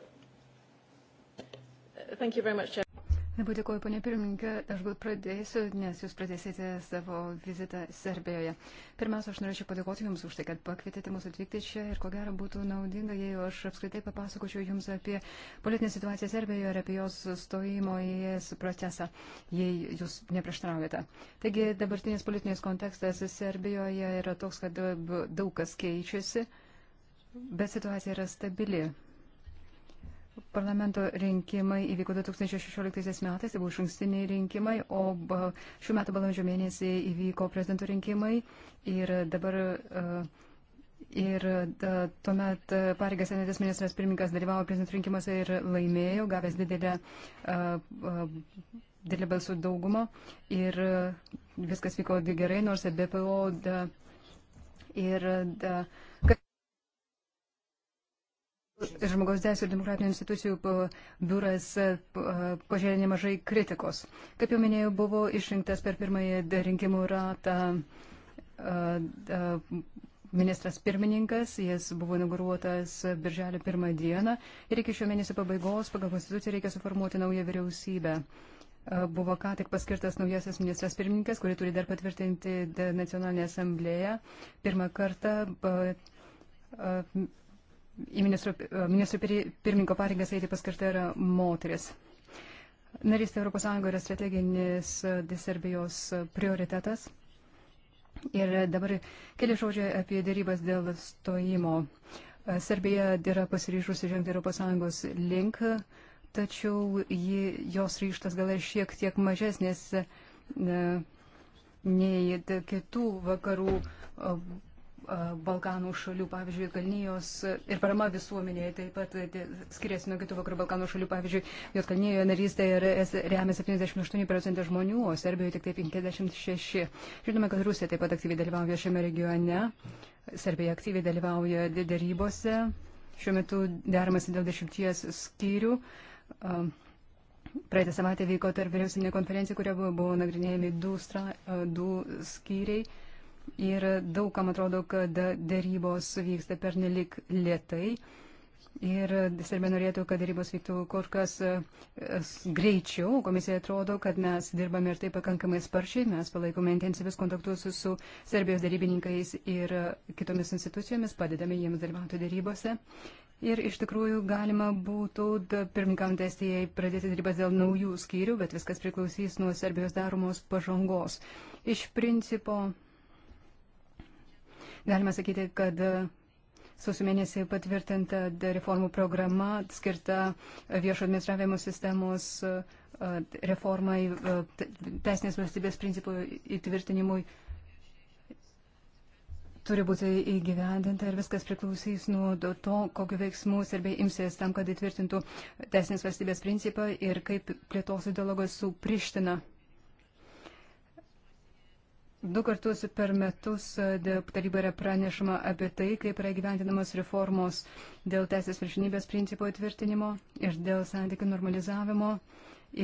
Labai dėkuoju, ponė pirmininkė. Aš gal pradėsiu, nes jūs pradėsite savo vizitą Serbijoje. Pirmiausia, aš norėčiau padėkoti Jums už tai, kad pakvietėte mus atvykti čia ir ko gero būtų naudinga, jei aš apskritai papasakočiau Jums apie politinę situaciją Serbijoje ir apie jos stojimo į ES procesą, jei Jūs neprieštraujate. Taigi, dabartinis politinis kontekstas Serbijoje yra toks, kad daug kas keičiasi, bet situacija yra stabili. Parlamento rinkimai įvyko 2016 metais, tai buvo išankstiniai rinkimai, o šių metų balandžio mėnesį įvyko prezidento rinkimai ir dabar e, ir da, e, tuomet pareigas senatės ministras pirmininkas dalyvavo prezidento rinkimuose ir laimėjo, gavęs didelę, e, didelę balsų daugumą ir viskas vyko gerai, nors BPO da, ir da, Žmogaus teisų ir demokratinių institucijų biuras e, e, pažiūrė nemažai kritikos. Kaip jau minėjau, buvo išrinktas per pirmąjį rinkimų ratą e, ministras pirmininkas, jis buvo inauguruotas birželio pirmą dieną ir iki šio mėnesio pabaigos pagal konstituciją reikia suformuoti naują vyriausybę. Buvo ką tik paskirtas naujasis ministras pirmininkas, kurį turi dar patvirtinti Nacionalinė asamblėja. Pirmą kartą į ministro, e, ministro pirmininko pareigas eiti paskirta yra moteris. Narystė Europos Sąjungoje yra strateginis e, Serbijos e, prioritetas. Ir dabar keli žodžiai apie dėrybas dėl stojimo. Serbija yra pasiryžusi žengti Europos Sąjungos link, tačiau ji, jos ryštas gal ir šiek tiek mažesnis nei kitų vakarų Balkanų šalių, pavyzdžiui, Kalnyjos ir parama visuomenėje taip pat skiriasi nuo kitų vakarų Balkanų šalių, pavyzdžiui, jos Kalnyjoje narystė remia 78 procentai žmonių, o Serbijoje tik tai 56. Žinome, kad Rusija taip pat aktyviai dalyvauja šiame regione, Serbija aktyviai dalyvauja dėrybose, šiuo metu deramasi dėl dešimties skyrių. Praeitą savaitę vyko tarp vyriausinė konferencija, kurioje buvo nagrinėjami du, stra, du skyriai ir daug kam atrodo, kad darybos vyksta pernelik lietai. Ir Serbija norėtų, kad darybos vyktų kur kas e, greičiau. Komisija atrodo, kad mes dirbame ir tai pakankamai sparčiai. Mes palaikome intensyvius kontaktus su Serbijos darybininkais ir kitomis institucijomis, padedame jiems dalyvauti darybose. Ir iš tikrųjų galima būtų pirmininkam estijai pradėti dirbas dėl naujų skyrių, bet viskas priklausys nuo Serbijos daromos pažangos. Iš principo Galima sakyti, kad e, sausio mėnesį patvirtinta reformų programa skirta e, viešo administravimo sistemos e, reformai, teisinės valstybės principų įtvirtinimui turi būti įgyvendinta ir viskas priklausys nuo to, kokiu veiksmu serbiai imsės tam, kad įtvirtintų teisinės valstybės principą ir kaip plėtos dialogas su Priština. Du kartus per metus e, taryba yra pranešama apie tai, kaip yra gyventinamos reformos dėl teisės viršinybės principo įtvirtinimo ir dėl santykių normalizavimo.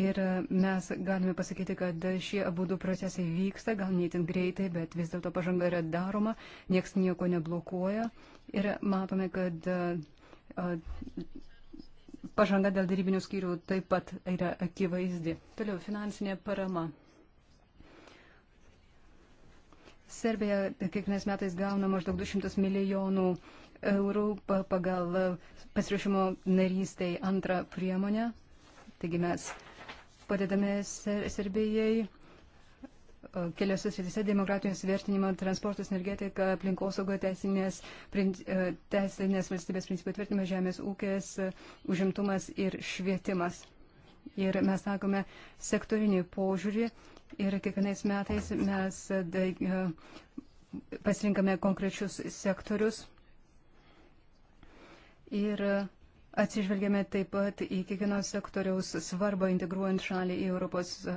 Ir e, mes galime pasakyti, kad šie abu du procesai vyksta, gal neįtin greitai, bet vis dėlto pažanga yra daroma, nieks nieko neblokuoja. Ir matome, kad e, pažanga dėl darybinių skyrių taip pat yra akivaizdi. Toliau finansinė parama. Serbija kiekvienais metais gauna maždaug 200 milijonų eurų pagal e, pasirašymo narystai antrą priemonę. Taigi mes padedame Serbijai e, keliose srityse demokratijos vertinimą, transportas, energetika, aplinkosauga, teisinės, e, teisinės valstybės principų tvirtinimas, žemės ūkės, užimtumas ir švietimas. Ir mes sakome sektorinį požiūrį Ir kiekvienais metais mes e, pasirinkame konkrečius sektorius ir atsižvelgiame taip pat į kiekvieno sektoriaus svarbą integruojant šalį į Europos e,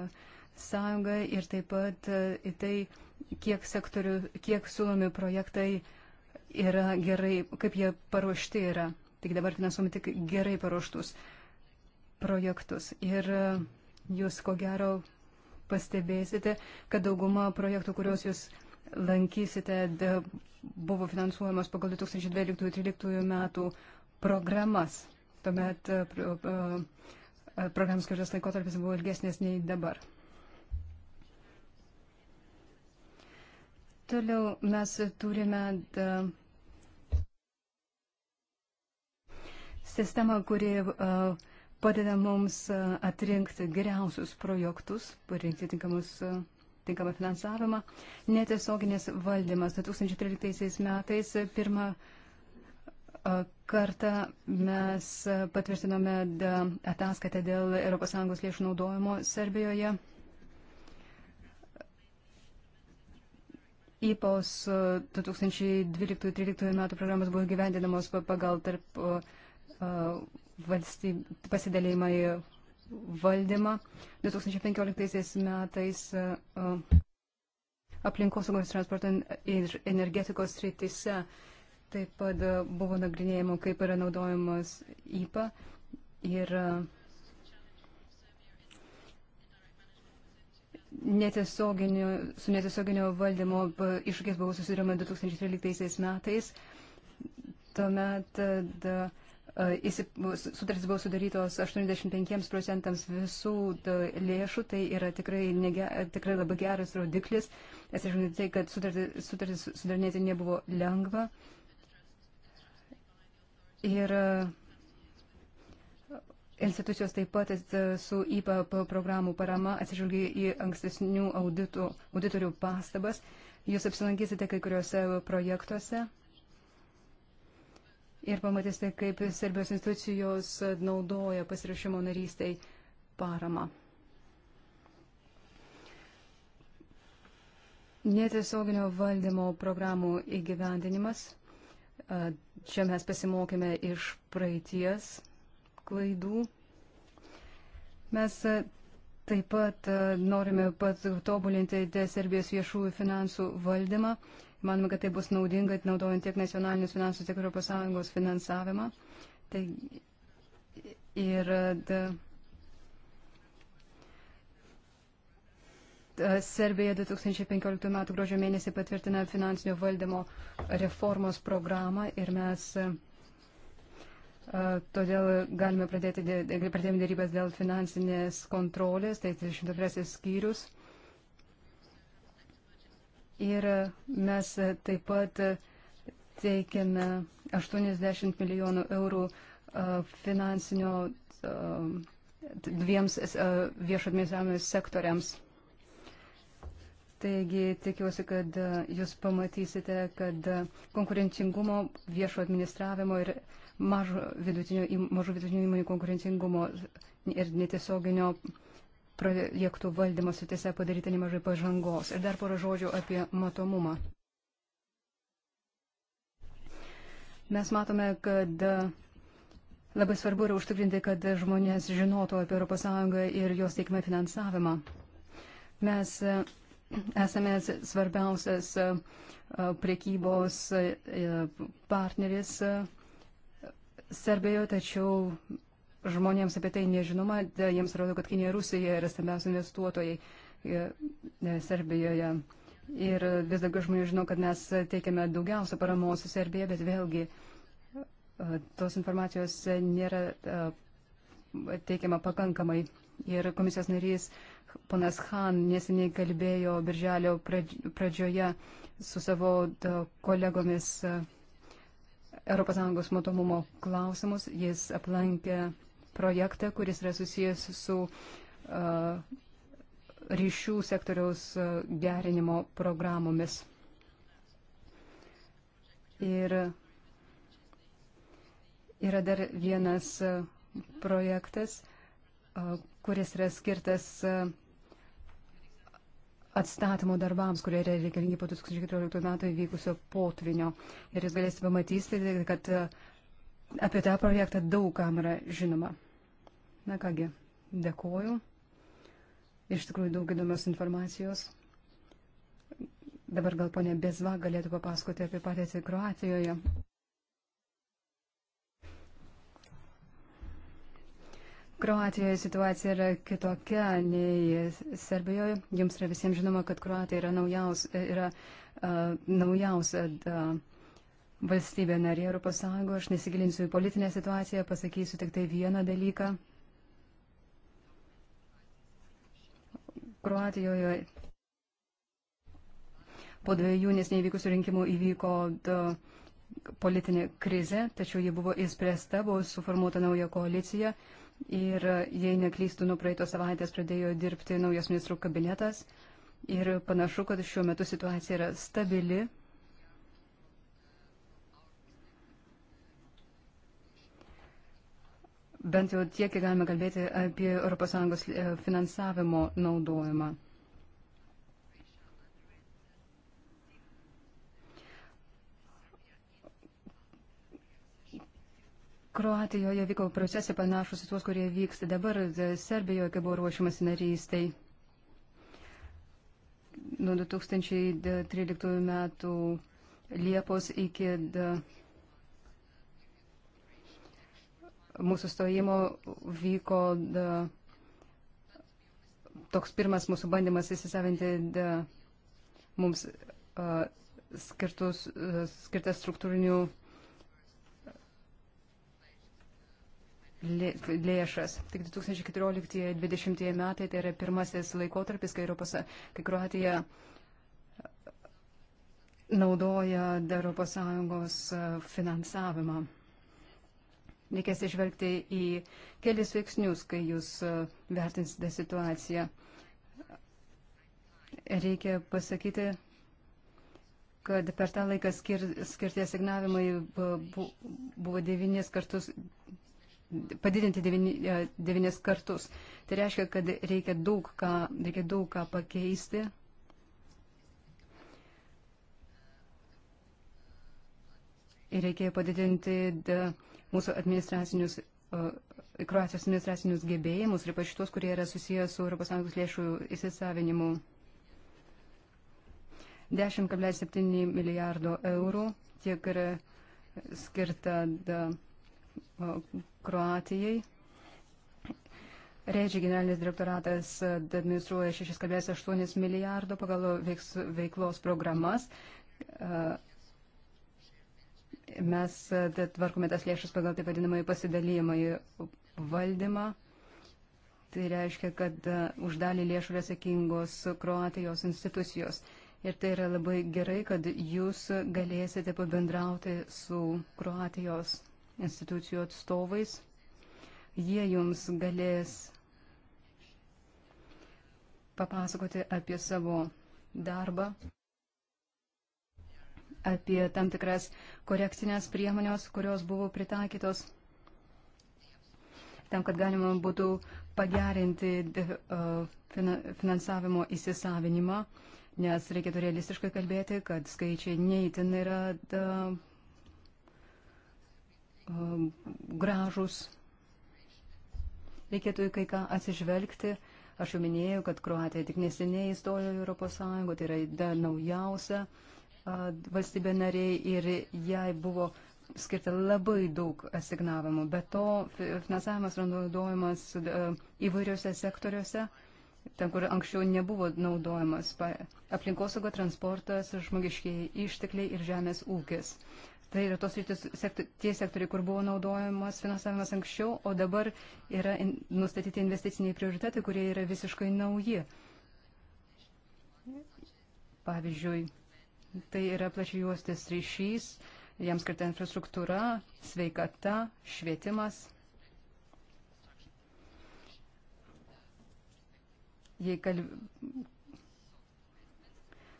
sąjungą ir taip pat e, į tai, kiek sektorių, kiek siūlomi projektai yra gerai, kaip jie paruošti yra. Tik dabar finansuomi tik gerai paruoštus projektus. Ir jūs, ko gero, pastebėsite, kad dauguma projektų, kuriuos jūs lankysite, buvo finansuojamas pagal 2012-2013 metų programas. Tuomet e, e, programų skirtas laikotarpis buvo ilgesnės nei dabar. Toliau mes turime da, sistemą, kuri uh, padeda mums e, atrinkti geriausius projektus, parinkti tinkamus e, tinkamą finansavimą. Netiesioginis valdymas 2013 metais pirmą e, kartą mes patvirtinome ataskaitą dėl ES lėšų naudojimo Serbijoje. IPOS 2012-2013 metų programos buvo gyvendinamos pagal tarp uh, pasidalėjimą į valdymą. 2015 metais e, e, aplinkosaugos transporto ir energetikos srityse taip pat e, buvo nagrinėjimo, kaip yra naudojamas IPA ir netiesioginio, su netiesioginio valdymo iššūkis buvo susidurima 2013 metais. Tuomet da, E, sutartys buvo sudarytos 85 procentams visų e, lėšų, tai yra tikrai, nege, tikrai labai geras rodiklis, nes aš žinau tai, kad sutartys, sutartys sudarinėti nebuvo lengva. Ir e, institucijos taip pat su IPA programų parama atsižvelgia į ankstesnių auditų, auditorių pastabas. Jūs apsilankysite kai kuriuose projektuose ir pamatysite, kaip Serbijos institucijos naudoja pasirašymo narystiai paramą. Netiesioginio valdymo programų įgyvendinimas. Čia mes pasimokėme iš praeities klaidų. Mes taip pat norime patobulinti Serbijos viešųjų finansų valdymą Manome, kad tai bus naudinga, naudojant tiek nacionalinius finansus, tiek Europos Sąjungos finansavimą. Tai ir da, Serbija 2015 m. gruodžio mėnesį patvirtina finansinio valdymo reformos programą ir mes todėl galime pradėti, pradėjome dėrybas dėl finansinės kontrolės, tai 32 skyrius. Tai Ir mes taip pat teikiame 80 milijonų eurų finansinio dviems viešo administravimo sektoriams. Taigi tikiuosi, kad jūs pamatysite, kad konkurencingumo viešo administravimo ir mažų vidutinių, mažų vidutinių įmonių konkurencingumo ir netiesioginio projektų valdymo sutise padaryta nemažai pažangos. Ir dar porą žodžių apie matomumą. Mes matome, kad labai svarbu yra užtikrinti, kad žmonės žinotų apie ES ir jos teikimą finansavimą. Mes esame svarbiausias e, priekybos e, partneris e, Serbijoje, tačiau žmonėms apie tai nežinoma, jiems rodo, kad Kinija ir Rusija yra stambiausi investuotojai e, e, Serbijoje. Ir vis daugiau žmonių žino, kad mes teikiame daugiausia paramos Serbijai, bet vėlgi e, tos informacijos nėra teikiama pakankamai. Ir komisijos narys ponas Han neseniai kalbėjo birželio pradžioje su savo kolegomis ES matomumo klausimus. Jis aplankė projektą, kuris yra susijęs su uh, ryšių sektoriaus gerinimo programomis. Ir yra dar vienas projektas, uh, kuris yra skirtas uh, atstatymo darbams, kurie yra reikalingi po 2014 metų įvykusio potvinio. Ir jūs galėsite pamatysite, kad apie tą projektą daug kam yra žinoma. Na kągi, dėkoju. Iš tikrųjų daug įdomios informacijos. Dabar gal ponė Bezva galėtų papasakoti apie padėtį Kroatijoje. Kroatijoje situacija yra kitokia nei Serbijoje. Jums yra visiems žinoma, kad Kroatija yra, naujaus, yra uh, naujausia uh, valstybė narė Europos Sąjungoje. Aš nesigilinsiu į politinę situaciją, pasakysiu tik tai vieną dalyką. Kroatijoje po dviejų nesneįvykusių rinkimų įvyko politinė krizė, tačiau ji buvo įspręsta, buvo suformuota nauja koalicija ir, jei neklystų, nuo praeitos savaitės pradėjo dirbti naujas ministrų kabinetas ir panašu, kad šiuo metu situacija yra stabili bent jau tiek, kiek galime kalbėti apie ES e, finansavimo naudojimą. Kroatijoje vyko procesai panašus į tuos, kurie vyksta dabar e, Serbijoje, kai buvo ruošiamas narystai. Nuo 2013 e, metų Liepos iki mūsų stojimo vyko da, toks pirmas mūsų bandymas įsisavinti da, mums a, skirtus, a, skirtas struktūrinių lėšas. Tik 2014-2020 metai tai yra pirmasis laikotarpis, kai, Europos, kai Kroatija naudoja Europos Sąjungos finansavimą. Reikės išvelgti į kelis veiksnius, kai jūs e, vertinsite situaciją. Reikia pasakyti, kad per tą laiką skir, skirtie signavimai buvo devynis kartus, padidinti devyni, e, devynis kartus. Tai reiškia, kad reikia daug ką, reikia daug ką pakeisti. Ir reikėjo padidinti. De, mūsų administracinius, Kroatijos administracinius gebėjimus ir ypač tuos, kurie yra susijęs su ES lėšų įsisavinimu. 10,7 milijardo eurų tiek yra skirta da, Kroatijai. Reidžiai generalinis direktoratas administruoja 6,8 milijardo pagal veiks, veiklos programas. Mes e, tvarkome tas lėšas pagal taip vadinamąjį pasidalymą į valdymą. Tai reiškia, kad e, už dalį lėšų yra atsakingos Kroatijos institucijos. Ir tai yra labai gerai, kad jūs galėsite pabendrauti su Kroatijos institucijų atstovais. Jie jums galės papasakoti apie savo darbą apie tam tikras korekcinės priemonės, kurios buvo pritaikytos tam, kad galima būtų pagerinti finansavimo įsisavinimą, nes reikėtų realistiškai kalbėti, kad skaičiai neįtin yra da, gražus. Reikėtų į kai ką atsižvelgti. Aš jau minėjau, kad Kroatija tik neseniai įstojo į Europos Sąjungą, tai yra da, naujausia uh, valstybė nariai ir jai buvo skirta labai daug asignavimų. Be to, finansavimas yra naudojamas įvairiose sektoriuose, ten, kur anksčiau nebuvo naudojamas aplinkosauga, transportas, žmogiškiai ištekliai ir žemės ūkis. Tai yra tos rytis, sektor, tie sektoriai, kur buvo naudojamas finansavimas anksčiau, o dabar yra in, nustatyti investiciniai prioritetai, kurie yra visiškai nauji. Pavyzdžiui, Tai yra plačiajuostis ryšys, jam skirta infrastruktūra, sveikata, švietimas. Jei kalb...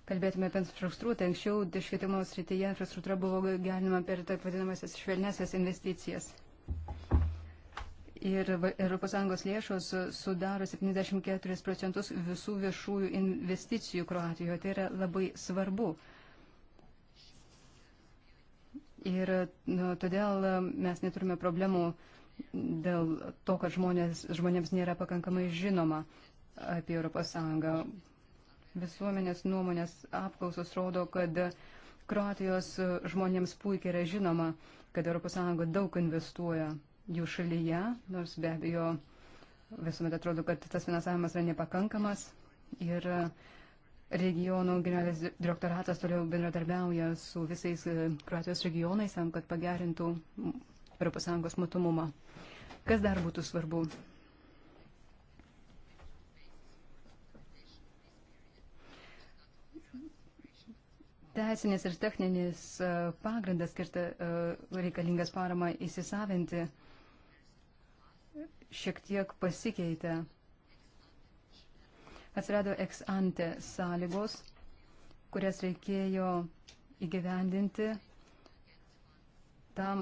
kalbėtume apie infrastruktūrą, tai anksčiau švietimo srityje infrastruktūra buvo galima per taip vadinamasias švelnesias investicijas. Ir ES lėšos sudaro 74 procentus visų viešųjų investicijų Kroatijoje. Tai yra labai svarbu. Ir nu, todėl e, mes neturime problemų dėl to, kad žmonės, žmonėms nėra pakankamai žinoma apie ES. Visuomenės nuomonės apklausos rodo, kad Kroatijos žmonėms puikiai yra žinoma, kad ES daug investuoja jų šalyje, nors be abejo visuomet atrodo, kad tas finansavimas yra nepakankamas. Ir uh, regionų generalinis direktoratas toliau bendradarbiauja su visais e, Kroatijos regionais tam, kad pagerintų ES matomumą. Kas dar būtų svarbu? Teisinės ir techninis e, pagrindas skirta e, reikalingas parama įsisavinti šiek tiek pasikeitė atsirado ex ante sąlygos, kurias reikėjo įgyvendinti tam,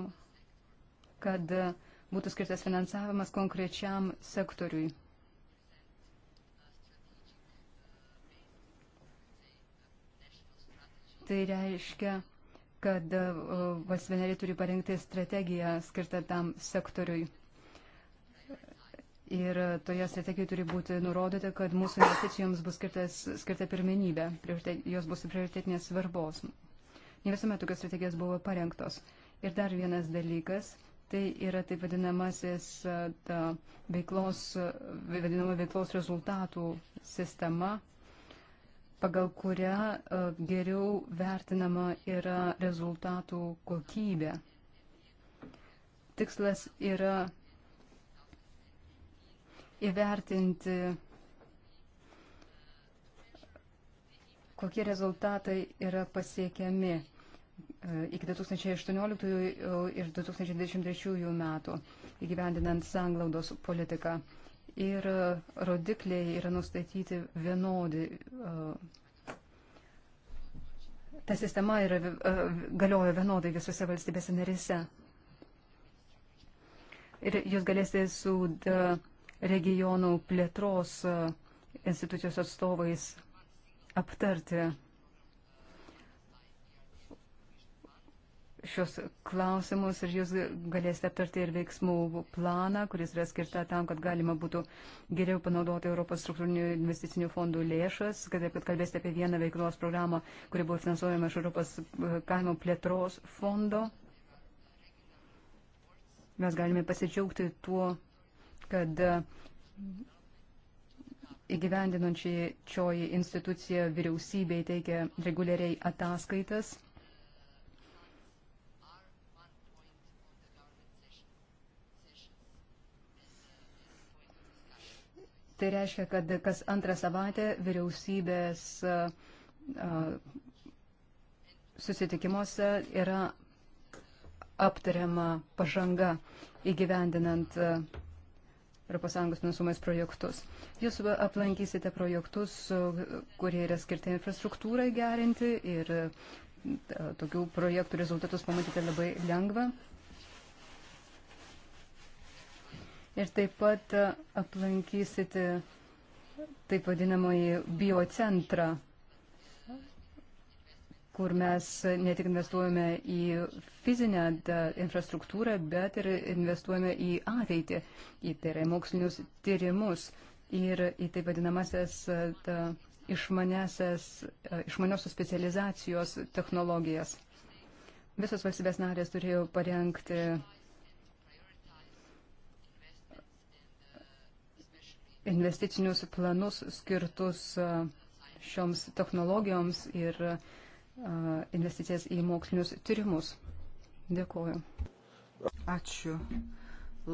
kad būtų skirtas finansavimas konkrečiam sektoriui. Tai reiškia, kad uh, valstybė nariai turi parengti strategiją skirtą tam sektoriui. Ir toje strategijoje turi būti nurodyta, kad mūsų investicijoms bus skirtas, skirta pirmenybė, jos bus prioritetinės svarbos. Ne visuomet tokios strategijos buvo parengtos. Ir dar vienas dalykas, tai yra taip vadinamasis ta, veiklos, vadinama veiklos rezultatų sistema, pagal kurią geriau vertinama yra rezultatų kokybė. Tikslas yra įvertinti, kokie rezultatai yra pasiekiami e, iki 2018 ir 2023 metų įgyvendinant sanglaudos politiką. Ir rodikliai yra nustatyti vienodi. E, ta sistema yra, e, galioja vienodai visose valstybėse narise. Ir jūs galėsite su da, regionų plėtros e, institucijos atstovais aptarti šios klausimus ir jūs galėsite aptarti ir veiksmų planą, kuris yra skirta tam, kad galima būtų geriau panaudoti Europos struktūrinių investicinių fondų lėšas, kad, kad kalbėsite apie vieną veiklos programą, kuri buvo finansuojama iš Europos e, kaimo plėtros fondo. Mes galime pasidžiaugti tuo, kad e, įgyvendinančioji institucija vyriausybei teikia reguliariai ataskaitas. Tai reiškia, kad kas antrą savaitę vyriausybės e, e, susitikimuose yra aptariama pažanga įgyvendinant ES finansumais projektus. Jūs aplankysite projektus, kurie yra skirti infrastruktūrai gerinti ir e, tokių projektų rezultatus pamatyti labai lengva. Ir taip pat e, aplankysite taip vadinamąjį biocentrą kur mes ne tik investuojame į fizinę infrastruktūrą, bet ir investuojame į ateitį, į tai yra mokslinius tyrimus ir į taip vadinamasias išmaniosios specializacijos technologijas. Visos valstybės narės turėjo parengti investicinius planus skirtus šioms technologijoms ir uh, investicijas į mokslinius tyrimus. Dėkuoju. Ačiū.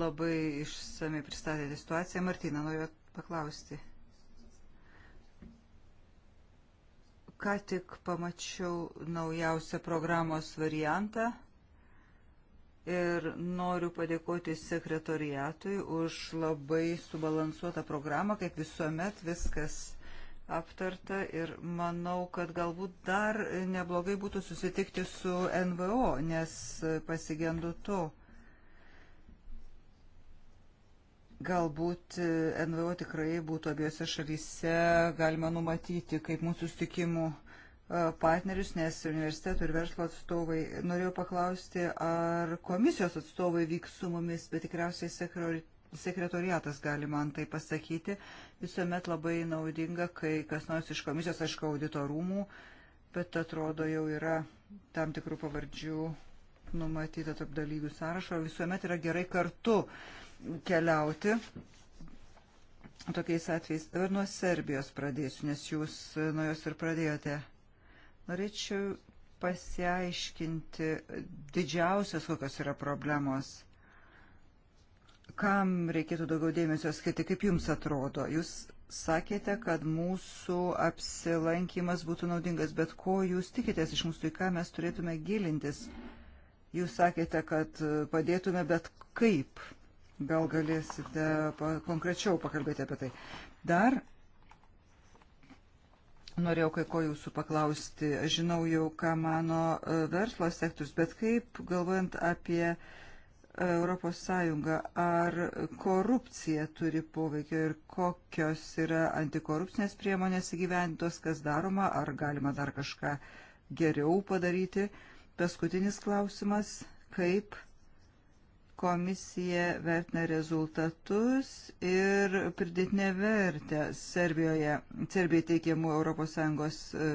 Labai išsamei pristatėte situaciją. Martina, noriu paklausti. Ką tik pamačiau naujausią programos variantą ir noriu padėkoti sekretoriatui už labai subalansuotą programą, kaip visuomet viskas aptarta ir manau, kad galbūt dar neblogai būtų susitikti su NVO, nes pasigendu to. Galbūt NVO tikrai būtų abiejose šalyse galima numatyti kaip mūsų susitikimų e, partnerius, nes universitetų ir verslo atstovai. Norėjau paklausti, ar komisijos atstovai vyks su mumis, bet tikriausiai sekretoriai sekretoriatas gali man tai pasakyti. Visuomet labai naudinga, kai kas nors iš komisijos, aišku, audito rūmų, bet atrodo jau yra tam tikrų pavardžių numatyta tarp dalyvių sąrašo. Visuomet yra gerai kartu keliauti. Tokiais atvejais dabar nuo Serbijos pradėsiu, nes jūs nuo jos ir pradėjote. Norėčiau pasiaiškinti didžiausias, kokios yra problemos kam reikėtų daugiau dėmesio skirti, kaip jums atrodo? Jūs sakėte, kad mūsų apsilankimas būtų naudingas, bet ko jūs tikitės iš mūsų, į ką mes turėtume gilintis? Jūs sakėte, kad padėtume, bet kaip? Gal galėsite pa konkrečiau pakalbėti apie tai. Dar norėjau kai ko jūsų paklausti. Aš žinau jau, ką mano e, verslo sektorius, bet kaip galvojant apie uh, Europos Sąjunga, ar korupcija turi poveikio ir kokios yra antikorupcinės priemonės įgyventos, kas daroma, ar galima dar kažką geriau padaryti. Paskutinis klausimas, kaip komisija vertina rezultatus ir pridėtinę vertę Serbijoje, Serbijai teikiamų ES e,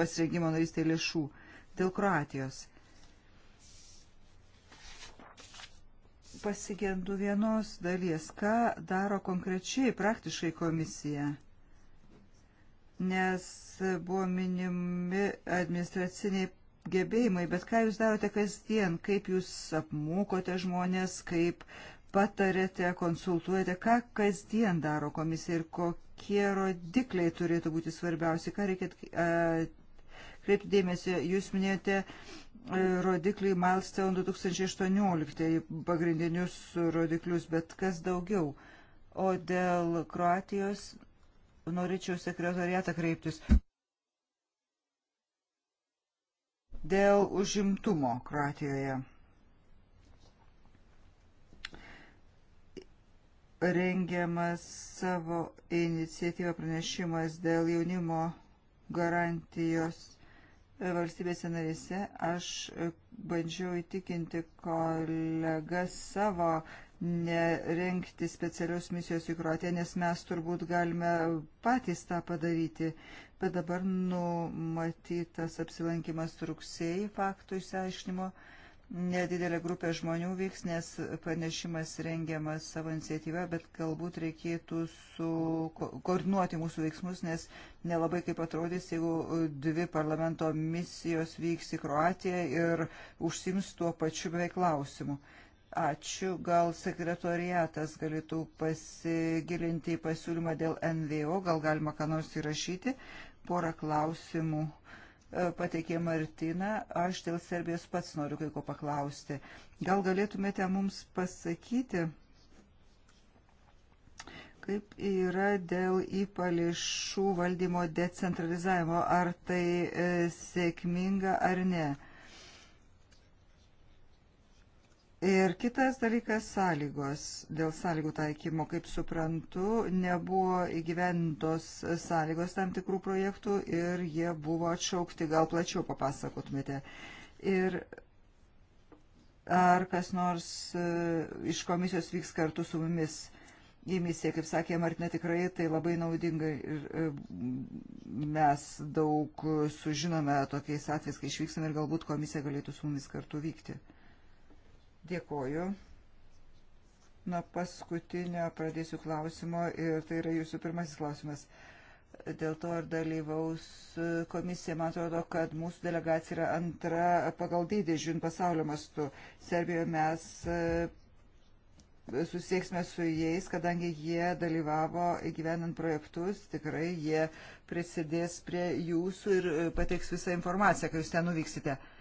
pasirengimo narystėje lėšų dėl Kroatijos. pasigendu vienos dalies, ką daro konkrečiai praktiškai komisija. Nes buvo minimi administraciniai gebėjimai, bet ką jūs darote kasdien, kaip jūs apmokote žmonės, kaip patarėte, konsultuojate, ką kasdien daro komisija ir kokie rodikliai turėtų būti svarbiausi, ką reikia kreipti dėmesį. Jūs minėjote rodikliai Milestone 2018, pagrindinius rodiklius, bet kas daugiau. O dėl Kroatijos norėčiau sekretoriatą kreiptis. Dėl užimtumo Kroatijoje. Rengiamas savo iniciatyvą pranešimas dėl jaunimo garantijos valstybėse narėse. Aš bandžiau įtikinti kolegas savo nerengti specialios misijos į Kroatiją, nes mes turbūt galime patys tą padaryti. Bet dabar numatytas apsilankimas rugsėjai faktų išsiaiškinimo. E, nedidelė grupė žmonių vyks, nes pranešimas rengiamas savo iniciatyvą, bet galbūt reikėtų su, ko, koordinuoti mūsų veiksmus, nes nelabai kaip atrodys, jeigu dvi parlamento misijos vyks į Kroatiją ir užsims tuo pačiu beveik klausimu. Ačiū, gal sekretoriatas galėtų pasigilinti į pasiūlymą dėl NVO, gal galima ką nors įrašyti. Porą klausimų E, pateikė Martina, aš dėl Serbijos pats noriu kai ko paklausti. Gal galėtumėte mums pasakyti, kaip yra dėl įpališų valdymo decentralizavimo, ar tai e, sėkminga ar ne? Ir kitas dalykas - sąlygos. Dėl sąlygų taikymo, kaip suprantu, nebuvo įgyventos sąlygos tam tikrų projektų ir jie buvo atšaukti. Gal plačiau papasakotumėte. Ir ar kas nors e, iš komisijos vyks kartu su mumis į misiją, kaip sakė Martina, tikrai tai labai naudinga ir e, mes daug sužinome tokiais atvejais, kai išvyksime ir galbūt komisija galėtų su mumis kartu vykti. Dėkoju. Nuo paskutinio pradėsiu klausimo ir tai yra jūsų pirmasis klausimas. Dėl to ir dalyvaus komisija. Man atrodo, kad mūsų delegacija yra antra pagal dydį, žiūrint pasaulio mastu. Serbijoje mes e, susieksime su jais, kadangi jie dalyvavo įgyvenant projektus, tikrai jie prisidės prie jūsų ir e, pateiks visą informaciją, kai jūs ten nuvyksite. Uh,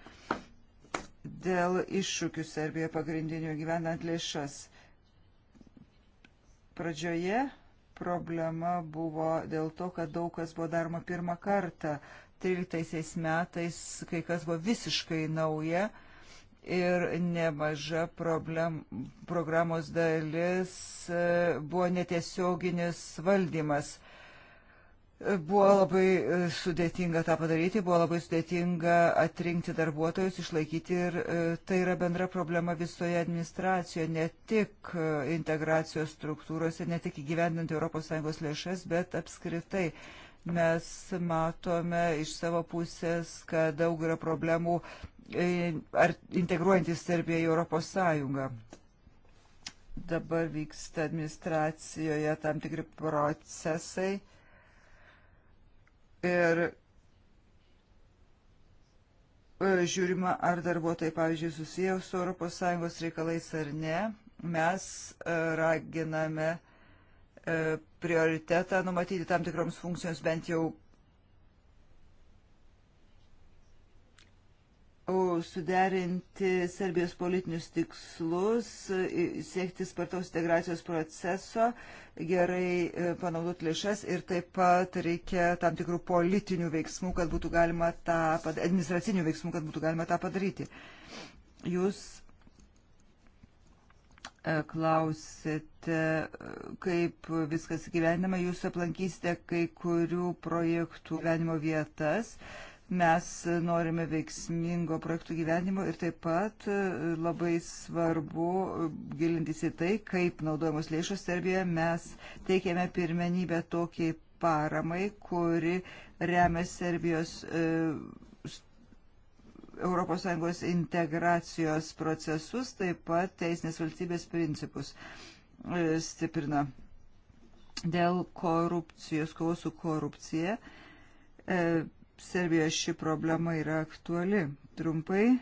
dėl iššūkių Serbijoje pagrindinių gyvenant lėšas. Pradžioje problema buvo dėl to, kad daug kas buvo daroma pirmą kartą. 13 metais kai kas buvo visiškai nauja ir nemaža problem, programos dalis e, buvo netiesioginis valdymas Buvo labai e, sudėtinga tą padaryti, buvo labai sudėtinga atrinkti darbuotojus, išlaikyti ir e, tai yra bendra problema visoje administracijoje, ne tik e, integracijos struktūrose, ne tik įgyvendinti ES lėšas, bet apskritai. Mes matome iš savo pusės, kad daug yra problemų ar integruojantis Serbiją į Europos Sąjungą. Dabar vyksta administracijoje tam tikri procesai Ir e, žiūrima, ar darbuotojai, pavyzdžiui, susiję su ES reikalais ar ne. Mes e, raginame e, prioritetą numatyti tam tikroms funkcijoms bent jau suderinti Serbijos politinius tikslus, siekti spartaus integracijos proceso, gerai e, panaudoti lėšas ir taip pat reikia tam tikrų politinių veiksmų, kad būtų galima tą, administracinių veiksmų, kad būtų galima tą padaryti. Jūs e, klausėte, e, kaip viskas gyvenama, jūs aplankysite kai kurių projektų gyvenimo vietas. Uh, Mes norime veiksmingo projektų gyvenimo ir taip pat e, labai svarbu e, gilintis į tai, kaip naudojamos lėšos Serbijoje. Mes teikėme pirmenybę tokiai paramai, kuri remia Serbijos ES integracijos procesus, taip pat teisinės valstybės principus e, stiprina. Dėl korupcijos, kovos su korupcija Serbijoje ši problema yra aktuali. Trumpai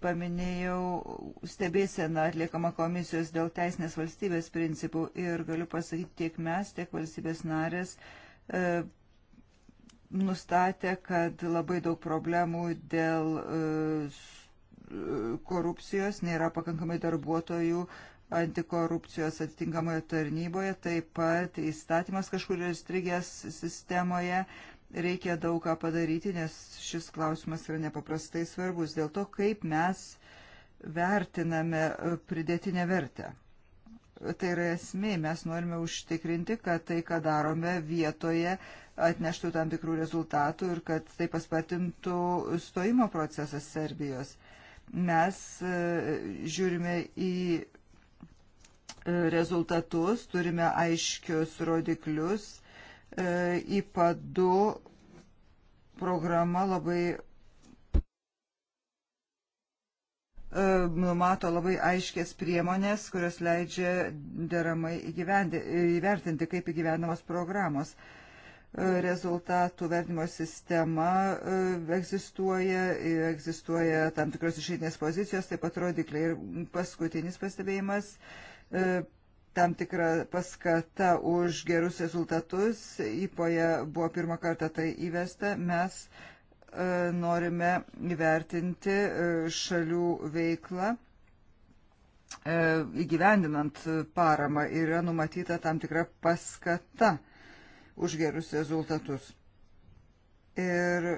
paminėjau stebėseną atliekamą komisijos dėl teisinės valstybės principų ir galiu pasakyti, tiek mes, tiek valstybės narės e, nustatė, kad labai daug problemų dėl e, korupcijos, nėra pakankamai darbuotojų antikorupcijos atitinkamoje tarnyboje, taip pat įstatymas kažkur yra strigęs sistemoje. E, reikia daug ką padaryti, nes šis klausimas yra nepaprastai svarbus dėl to, kaip mes vertiname e, pridėtinę vertę. Tai yra esmė, mes norime užtikrinti, kad tai, ką darome vietoje, atneštų tam tikrų rezultatų ir kad tai paspartintų stojimo procesas Serbijos. Mes e, žiūrime į e, rezultatus, turime aiškius rodiklius IPA e, 2 programa labai e, numato labai aiškės priemonės, kurios leidžia deramai įvertinti, kaip įgyvenamos programos. E, rezultatų vertimo sistema egzistuoja, egzistuoja tam tikros išeitinės pozicijos, taip pat rodikliai. Ir paskutinis pastebėjimas tam tikra paskata už gerus rezultatus. Įpoje buvo pirmą kartą tai įvesta. Mes e, norime įvertinti e, šalių veiklą e, įgyvendinant paramą ir yra numatyta tam tikra paskata už gerus rezultatus. Ir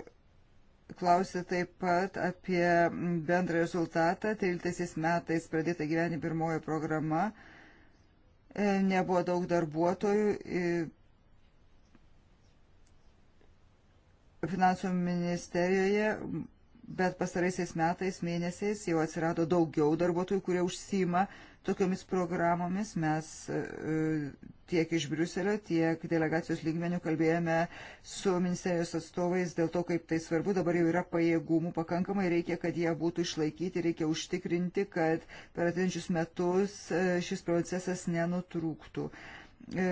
klausė taip pat apie bendrą rezultatą. 13 metais pradėta gyveni pirmoji programa. E, E, nebuvo daug darbuotojų. E, finansų ministerijoje bet pastaraisiais metais, mėnesiais jau atsirado daugiau darbuotojų, kurie užsima tokiomis programomis. Mes e, tiek iš Briuselio, tiek delegacijos lygmenių kalbėjome su ministerijos atstovais dėl to, kaip tai svarbu. Dabar jau yra pajėgumų pakankamai, reikia, kad jie būtų išlaikyti, reikia užtikrinti, kad per atinčius metus e, šis procesas nenutrūktų e,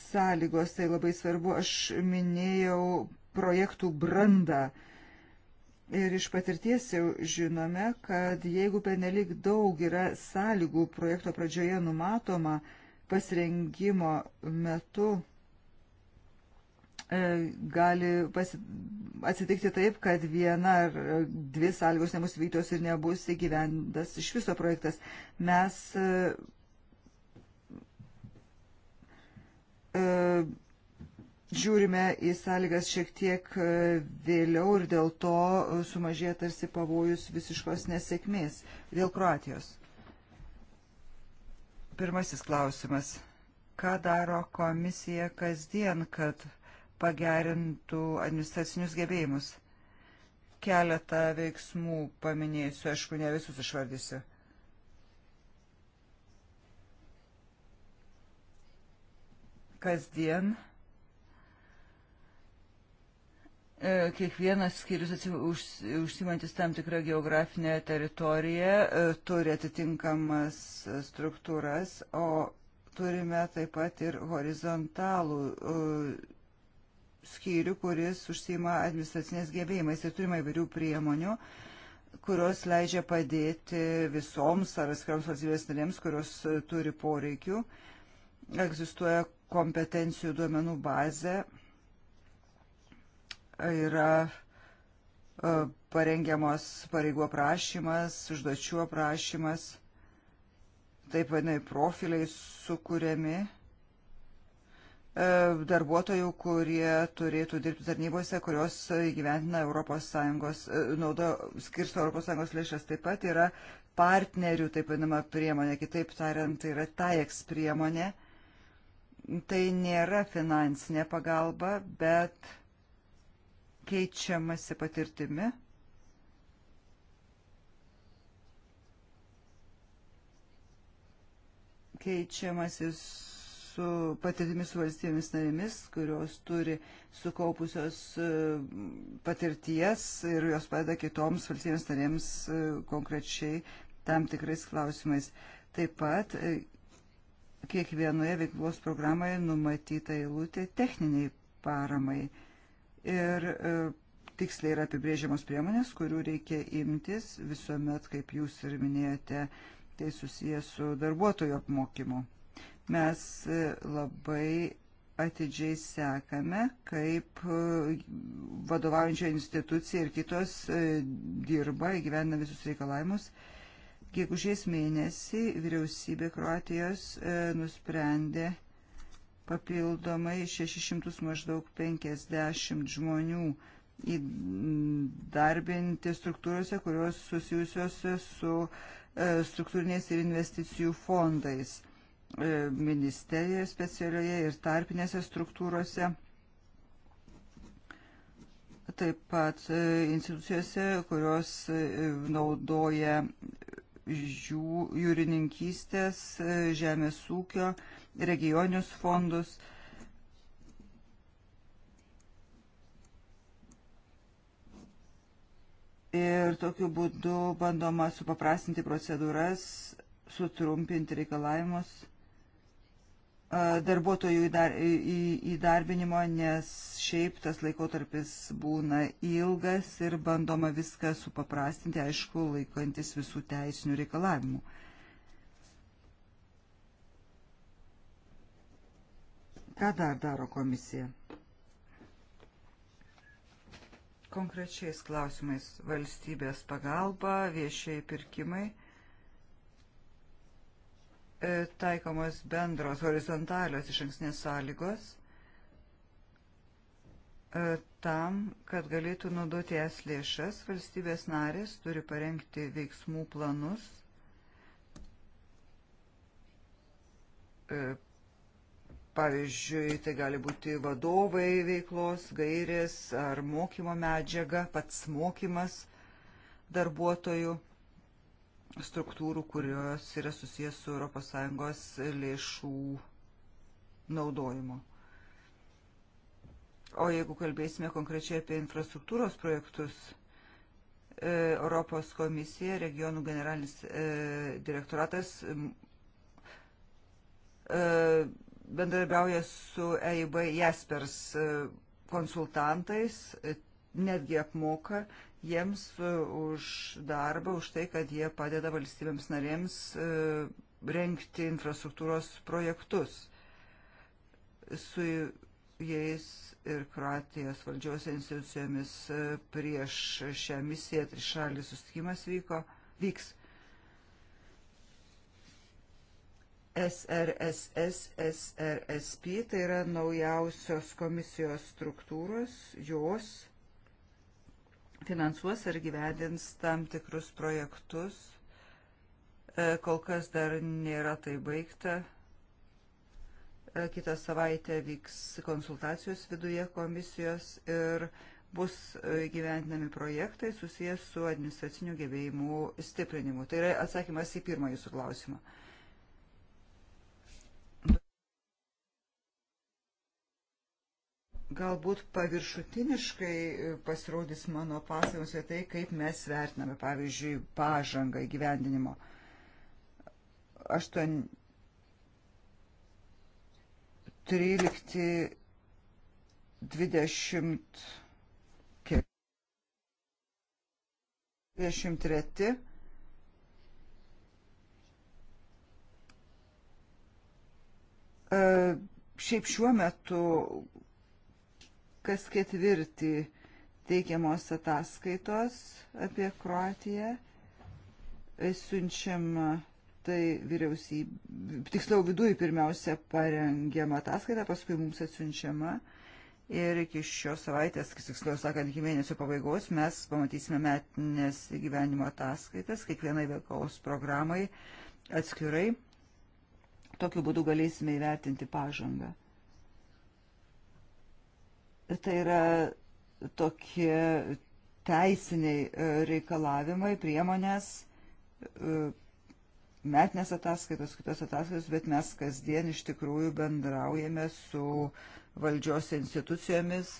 sąlygos, tai labai svarbu, aš minėjau projektų brandą, Ir iš patirties jau žinome, kad jeigu penelik daug yra sąlygų projekto pradžioje numatoma pasirengimo metu, e, gali pasi... atsitikti taip, kad viena ar dvi sąlygos nebus vykdytos ir nebus įgyvendas iš viso projektas. Mes e, e, žiūrime į sąlygas šiek tiek e, vėliau ir dėl to e, sumažėja tarsi pavojus visiškos nesėkmės dėl Kroatijos. Pirmasis klausimas. Ką daro komisija kasdien, kad pagerintų administracinius gebėjimus? Keletą veiksmų paminėsiu, aišku, ne visus išvardysiu. Kasdien E, kiekvienas skyrius užsimantis tam tikrą geografinę teritoriją e, turi atitinkamas struktūras, o turime taip pat ir horizontalų e, skyrių, kuris užsima administracinės gebėjimais ir turime įvairių priemonių kurios leidžia padėti visoms ar atskiroms valstybės narėms, kurios turi poreikių. Egzistuoja kompetencijų duomenų bazė, yra e, parengiamos pareigų aprašymas, užduočių aprašymas, taip vadinai profiliai sukūriami e, darbuotojų, kurie turėtų dirbti tarnybose, kurios gyventina ES, e, naudo, skirsto ES lėšas. Taip pat yra partnerių, taip vadinama, priemonė, kitaip tariant, tai yra TAEX priemonė. Tai nėra finansinė pagalba, bet keičiamasi patirtimi. Keičiamasi su patirtimi su valstybėmis narėmis, kurios turi sukaupusios e, patirties ir jos padeda kitoms valstybėms narėms e, konkrečiai tam tikrais klausimais. Taip pat e, kiekvienoje veiklos programoje numatyta eilutė techniniai paramai ir e, tiksliai yra apibrėžiamos priemonės, kurių reikia imtis visuomet, kaip jūs ir minėjote, tai susijęs su darbuotojų apmokymu. Mes e, labai atidžiai sekame, kaip e, vadovaujančia institucija ir kitos dirba, įgyvena visus reikalavimus. Gegužės mėnesį vyriausybė Kroatijos nusprendė papildomai 600 maždaug 50 žmonių įdarbinti struktūrose, kurios susijusios su e, struktūriniais ir investicijų fondais e, ministerijoje specialioje ir tarpinėse struktūrose, taip pat e, institucijose, kurios naudoja jų jūrininkystės, žemės ūkio regionius fondus. Ir tokiu būdu bandoma supaprastinti procedūras, sutrumpinti reikalavimus darbuotojų įdarbinimo, nes šiaip tas laikotarpis būna ilgas ir bandoma viską supaprastinti, aišku, laikantis visų teisinių reikalavimų. Ką dar daro komisija? Konkrečiais klausimais valstybės pagalba, viešiai pirkimai, e, taikomos bendros horizontalios iš anksnės sąlygos e, tam, kad galėtų naudoti es lėšas, valstybės narės turi parengti veiksmų planus e, Pavyzdžiui, tai gali būti vadovai veiklos, gairės ar mokymo medžiaga, pats mokymas darbuotojų struktūrų, kurios yra susijęs su ES lėšų naudojimu. O jeigu kalbėsime konkrečiai apie infrastruktūros projektus, e, Europos komisija, regionų generalinis e, direktoratas e, bendarbiauja su EIB Jaspers e, konsultantais, e, netgi apmoka jiems e, už darbą, už tai, kad jie padeda valstybėms narėms rengti infrastruktūros projektus. Su jais ir Kroatijos valdžios institucijomis prieš šią misiją trišalį susitikimas vyko, vyks. SRSS, SRSP, tai yra naujausios komisijos struktūros, jos finansuos ir gyvedins tam tikrus projektus. E, kol kas dar nėra tai baigta. E, kitą savaitę vyks konsultacijos viduje komisijos ir bus e, gyventinami projektai susijęs su administracinių gebėjimų stiprinimu. Tai yra atsakymas į pirmą jūsų klausimą. Galbūt paviršutiniškai e, pasirodys mano pasakojimas apie tai, kaip mes vertiname, pavyzdžiui, pažangą įgyvendinimo. Aštuon... 13, 20, 23. Šiaip šiuo metu kas ketvirtį teikiamos ataskaitos apie Kroatiją. E, siunčiama tai vyriausybė, tiksliau viduje pirmiausia parengiama ataskaita, paskui mums atsiunčiama. Ir iki šios savaitės, tiksliau sakant, iki mėnesio pabaigos mes pamatysime metinės gyvenimo ataskaitas kiekvienai veiklos programai atskirai. Tokiu būdu galėsime įvertinti pažangą. Tai yra tokie teisiniai e, reikalavimai, priemonės, e, metinės ataskaitos, kitos ataskaitos, bet mes kasdien iš tikrųjų bendraujame su valdžios institucijomis.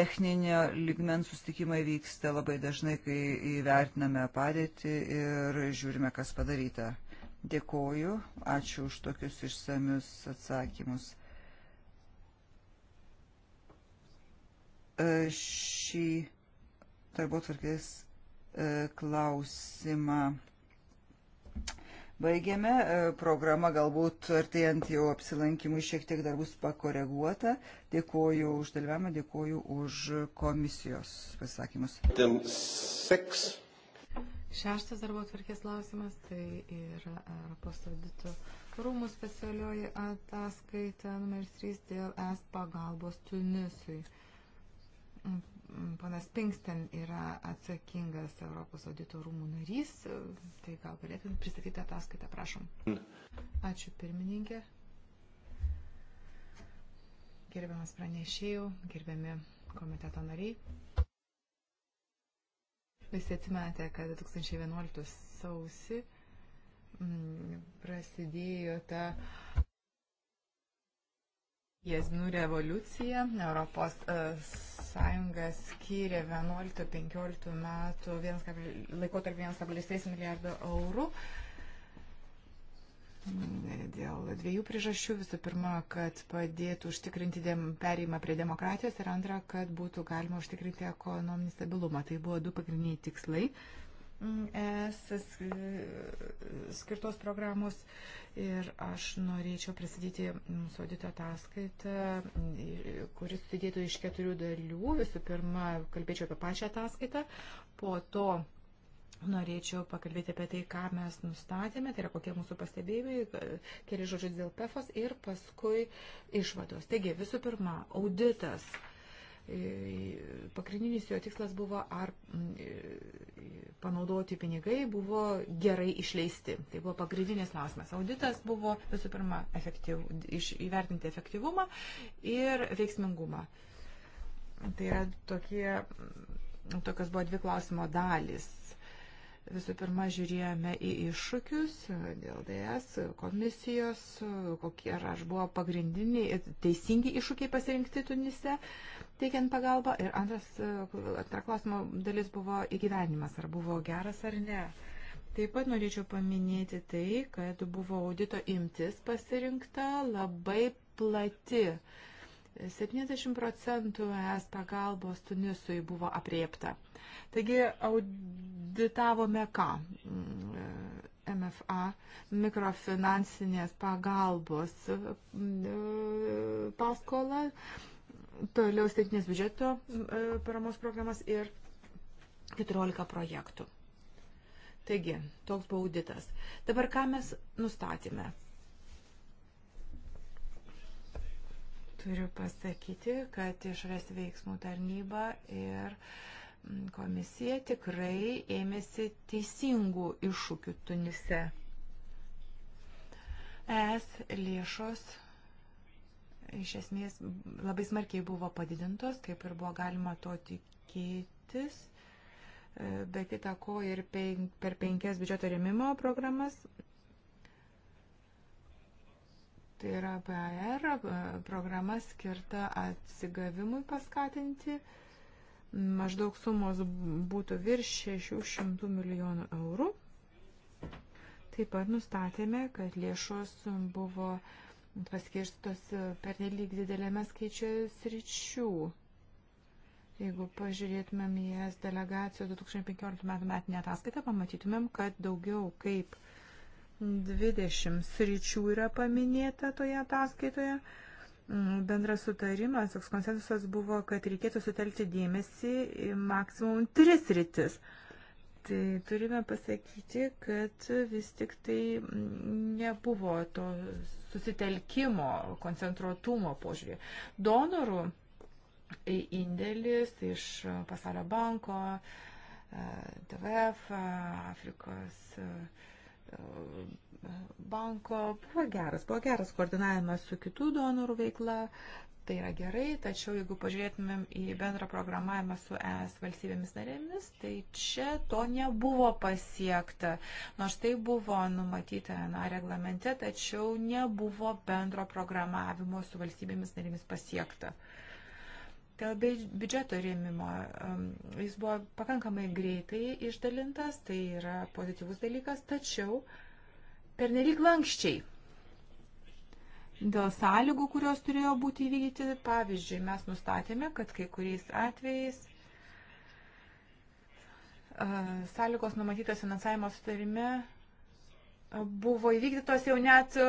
Techninio ligmens sustikimai vyksta labai dažnai, kai įvertiname padėtį ir žiūrime, kas padaryta. Dėkoju, ačiū už tokius išsamius atsakymus. E, šį darbo tvarkės e, klausimą. Baigėme e, programą, galbūt artėjant jau apsilankimui šiek tiek dar bus pakoreguota. Dėkuoju už dalyvavimą, dėkuoju už komisijos pasisakymus. Šeštas darbo tvarkės klausimas, tai yra Europos audito rūmų specialioji ataskaita numeris 3 dėl es pagalbos Tunisui. Panas Pinksten yra atsakingas Europos audito rūmų narys, tai gal galėtum pristatyti ataskaitą, prašom. Ačiū pirmininkė. Gerbiamas pranešėjų, gerbiami komiteto nariai. Visi atsimenate, kad 2011 sausi mm, prasidėjo ta Jėzmių revoliucija, Europos e, Sąjunga skyrė 11-15 metų laikotarp 1,3 milijardo eurų dėl dviejų priežasčių. Visų pirma, kad padėtų užtikrinti perėjimą prie demokratijos ir antra, kad būtų galima užtikrinti ekonominį stabilumą. Tai buvo du pagrindiniai tikslai. Uh, es skirtos programos ir aš norėčiau prisidėti mūsų audito ataskaitą, e, kuris sudėtų iš keturių dalių. Visų pirma, kalbėčiau apie pačią ataskaitą, po to norėčiau pakalbėti apie tai, ką mes nustatėme, tai yra kokie mūsų pastebėjimai, e, keli žodžiai dėl PEFOS ir paskui išvados. Taigi, visų pirma, auditas. Uh, E, pagrindinis jo tikslas buvo, ar e, panaudoti pinigai buvo gerai išleisti. Tai buvo pagrindinis klausimas. Auditas buvo visų pirma efektyv, iš, įvertinti efektyvumą ir veiksmingumą. Tai yra tokie, tokios buvo dvi klausimo dalis Visų pirma, žiūrėjome į iššūkius dėl DS komisijos, kokie ar buvo pagrindiniai teisingi iššūkiai pasirinkti Tunise, teikiant pagalbą. Ir antras, antra klausimo dalis buvo įgyvenimas, ar buvo geras ar ne. Taip pat norėčiau paminėti tai, kad buvo audito imtis pasirinkta labai plati. 70 procentų ES pagalbos Tunisui buvo apriepta. Taigi auditavome ką? MFA mm, mikrofinansinės pagalbos mm, paskolą, toliau statinės biudžeto mm, paramos programas ir 14 projektų. Taigi, toks buvo auditas. Dabar ką mes nustatėme? Turiu pasakyti, kad išrės veiksmų tarnyba ir uh, komisija tikrai ėmėsi teisingų iššūkių Tunise. ES lėšos iš esmės labai smarkiai buvo padidintos, kaip ir buvo galima to tikėtis, e, bet įtako ir pen, per penkias biudžeto remimo programas. Tai yra PR e, programa skirta atsigavimui paskatinti maždaug sumos būtų virš 600 milijonų eurų. Taip pat nustatėme, kad lėšos buvo paskirstos per nelik didelėme skaičioje sričių. Jeigu pažiūrėtumėm į ES delegacijos 2015 metų metinę ataskaitą, pamatytumėm, kad daugiau kaip 20 sričių yra paminėta toje ataskaitoje bendras sutarimas, toks konsensusas buvo, kad reikėtų sutelkti dėmesį maksimum tris rytis. Tai turime pasakyti, kad vis tik tai nebuvo to susitelkimo, koncentruotumo požiūrį. Donorų indėlis iš pasaulio banko, e, TVF, Afrikos e, banko buvo geras, buvo geras koordinavimas su kitų donorų veikla, tai yra gerai, tačiau jeigu pažiūrėtumėm į bendrą programavimą su ES valstybėmis narėmis, tai čia to nebuvo pasiekta. Nors tai buvo numatyta na, reglamente, tačiau nebuvo bendro programavimo su valstybėmis narėmis pasiekta. Dėl biudžeto rėmimo jis buvo pakankamai greitai išdalintas, tai yra pozityvus dalykas, tačiau uh, pernelyg lankščiai dėl sąlygų, kurios turėjo būti įvykdyti. Pavyzdžiui, mes nustatėme, kad kai kuriais atvejais e, sąlygos numatytos finansavimo sutarime e, buvo įvykdytos jau net e,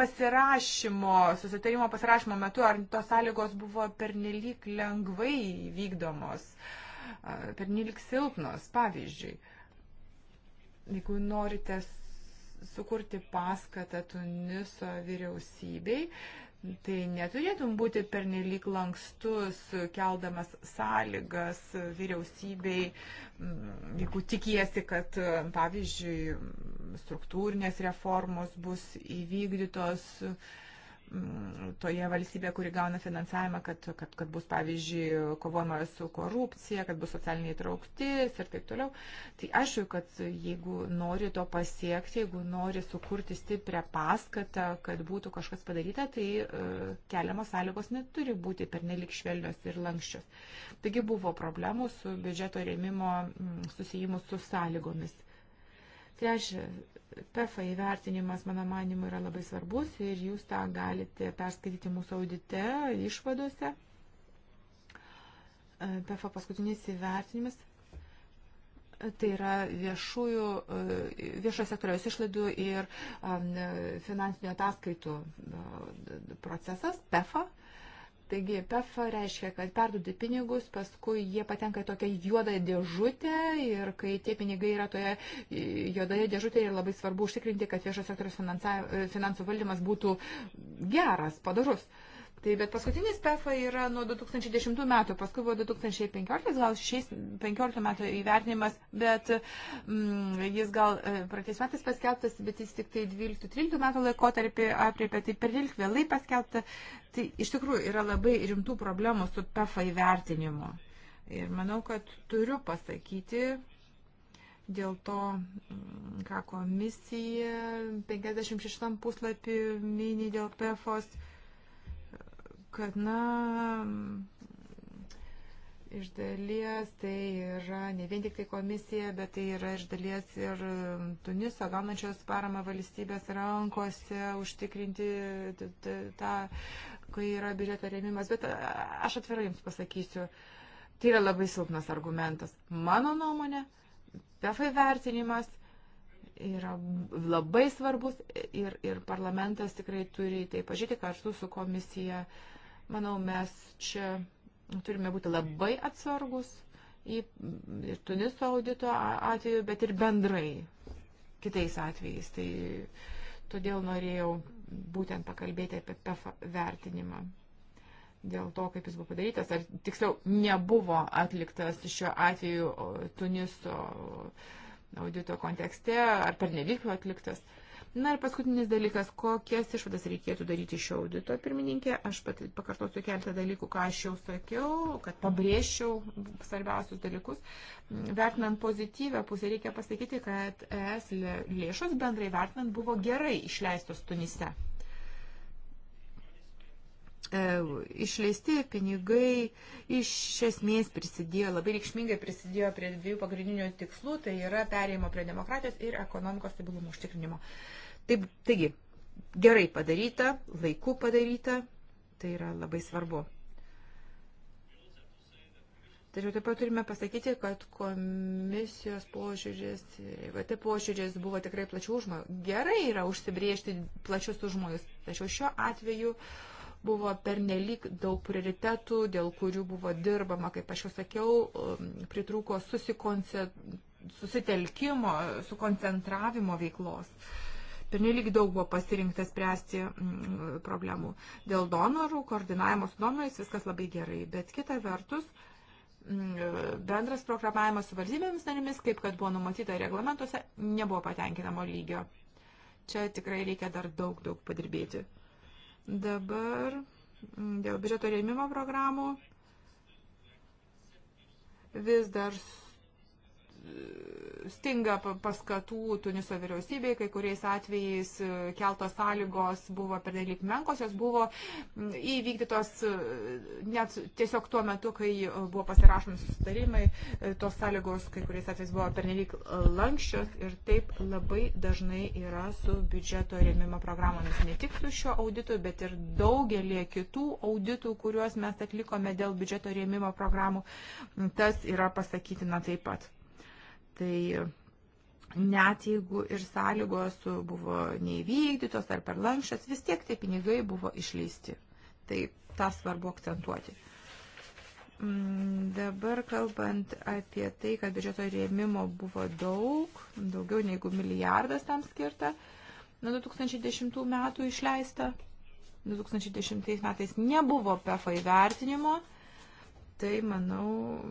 pasirašymo, susitarimo pasirašymo metu, ar tos sąlygos buvo pernelyg lengvai įvykdomos, pernelyg silpnos, pavyzdžiui. Jeigu norite sukurti paskatą Tuniso vyriausybei. Tai neturėtum būti pernelyg lankstus, keldamas sąlygas vyriausybei, mm, jeigu tikiesi, kad, pavyzdžiui, struktūrinės reformos bus įvykdytos. Uh, Mm, toje valstybėje, kuri gauna finansavimą, kad, kad, kad bus, pavyzdžiui, kovojama su korupcija, kad bus socialiniai trauktis ir taip toliau. Tai aišku, kad jeigu nori to pasiekti, jeigu nori sukurti stiprią paskatą, kad būtų kažkas padaryta, tai uh, keliamos sąlygos neturi būti pernelik švelnios ir lankščios. Taigi buvo problemų su biudžeto rėmimo mm, susijimu su sąlygomis. Trečia, PFA įvertinimas, mano manimu, yra labai svarbus ir jūs tą galite perskaityti mūsų audite, išvadose. E, PFA paskutinis įvertinimas. E, tai yra viešųjų, e, viešo sektoriaus išlaidų ir finansinių ataskaitų procesas, PEFA. Taigi PEF reiškia, kad perduodi pinigus, paskui jie patenka į tokią juodą dėžutę ir kai tie pinigai yra toje juodoje dėžutėje, labai svarbu užtikrinti, kad viešo sektoriaus finansų valdymas būtų geras, padarus. Uh, Tai bet paskutinis PEFA yra nuo 2010 metų, paskui buvo 2015, gal šiais 15 metų įvertinimas, bet mm, jis gal e, praeitais metais paskelbtas, bet jis tik tai 12-13 metų laikotarpį apriepė, tai per ilg vėlai paskelbta. Tai iš tikrųjų yra labai rimtų problemų su PEFA įvertinimu. Ir manau, kad turiu pasakyti, dėl to, mm, ką komisija 56 puslapį mini dėl PFOS kad, na, iš dalies tai yra ne vien tik tai komisija, bet tai yra iš dalies ir um, Tuniso gaunančios paramą valstybės rankose užtikrinti tą, kai yra biudžeto rėmimas. Bet aš atvirai jums pasakysiu, tai yra labai silpnas argumentas. Mano nuomonė, PFA vertinimas yra labai svarbus ir, ir parlamentas tikrai turi tai pažiūrėti kartu su komisija. Uh, Manau, mes čia turime būti labai atsargus į, ir Tuniso audito atveju, bet ir bendrai kitais atvejais. Tai todėl norėjau būtent pakalbėti apie PEF vertinimą dėl to, kaip jis buvo padarytas, ar tiksliau nebuvo atliktas šiuo atveju Tuniso audito kontekste, ar per nevyko atliktas. Uh, Na ir paskutinis dalykas, kokias išvadas reikėtų daryti šio audito pirmininkė. Aš pat pakartosiu keletą dalykų, ką aš jau sakiau, kad pabrėžčiau svarbiausius dalykus. Vertinant pozityvę pusę, reikia pasakyti, kad ES lėšos bendrai vertinant buvo gerai išleistos Tunise. E, išleisti pinigai iš esmės prisidėjo, labai reikšmingai prisidėjo prie dviejų pagrindinių tikslų, tai yra perėjimo prie demokratijos ir ekonomikos stabilumo užtikrinimo. Taip, taigi, gerai padaryta, laiku padaryta, tai yra labai svarbu. Tačiau taip pat turime pasakyti, kad komisijos požiūris, VT požiūris buvo tikrai plačių užmojų. Gerai yra užsibriežti plačius užmojus, tačiau šiuo atveju uh, buvo pernelyg daug prioritetų, dėl kurių buvo dirbama, kaip aš jau sakiau, um, pritrūko susitelkimo, sukoncentravimo veiklos. Pernelyg daug buvo pasirinkta spręsti mm, problemų. Dėl donorų, koordinavimo su donorais viskas labai gerai, bet kita vertus, mm, bendras programavimas su valstybėmis narėmis, kaip kad buvo numatyta reglamentuose, nebuvo patenkinamo lygio. Čia tikrai reikia dar daug, daug padirbėti. Dabar mm, dėl biudžeto rėmimo programų vis dar stinga paskatų Tuniso vyriausybei, kai kuriais atvejais e, keltos sąlygos buvo pernelyg menkos, jos buvo įvykdytos e, net tiesiog tuo metu, kai e, buvo pasirašomi susitarimai, tos sąlygos kai kuriais atvejais buvo pernelyg lankščios ir taip labai dažnai yra su biudžeto rėmimo programomis, ne tik su šio auditu, bet ir daugelį kitų auditų, kuriuos mes atlikome dėl biudžeto rėmimo programų. Tas yra pasakytina taip pat tai net jeigu ir sąlygos buvo neįvykdytos ar per lankščios, vis tiek tie pinigai buvo išleisti. Tai tą svarbu akcentuoti. Mm, dabar kalbant apie tai, kad biudžeto rėmimo buvo daug, daugiau negu milijardas tam skirta, nuo 2010 metų išleista. 2010 metais nebuvo PEFA įvertinimo, tai, manau,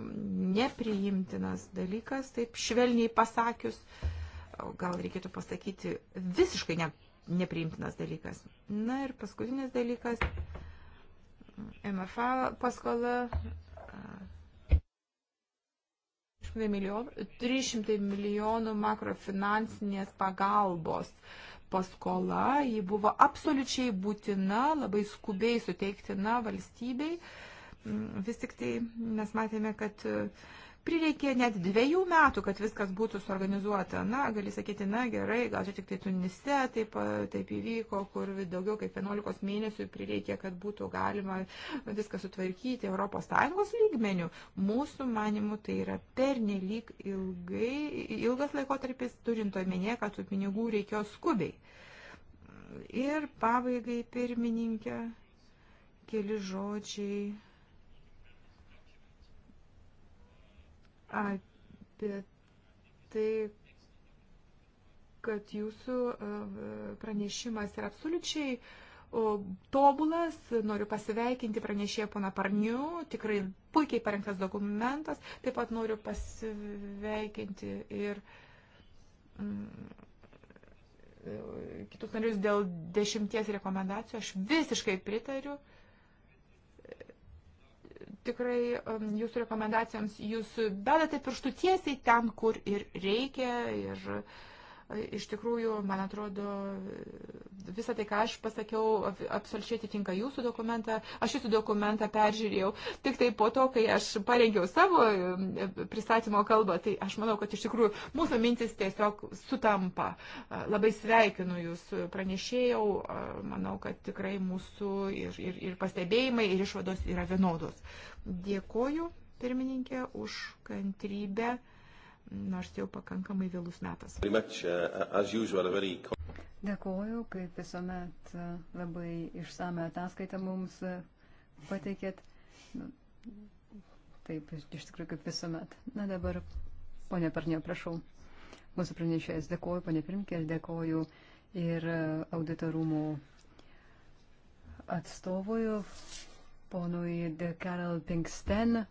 nepriimtinas dalykas, taip švelniai pasakius, gal reikėtų pasakyti, visiškai ne, nepriimtinas dalykas. Na ir paskutinis dalykas, MFA paskola. 300 milijonų, 300 milijonų makrofinansinės pagalbos paskola, ji buvo absoliučiai būtina, labai skubiai suteiktina valstybei. Uh, vis tik tai mes matėme, kad e, prireikė net dviejų metų, kad viskas būtų suorganizuota. Na, gali sakyti, na gerai, gal čia tik tai Tunise taip, taip įvyko, kur daugiau kaip 11 mėnesių prireikė, kad būtų galima viską sutvarkyti ES lygmenių. Mūsų manimų tai yra pernelyg ilgai, ilgas laikotarpis, turint omenyje, kad tų pinigų reikėjo skubiai. Ir pabaigai pirmininkė, keli žodžiai apie tai, kad jūsų e, pranešimas yra absoliučiai tobulas, noriu pasveikinti pranešėją pana Parniu, tikrai puikiai parengtas dokumentas, taip pat noriu pasveikinti ir mm, e, kitus narius dėl dešimties rekomendacijų, aš visiškai pritariu. Uh, tikrai um, jūsų rekomendacijoms jūs bedate pirštų tiesiai ten, kur ir reikia. Ir, uh, Iš tikrųjų, man atrodo, visą tai, ką aš pasakiau, absoliučiai atitinka jūsų dokumentą. Aš jūsų dokumentą peržiūrėjau tik tai po to, kai aš parengiau savo pristatymo kalbą. Tai aš manau, kad iš tikrųjų mūsų mintis tiesiog sutampa. Labai sveikinu jūs pranešėjau. Manau, kad tikrai mūsų ir, ir, ir pastebėjimai, ir išvados yra vienodos. Dėkoju, pirmininkė, už kantrybę nors jau pakankamai vėlus metas. Uh, dėkoju, kaip visuomet uh, labai išsame ataskaitą mums uh, pateikėt. Nu, taip, iš tikrųjų, kaip visuomet. Na dabar, ponė Parnio, prašau. Mūsų pranešėjas dėkoju, ponė Primkė, dėkoju ir auditorumų atstovui, ponui Karel Pinksten.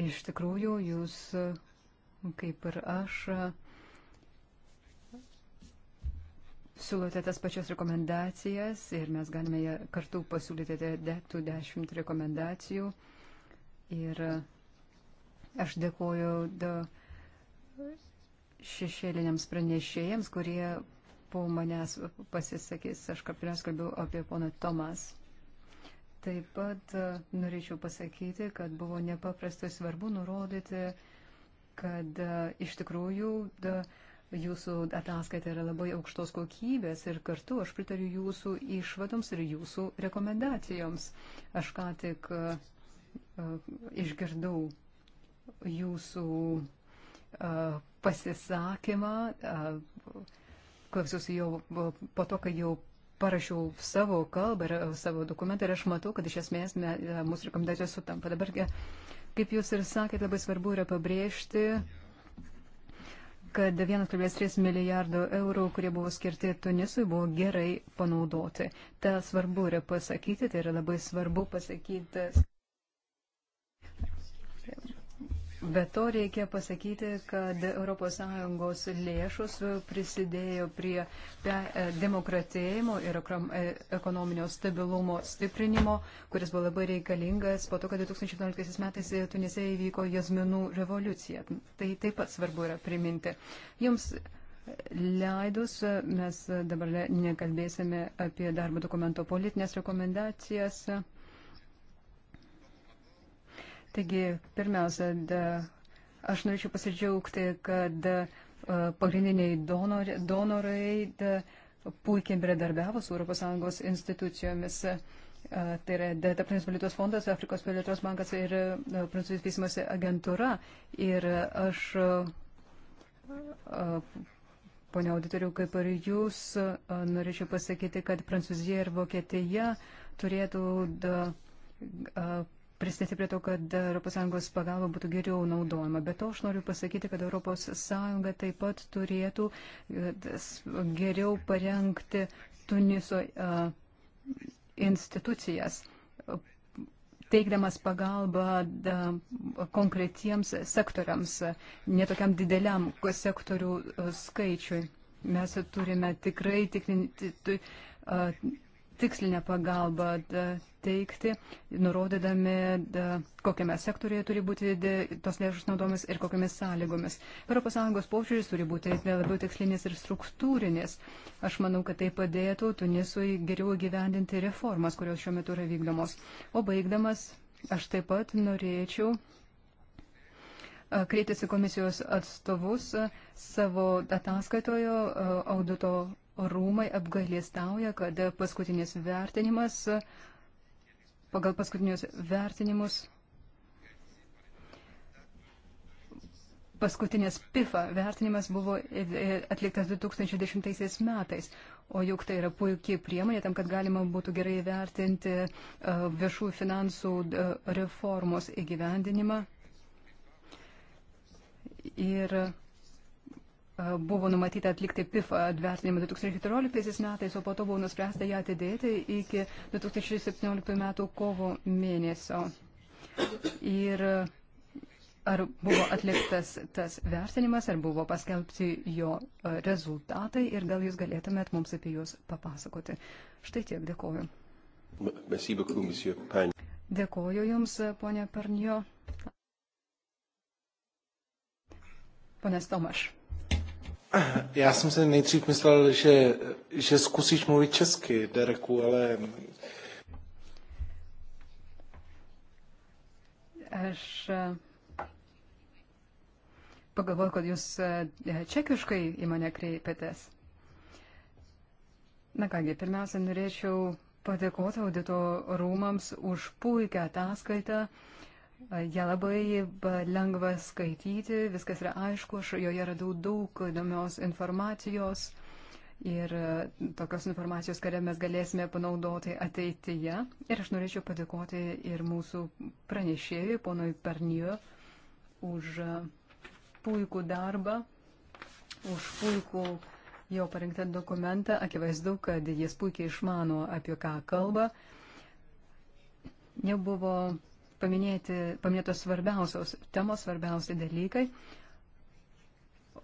Iš tikrųjų, jūs, kaip ir aš, siūlote tas pačias rekomendacijas ir mes galime kartu pasiūlyti tų dešimt rekomendacijų. Ir aš dėkoju šešėliniams pranešėjams, kurie po manęs pasisakys. Aš pirmiausia kalbėjau apie poną Tomas. Taip pat e, norėčiau pasakyti, kad buvo nepaprastai svarbu nurodyti, kad e, iš tikrųjų da, jūsų ataskaita yra labai aukštos kokybės ir kartu aš pritariu jūsų išvadoms ir jūsų rekomendacijoms. Aš ką tik uh, išgirdau jūsų uh, pasisakymą. Uh, klausiausi jau po to, kai jau parašiau savo kalbą ir e, savo dokumentą ir aš matau, kad iš esmės me, e, mūsų rekomendacijos sutampa. Dabar, e, kaip jūs ir sakėte, labai svarbu yra pabrėžti kad 1,3 milijardo eurų, kurie buvo skirti Tunisui, buvo gerai panaudoti. Ta svarbu yra pasakyti, tai yra labai svarbu pasakyti. Be to reikia pasakyti, kad ES lėšos prisidėjo prie e, demokratėjimo ir e, ekonominio stabilumo stiprinimo, kuris buvo labai reikalingas po to, kad 2011 metais Tunise įvyko jazminų revoliucija. Tai taip pat svarbu yra priminti. Jums leidus mes dabar nekalbėsime apie darbo dokumento politinės rekomendacijas. Taigi, pirmiausia, da, aš norėčiau pasidžiaugti, kad pagrindiniai donori, donorai da, puikiai bendradarbiavo su ES institucijomis. Tai yra Tarptautinis valiutos fondas, Afrikos plėtros bankas ir Prancūzijos vystimosi agentūra. Ir aš, ponia auditoriu, kaip ir jūs, norėčiau pasakyti, kad Prancūzija ir Vokietija turėtų da, prisidėti prie to, kad ES pagalba būtų geriau naudojama. Bet to aš noriu pasakyti, kad ES taip pat turėtų e, geriau parengti Tuniso e, institucijas teikdamas pagalbą da, konkretiems sektoriams, netokiam dideliam sektorių e, skaičiui. Mes turime tikrai tikrinti, tikslinę pagalbą teikti, nurodydami, kokiame sektorėje turi būti tos lėšos naudomis ir kokiamis sąlygomis. ES požiūris turi būti labiau tikslinis ir struktūrinis. Aš manau, kad tai padėtų Tunisui geriau gyvendinti reformas, kurios šiuo metu yra vykdomos. O baigdamas, aš taip pat norėčiau kreipėsi komisijos atstovus savo ataskaitojo audito rūmai apgailėstauja, kad paskutinis vertinimas, pagal paskutinius vertinimus, paskutinės PIFA vertinimas buvo atliktas 2010 metais, o juk tai yra puikiai priemonė tam, kad galima būtų gerai vertinti viešų finansų reformos įgyvendinimą. Ir buvo numatyta atlikti PIF atvertinimą 2014 metais, o po to buvo nuspręsta ją atidėti iki 2017 metų kovo mėnesio. Ir ar buvo atliktas tas vertinimas, ar buvo paskelbti jo e, rezultatai ir gal jūs galėtumėt mums apie juos papasakoti. Štai tiek, dėkoju. Dėkoju Jums, ponė Parnio. Ponas Tomaš. Já jsem se nejdřív myslel, že, že zkusíš mluvit česky, Dereku, ale... Aš eh, pagalvojau, kad jūs eh, čekiškai į mane kreipėtės. Na kągi, pirmiausia, norėčiau padėkoti audito rūmams už puikią ataskaitą, uh, Ja labai lengva skaityti, viskas yra aišku, aš joje radau daug įdomios informacijos ir e, tokios informacijos, kurią mes galėsime panaudoti ateityje. Ir aš norėčiau padėkoti ir mūsų pranešėjui, ponui Pernijo, už e, puikų darbą, už puikų jo parengtą dokumentą. Akivaizdu, kad jis puikiai išmano, apie ką kalba. Nebuvo paminėti, paminėtos svarbiausios temos, svarbiausi dalykai.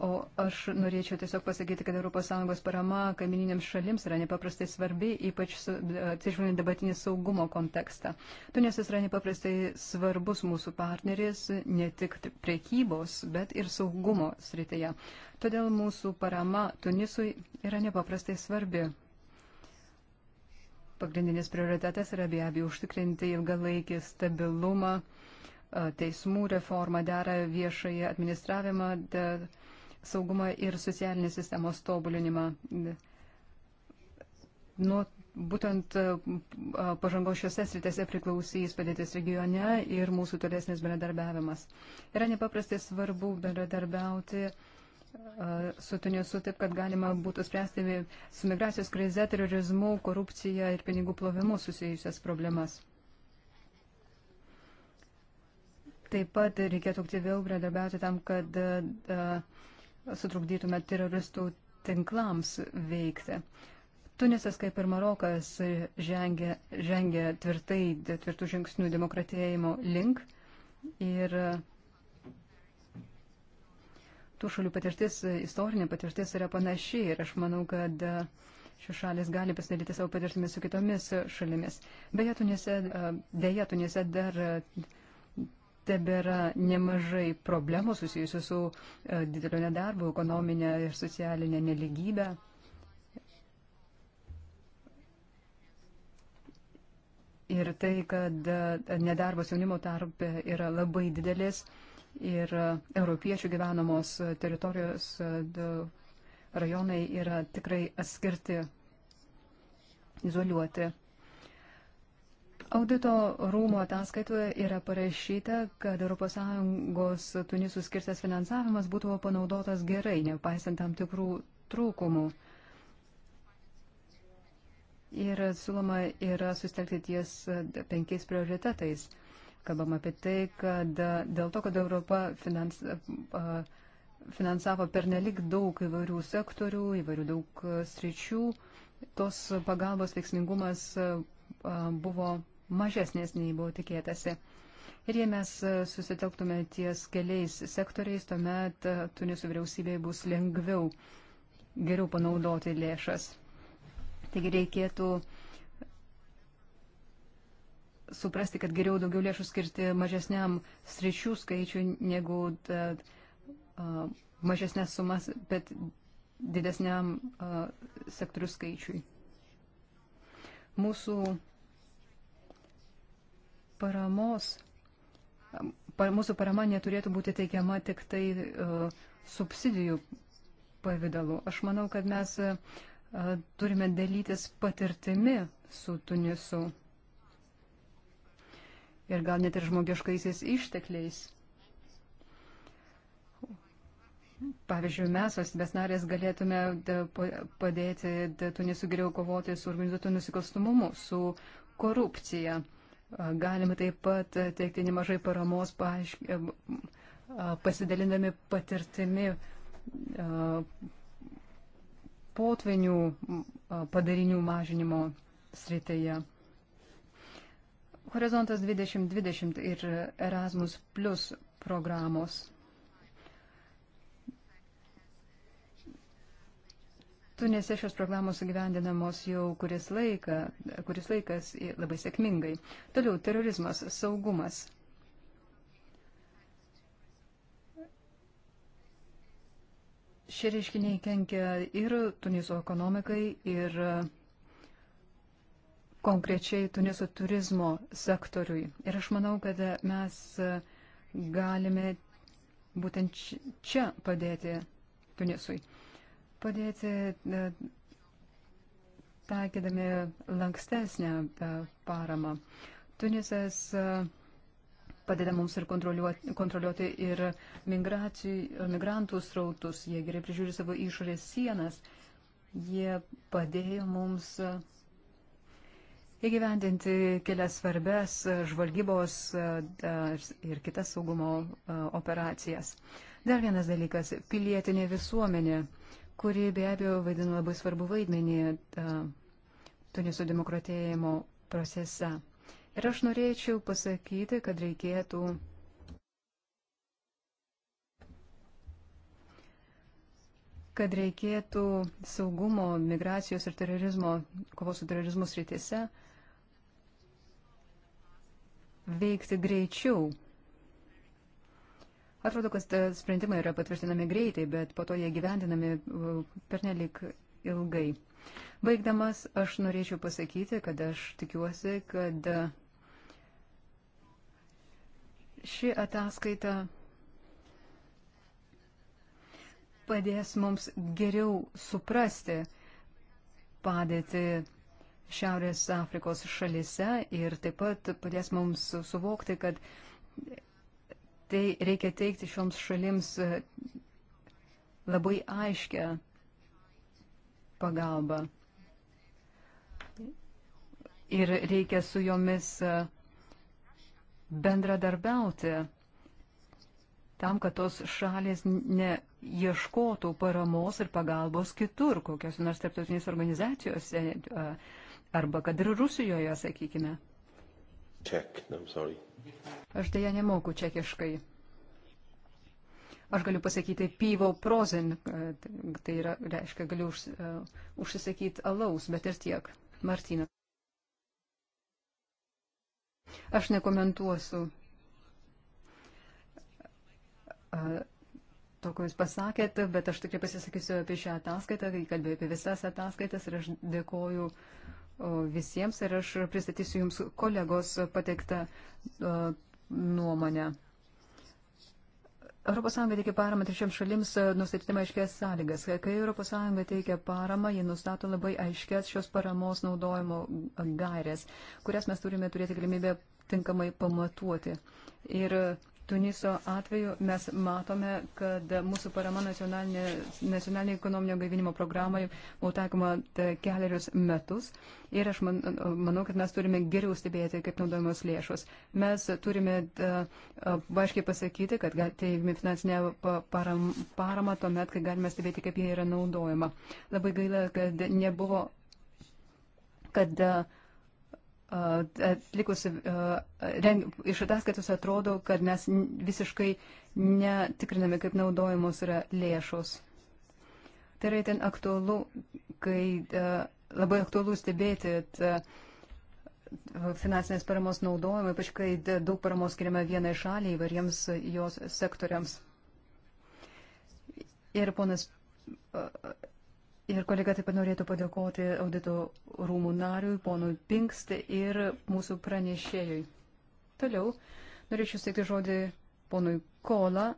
O aš norėčiau tiesiog pasakyti, kad ES parama kaimininiams šalims yra nepaprastai svarbi, ypač atsižvelgiant dabartinį saugumo kontekstą. Tunisas yra nepaprastai svarbus mūsų partneris ne tik priekybos, bet ir saugumo srityje. Todėl mūsų parama Tunisui yra nepaprastai svarbi. Pagrindinis prioritetas yra be abejo užtikrinti ilgalaikį stabilumą, teismų reformą, derą viešąją administravimą, saugumą ir socialinės sistemos tobulinimą. Nuo būtent pažangos šiuose sritėse priklausys padėtis regione ir mūsų tolesnis bendradarbiavimas. Yra nepaprastai svarbu bendradarbiauti su Tunisu taip, kad galima būtų spręsti su migracijos krize, terorizmu, korupcija ir pinigų plovimu susijusias problemas. Taip pat reikėtų aktyviau bendradarbiauti tam, kad sutrukdytume teroristų tinklams veikti. Tunisas, kaip ir Marokas, žengia, žengia tvirtai, tvirtų žingsnių demokratėjimo link ir uh, tų šalių patirtis, istorinė patirtis yra panaši ir aš manau, kad e, šios šalis gali pasidalyti savo patirtimis su kitomis šalimis. Beje, Tunise, e, dėja, Tunise dar e, tebėra nemažai problemų susijusių su dideliu nedarbu, ekonominė ir socialinė neligybė. Ir tai, kad nedarbas jaunimo tarp yra labai didelis, uh, ir e, europiečių gyvenamos e, teritorijos e, rajonai yra tikrai atskirti, izoliuoti. Audito rūmo ataskaitoje yra parašyta, kad ES Tunisų skirtas finansavimas būtų panaudotas gerai, nepaisant tam tikrų trūkumų. Ir siūloma yra sustelkti ties penkiais prioritetais kalbam apie tai, kad e, dėl to, kad Europa finans, e, finansavo pernelik daug įvairių sektorių, įvairių daug e, sričių, tos pagalbos veiksmingumas buvo mažesnės nei buvo tikėtasi. Ir jei mes susitelktume ties keliais sektoriais, tuomet Tunisų vyriausybėje bus lengviau geriau panaudoti lėšas. Taigi reikėtų uh, suprasti, kad geriau daugiau lėšų skirti mažesniam sričių skaičiui negu da, a, mažesnės sumas, bet didesniam a, sektorių skaičiui. Mūsų paramos, par, mūsų parama neturėtų būti teikiama tik tai a, subsidijų pavydalu. Aš manau, kad mes a, turime dalytis patirtimi su Tunisu ir gal net ir žmogiškaisiais ištekliais. Pavyzdžiui, mes, valstybės narės, galėtume padėti Tunisų geriau kovoti su organizuotu nusikalstumumu, su korupcija. Galime taip pat teikti nemažai paramos paaišk... E, pasidalindami patirtimi potvinių padarinių mažinimo srityje. Horizontas 2020 ir Erasmus Plus programos. Tunėse šios programos gyvendinamos jau kuris, laika, kuris laikas labai sėkmingai. Toliau terorizmas, saugumas. Šie reiškiniai kenkia ir Tuniso ekonomikai, ir konkrečiai Tuniso turizmo sektoriui. Ir aš manau, kad mes galime būtent čia padėti Tunisui. Padėti e, taikydami lankstesnę e, paramą. Tunisas e, padeda mums ir kontroliuoti, kontroliuoti ir migrantų srautus, jie gerai prižiūri savo išorės sienas, jie padėjo mums įgyvendinti kelias svarbes e, žvalgybos e, e, ir kitas saugumo operacijas. Dar vienas dalykas - pilietinė visuomenė, kuri be abejo vaidina labai svarbu vaidmenį Tuniso demokratėjimo procese. Ir aš norėčiau pasakyti, kad reikėtų kad reikėtų saugumo, migracijos ir terorizmo, kovos su terorizmu srityse uh, veikti greičiau. Atrodo, kad sprendimai yra patvirtinami greitai, bet po to jie gyvendinami uh, pernelik ilgai. Baigdamas, aš norėčiau pasakyti, kad aš tikiuosi, kad uh, ši ataskaita padės mums geriau suprasti padėti Šiaurės Afrikos šalise ir taip pat padės mums suvokti, kad tai reikia teikti šioms šalims labai aiškę pagalbą. Ir reikia su jomis bendradarbiauti tam, kad tos šalės neieškotų paramos ir pagalbos kitur, kokios nors tarptautinės organizacijose. Uh, arba kad ir Rusijoje, sakykime. Czech, Aš dėja nemoku čekiškai. Aš galiu pasakyti pivo prozin, tai yra, reiškia, galiu už, uh, e, užsisakyti alaus, bet ir tiek. Martina. Aš nekomentuosiu uh, to, ko jūs pasakėte, bet aš tikrai pasisakysiu apie šią ataskaitą, kai kalbėjau apie visas ataskaitas ir aš dėkoju uh, visiems ir aš pristatysiu Jums kolegos pateiktą nuomonę. ES teikia paramą trečioms šalims, nustatydama aiškės sąlygas. Kai ES teikia paramą, ji nustato labai aiškės šios paramos naudojimo gairės, kurias mes turime turėti galimybę tinkamai pamatuoti. Ir Tuniso atveju mes matome, kad mūsų parama nacionalinė ekonominio gaivinimo programai buvo taikoma e, keliarius metus ir aš man, manau, kad mes turime geriau stebėti, kaip naudojamos lėšos. Mes turime e, e, aiškiai pasakyti, kad teikime finansinę paramą tuomet, kai galime stebėti, kaip jie yra naudojama. Labai gaila, kad nebuvo kad uh, atlikus, iš ataskaitos atrodo, kad mes visiškai netikriname, kaip naudojamos yra lėšos. Tai yra ten aktualu, kai labai aktualu stebėti finansinės paramos naudojimą, ypač kai daug paramos skiriama vienai šaliai įvariems jos sektoriams. Ir ponas Ir kolega taip pat norėtų padėkoti audito rūmų nariui, ponui Pinkst ir mūsų pranešėjui. Toliau norėčiau steigti žodį ponui Kola,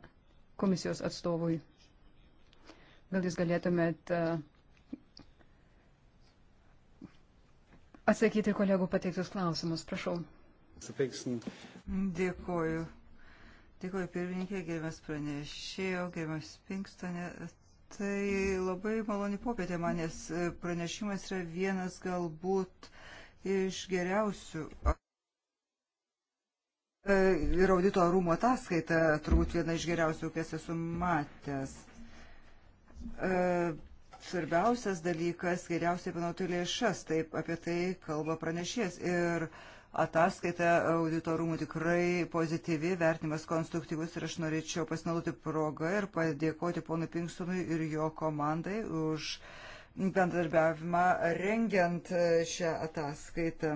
komisijos atstovui. Gal jūs galėtumėt e, atsakyti kolegų pateiktus klausimus, prašau. Dėkuoju. Dėkuoju pirmininkė, gerbiamas pranešėjo, gerbiamas Pinkstonė. Tai labai maloni popietė manęs. E, pranešimas yra vienas galbūt iš geriausių. E, ir audito rūmo ataskaita turbūt viena iš geriausių, kas esu matęs. E, svarbiausias dalykas - geriausiai panaudoti lėšas. Taip apie tai kalba pranešės. Ir uh, ataskaita auditorumų tikrai pozityvi, vertinimas konstruktyvus ir aš norėčiau pasinaudoti progą ir padėkoti ponui Pinksonui ir jo komandai už bendarbiavimą rengiant šią ataskaitą.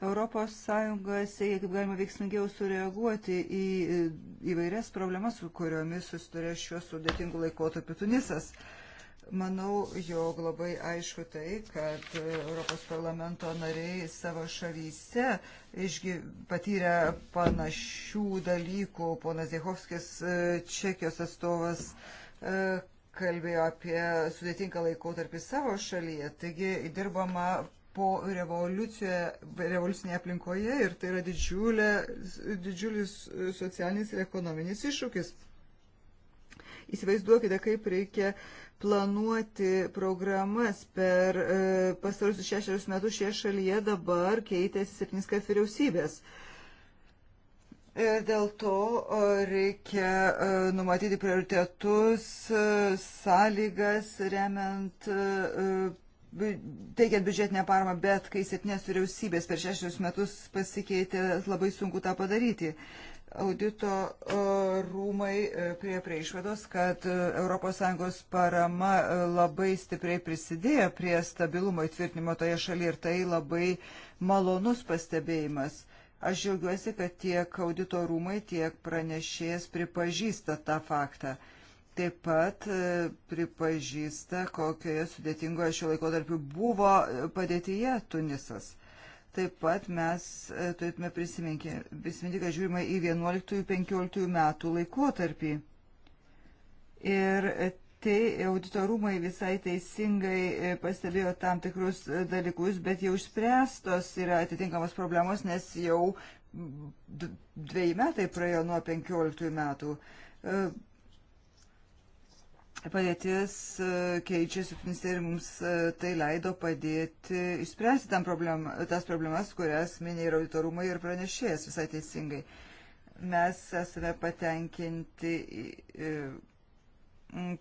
Europos Sąjunga siekia kaip galima veiksmingiau sureaguoti į įvairias problemas, su kuriomis susiturė šiuo sudėtingu laikotarpiu Tunisas. Uh, Manau, jog labai aišku tai, kad Europos parlamento nariai savo šalyse išgy, patyrė panašių dalykų. Ponas Dėhovskis, e, Čekijos atstovas, e, kalbėjo apie sudėtingą laikotarpį savo šalyje. Taigi dirbama po revoliucinėje aplinkoje ir tai yra didžiulė, didžiulis socialinis ir ekonominis iššūkis. Įsivaizduokite, kaip reikia uh, planuoti programas per e, pastarusius šešerius metus šioje šalyje dabar keitėsi septynis kart vyriausybės. Ir e, dėl to e, reikia numatyti prioritetus, sąlygas, remiant, teikiant biudžetinę paramą, bet kai septynės vyriausybės per šešius metus pasikeitė, labai sunku tą padaryti. Audito e, rūmai e, prie prie išvados, kad ES parama e, labai stipriai prisidėjo prie stabilumo įtvirtinimo toje šalyje ir tai labai malonus pastebėjimas. Aš džiaugiuosi, kad tiek audito rūmai, tiek pranešėjas pripažįsta tą faktą. Taip pat pripažįsta, kokioje sudėtingoje šio laiko tarp buvo padėtyje Tunisas. Taip pat mes e, turėtume prisiminti, prisiminti kad žiūrime į 11-15 metų laikotarpį. Ir tai auditorumai visai teisingai e, pastebėjo tam tikrus e, dalykus, bet jau išspręstos yra atitinkamos problemos, nes jau dviejai metai praėjo nuo 15 metų padėtis e, keičiasi Tunise ir mums e, tai leido padėti išspręsti tam problem, tas problemas, kurias minėjo ir auditorumai ir pranešėjas visai teisingai. Mes esame patenkinti e,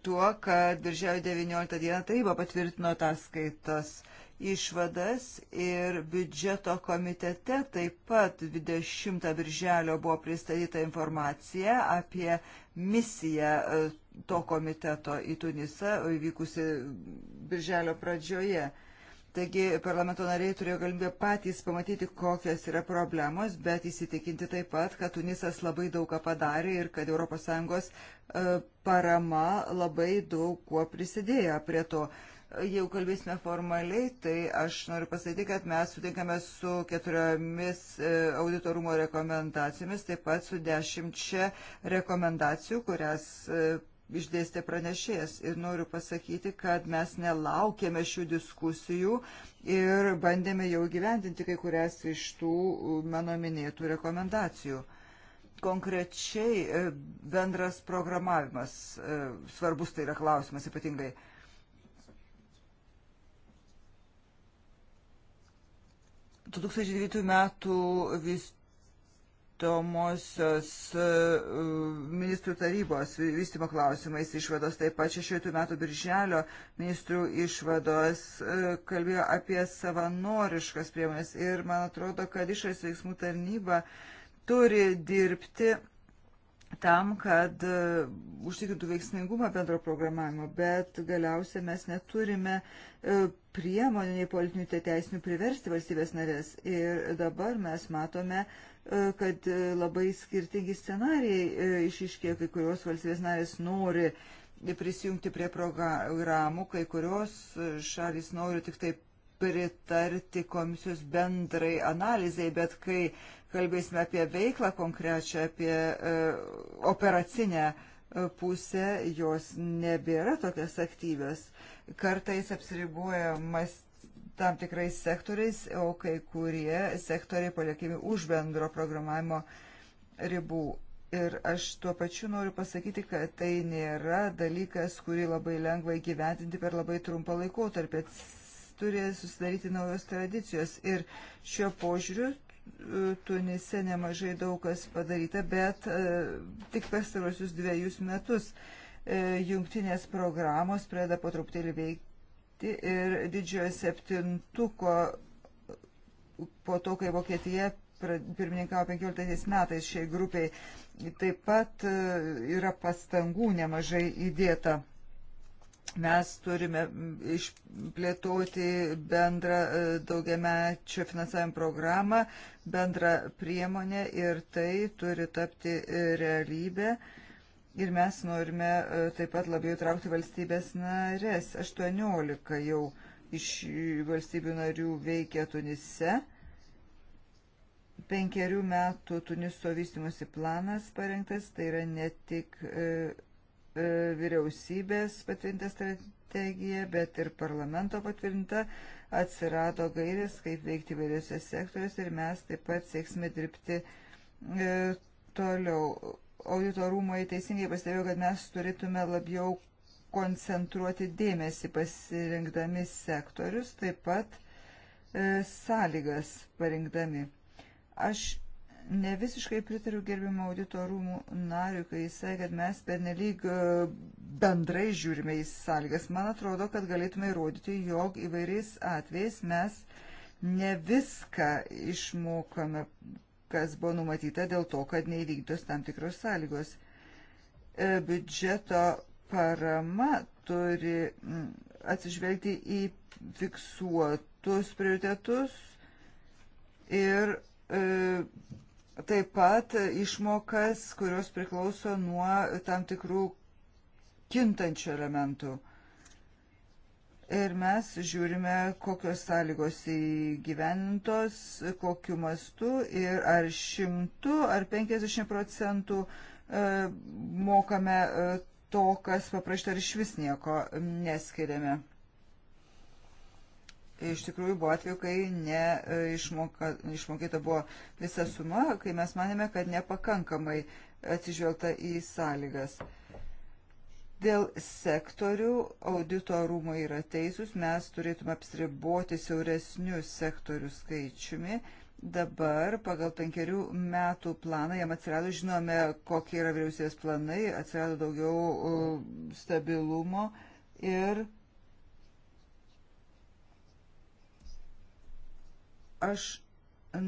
tuo, kad birželio 19 dieną taryba patvirtino tas skaitos išvadas ir biudžeto komitete taip pat 20 birželio buvo pristatyta informacija apie misiją to komiteto į Tunisą vykusi birželio pradžioje. Taigi parlamento nariai turėjo galimybę patys pamatyti, kokios yra problemos, bet įsitikinti taip pat, kad Tunisas labai daug ką padarė ir kad ES e, parama labai daug kuo prisidėjo prie to. Jau kalbėsime formaliai, tai aš noriu pasakyti, kad mes sutinkame su keturiomis e, auditorumo rekomendacijomis, taip pat su dešimčia rekomendacijų, kurias e, išdėstė pranešėjas. Ir noriu pasakyti, kad mes nelaukėme šių diskusijų ir bandėme jau gyvendinti kai kurias iš tų mano minėtų rekomendacijų. Konkrečiai e, bendras programavimas, e, svarbus tai yra klausimas ypatingai. metų vis vykdomosios e, ministrų tarybos vystimo klausimais išvados. Taip pat 16 metų birželio ministrų išvados e, kalbėjo apie savanoriškas priemonės ir man atrodo, kad išorės veiksmų tarnyba turi dirbti tam, kad e, užtikrintų veiksmingumą bendro programavimo, bet galiausiai mes neturime priemonių nei politinių teisinių priversti valstybės narės. Ir dabar mes matome uh, kad e, labai skirtingi scenarijai e, išiškė, kai kurios valstybės narės nori prisijungti prie programų, kai kurios šalis nori tik taip pritarti komisijos bendrai analizai, bet kai kalbėsime apie veiklą konkrečią, apie e, operacinę pusę, jos nebėra tokias aktyvios. Kartais apsiribuojamas tam tikrais sektoriais, o kai kurie sektoriai paliekami už bendro programavimo ribų. Ir aš tuo pačiu noriu pasakyti, kad tai nėra dalykas, kurį labai lengva įgyvendinti per labai trumpą laikotarpį. Turi susidaryti naujos tradicijos. Ir šiuo požiūriu e, Tunise nemažai daug kas padaryta, bet e, tik pastarosius dviejus metus e, jungtinės programos pradeda po truputėlį veikti pati ir didžiojo septintuko po to, kai Vokietija pirmininkavo 15 metais šiai grupiai, taip pat e, yra pastangų nemažai įdėta. Mes turime išplėtoti bendrą e, daugiamečio finansavimo programą, bendrą priemonę ir tai turi tapti e, realybę. Ir mes norime e, taip pat labiau traukti valstybės narės. 18 jau iš valstybių narių veikia Tunise. Penkerių metų Tuniso vystimosi planas parengtas, tai yra ne tik e, e, vyriausybės patvirtinta strategija, bet ir parlamento patvirtinta atsirado gairės, kaip veikti vairiuose sektoriuose ir mes taip pat sieksime dirbti e, toliau auditorumai teisingai pastebėjo, kad mes turėtume labiau koncentruoti dėmesį pasirinkdami sektorius, taip pat e, sąlygas parinkdami. Aš ne visiškai pritariu gerbimo audito rūmų nariui, kai jisai, kad mes pernelyg e, bendrai žiūrime į sąlygas. Man atrodo, kad galėtume įrodyti, jog įvairiais atvejais mes ne viską išmokame kas buvo numatyta dėl to, kad neįvykdos tam tikros sąlygos. E, biudžeto parama turi atsižvelgti į fiksuotus prioritetus ir e, taip pat išmokas, kurios priklauso nuo tam tikrų kintančių elementų. Ir mes žiūrime, kokios sąlygos įgyvenintos, kokiu mastu ir ar šimtu, ar 50 procentų e, mokame e, to, kas paprašta, ar iš vis nieko neskiriame. Iš tikrųjų buvo atveju, kai neišmoka, e, išmokėta buvo visa suma, kai mes manėme, kad nepakankamai atsižvelgta į sąlygas. Dėl sektorių audito rūmai yra teisūs, mes turėtume apsiriboti siauresnių sektorių skaičiumi. Dabar pagal penkerių metų planą jam atsirado, žinome, kokie yra vyriausybės planai, atsirado daugiau stabilumo ir aš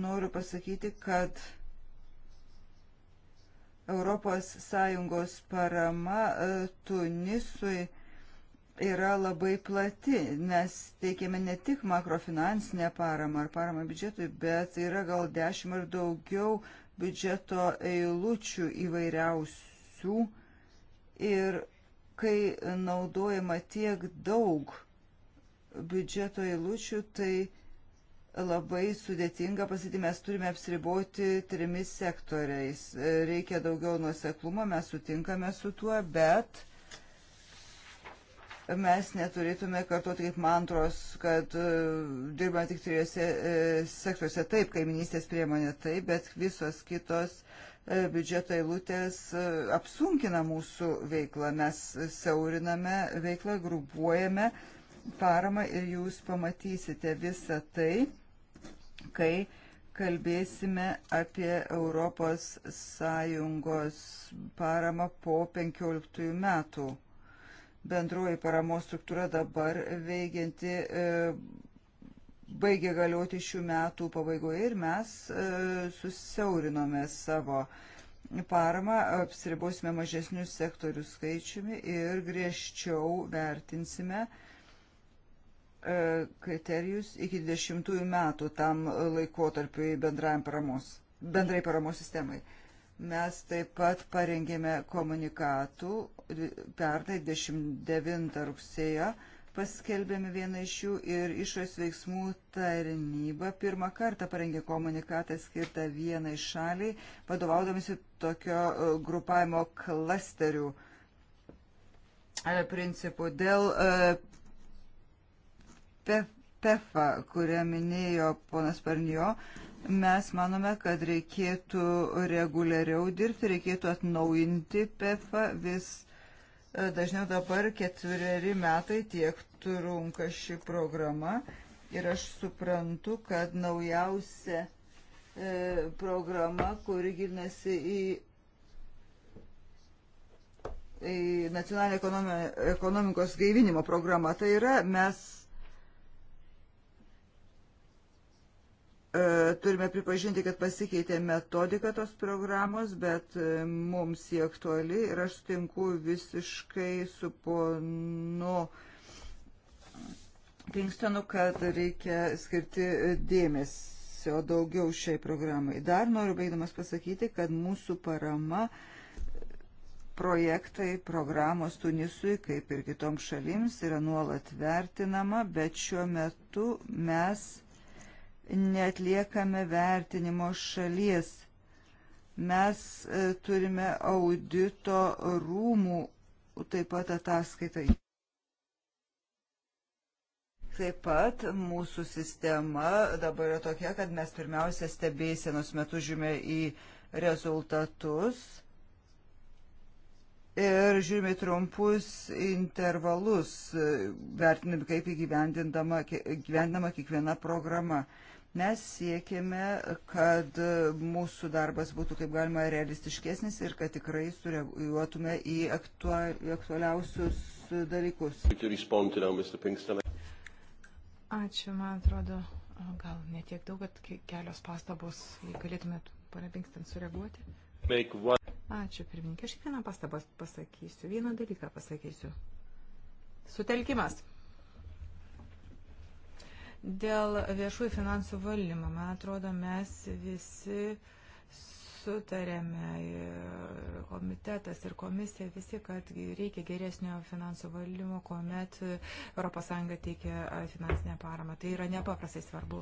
noriu pasakyti, kad ES parama e, Tunisui yra labai plati. Mes teikiame ne tik makrofinansinę paramą ar paramą biudžetui, bet yra gal dešimt ar daugiau biudžeto eilučių įvairiausių. Ir kai naudojama tiek daug biudžeto eilučių, tai labai sudėtinga pasakyti, mes turime apsiriboti trimis sektoriais. Reikia daugiau nuoseklumo, mes sutinkame su tuo, bet mes neturėtume kartuoti kaip mantros, kad e, dirbame tik trijose e, sektoriuose. Taip, kaiminystės priemonė taip, bet visos kitos e, biudžeto eilutės apsunkina mūsų veiklą. Mes siauriname veiklą, grubuojame paramą ir jūs pamatysite visą tai kai kalbėsime apie Europos Sąjungos paramą po 15 metų. Bendroji paramos struktūra dabar veikianti e, baigė galioti šių metų pabaigoje ir mes e, susiaurinome savo paramą, apsiribosime mažesnių sektorių skaičiumi ir griežčiau vertinsime e, E, kriterijus iki 20 metų tam laikotarpiui paramos, bendrai paramos sistemai. Mes taip pat parengėme komunikatų, pernai 29 rugsėjo paskelbėme vieną iš jų ir išorės veiksmų tarnyba pirmą kartą parengė komunikatą skirtą vienai šaliai, vadovaudamasi tokio e, grupavimo klasterių e, principų dėl pe, PEFA, kurią minėjo ponas Parnijo, mes manome, kad reikėtų reguliariau dirbti, reikėtų atnaujinti PEFA vis e, dažniau dabar ketveri metai tiek trunka ši programa ir aš suprantu, kad naujausia e, programa, kuri gilinasi į į nacionalinę ekonomikos gaivinimo programą. Tai yra, mes E, turime pripažinti, kad pasikeitė metodika tos programos, bet e, mums jie aktuali ir aš sutinku visiškai su ponu Kingstonu, kad reikia skirti dėmesio daugiau šiai programai. Dar noriu baigdamas pasakyti, kad mūsų parama projektai, programos Tunisui, kaip ir kitoms šalims, yra nuolat vertinama, bet šiuo metu mes netliekame vertinimo šalies. Mes e, turime audito rūmų taip pat ataskaitai. Taip pat mūsų sistema dabar yra tokia, kad mes pirmiausia stebėsienos metu žiūrime į rezultatus ir žiūrime trumpus intervalus, e, vertinami kaip įgyvendinama kiekviena programa. Mes siekėme, kad mūsų darbas būtų kaip galima realistiškesnis ir kad tikrai sureaguotume į aktualiausius dalykus. Ačiū, man atrodo, gal netiek daug, kad kelios pastabos, jei galėtumėt, pane Pinkston, sureaguoti. Ačiū, pirmininkė. Aš tik vieną pastabą pasakysiu, vieną dalyką pasakysiu. Sutelkimas. Dėl viešųjų finansų valdymo, man atrodo, mes visi sutarėme ir komitetas ir komisija visi, kad reikia geresnio finansų valdymo, kuomet ES teikia finansinę paramą. Tai yra nepaprastai svarbu.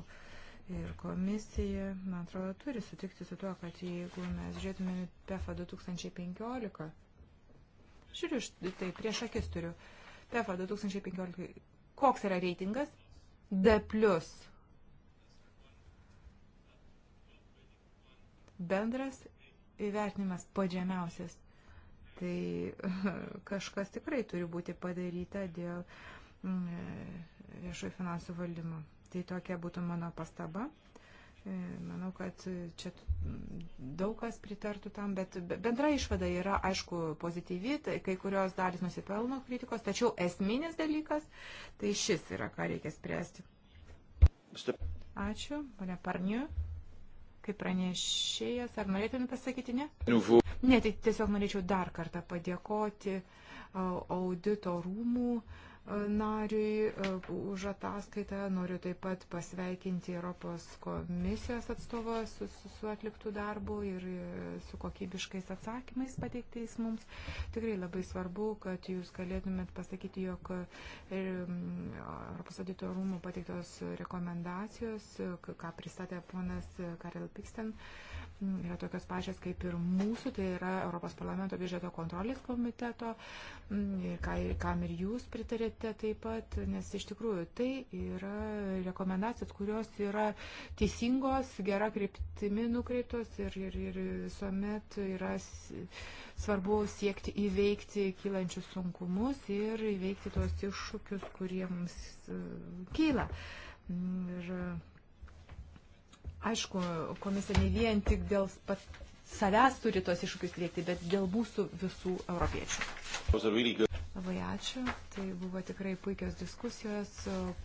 Ir komisija, man atrodo, turi sutikti su tuo, kad jeigu mes žiūrėtumėm PEFA 2015, žiūriu, tai prieš akis turiu, PEFA 2015, koks yra reitingas, D. Bendras įvertinimas padžiamiausias. Tai *laughs* kažkas tikrai turi būti padaryta dėl mm, e, viešųjų finansų valdymo. Tai tokia būtų mano pastaba. E, manau, kad čia daug kas pritartų tam, bet bendra išvada yra, aišku, pozityvi, tai kai kurios dalis nusipelno kritikos, tačiau esminis dalykas, tai šis yra, ką reikia spręsti. Ačiū, ponia Parniu. Kaip pranešėjas, ar norėtumėte pasakyti ne? Ne, tai tiesiog norėčiau dar kartą padėkoti audito rūmų uh, nariui e, už ataskaitą. Noriu taip pat pasveikinti Europos komisijos atstovą su, su, su atliktų darbu ir e, su kokybiškais atsakymais pateiktais mums. Tikrai labai svarbu, kad jūs galėtumėt pasakyti, jog e, Europos audito rūmų pateiktos rekomendacijos, ką pristatė ponas Karel Piksten, uh, Mm, yra tokios pačios kaip ir mūsų, tai yra Europos parlamento biudžeto kontrolės komiteto, mm, kam ir jūs pritarėte taip pat, nes iš tikrųjų tai yra rekomendacijos, kurios yra teisingos, gera kryptimi nukreiptos ir, ir, ir visuomet yra svarbu siekti įveikti kylančius sunkumus ir įveikti tuos iššūkius, kurie mums e, kyla. Mm, ir Aišku, komisija ne vien tik dėl pat savęs turi tos iššūkius lėkti, bet dėl mūsų visų europiečių. Labai ačiū. Tai buvo tikrai puikios diskusijos,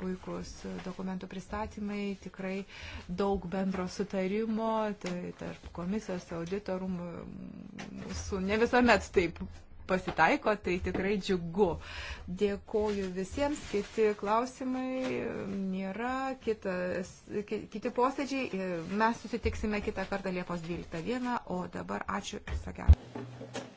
puikus dokumentų pristatymai, tikrai daug bendro sutarimo tai tarp komisijos, auditorumų. Su ne visuomet taip pasitaiko, tai tikrai džiugu. Dėkoju visiems, kiti klausimai e, nėra, kitas, kiti posėdžiai. E, mes susitiksime kitą kartą Liepos 12 dieną, o dabar ačiū ir viso gero.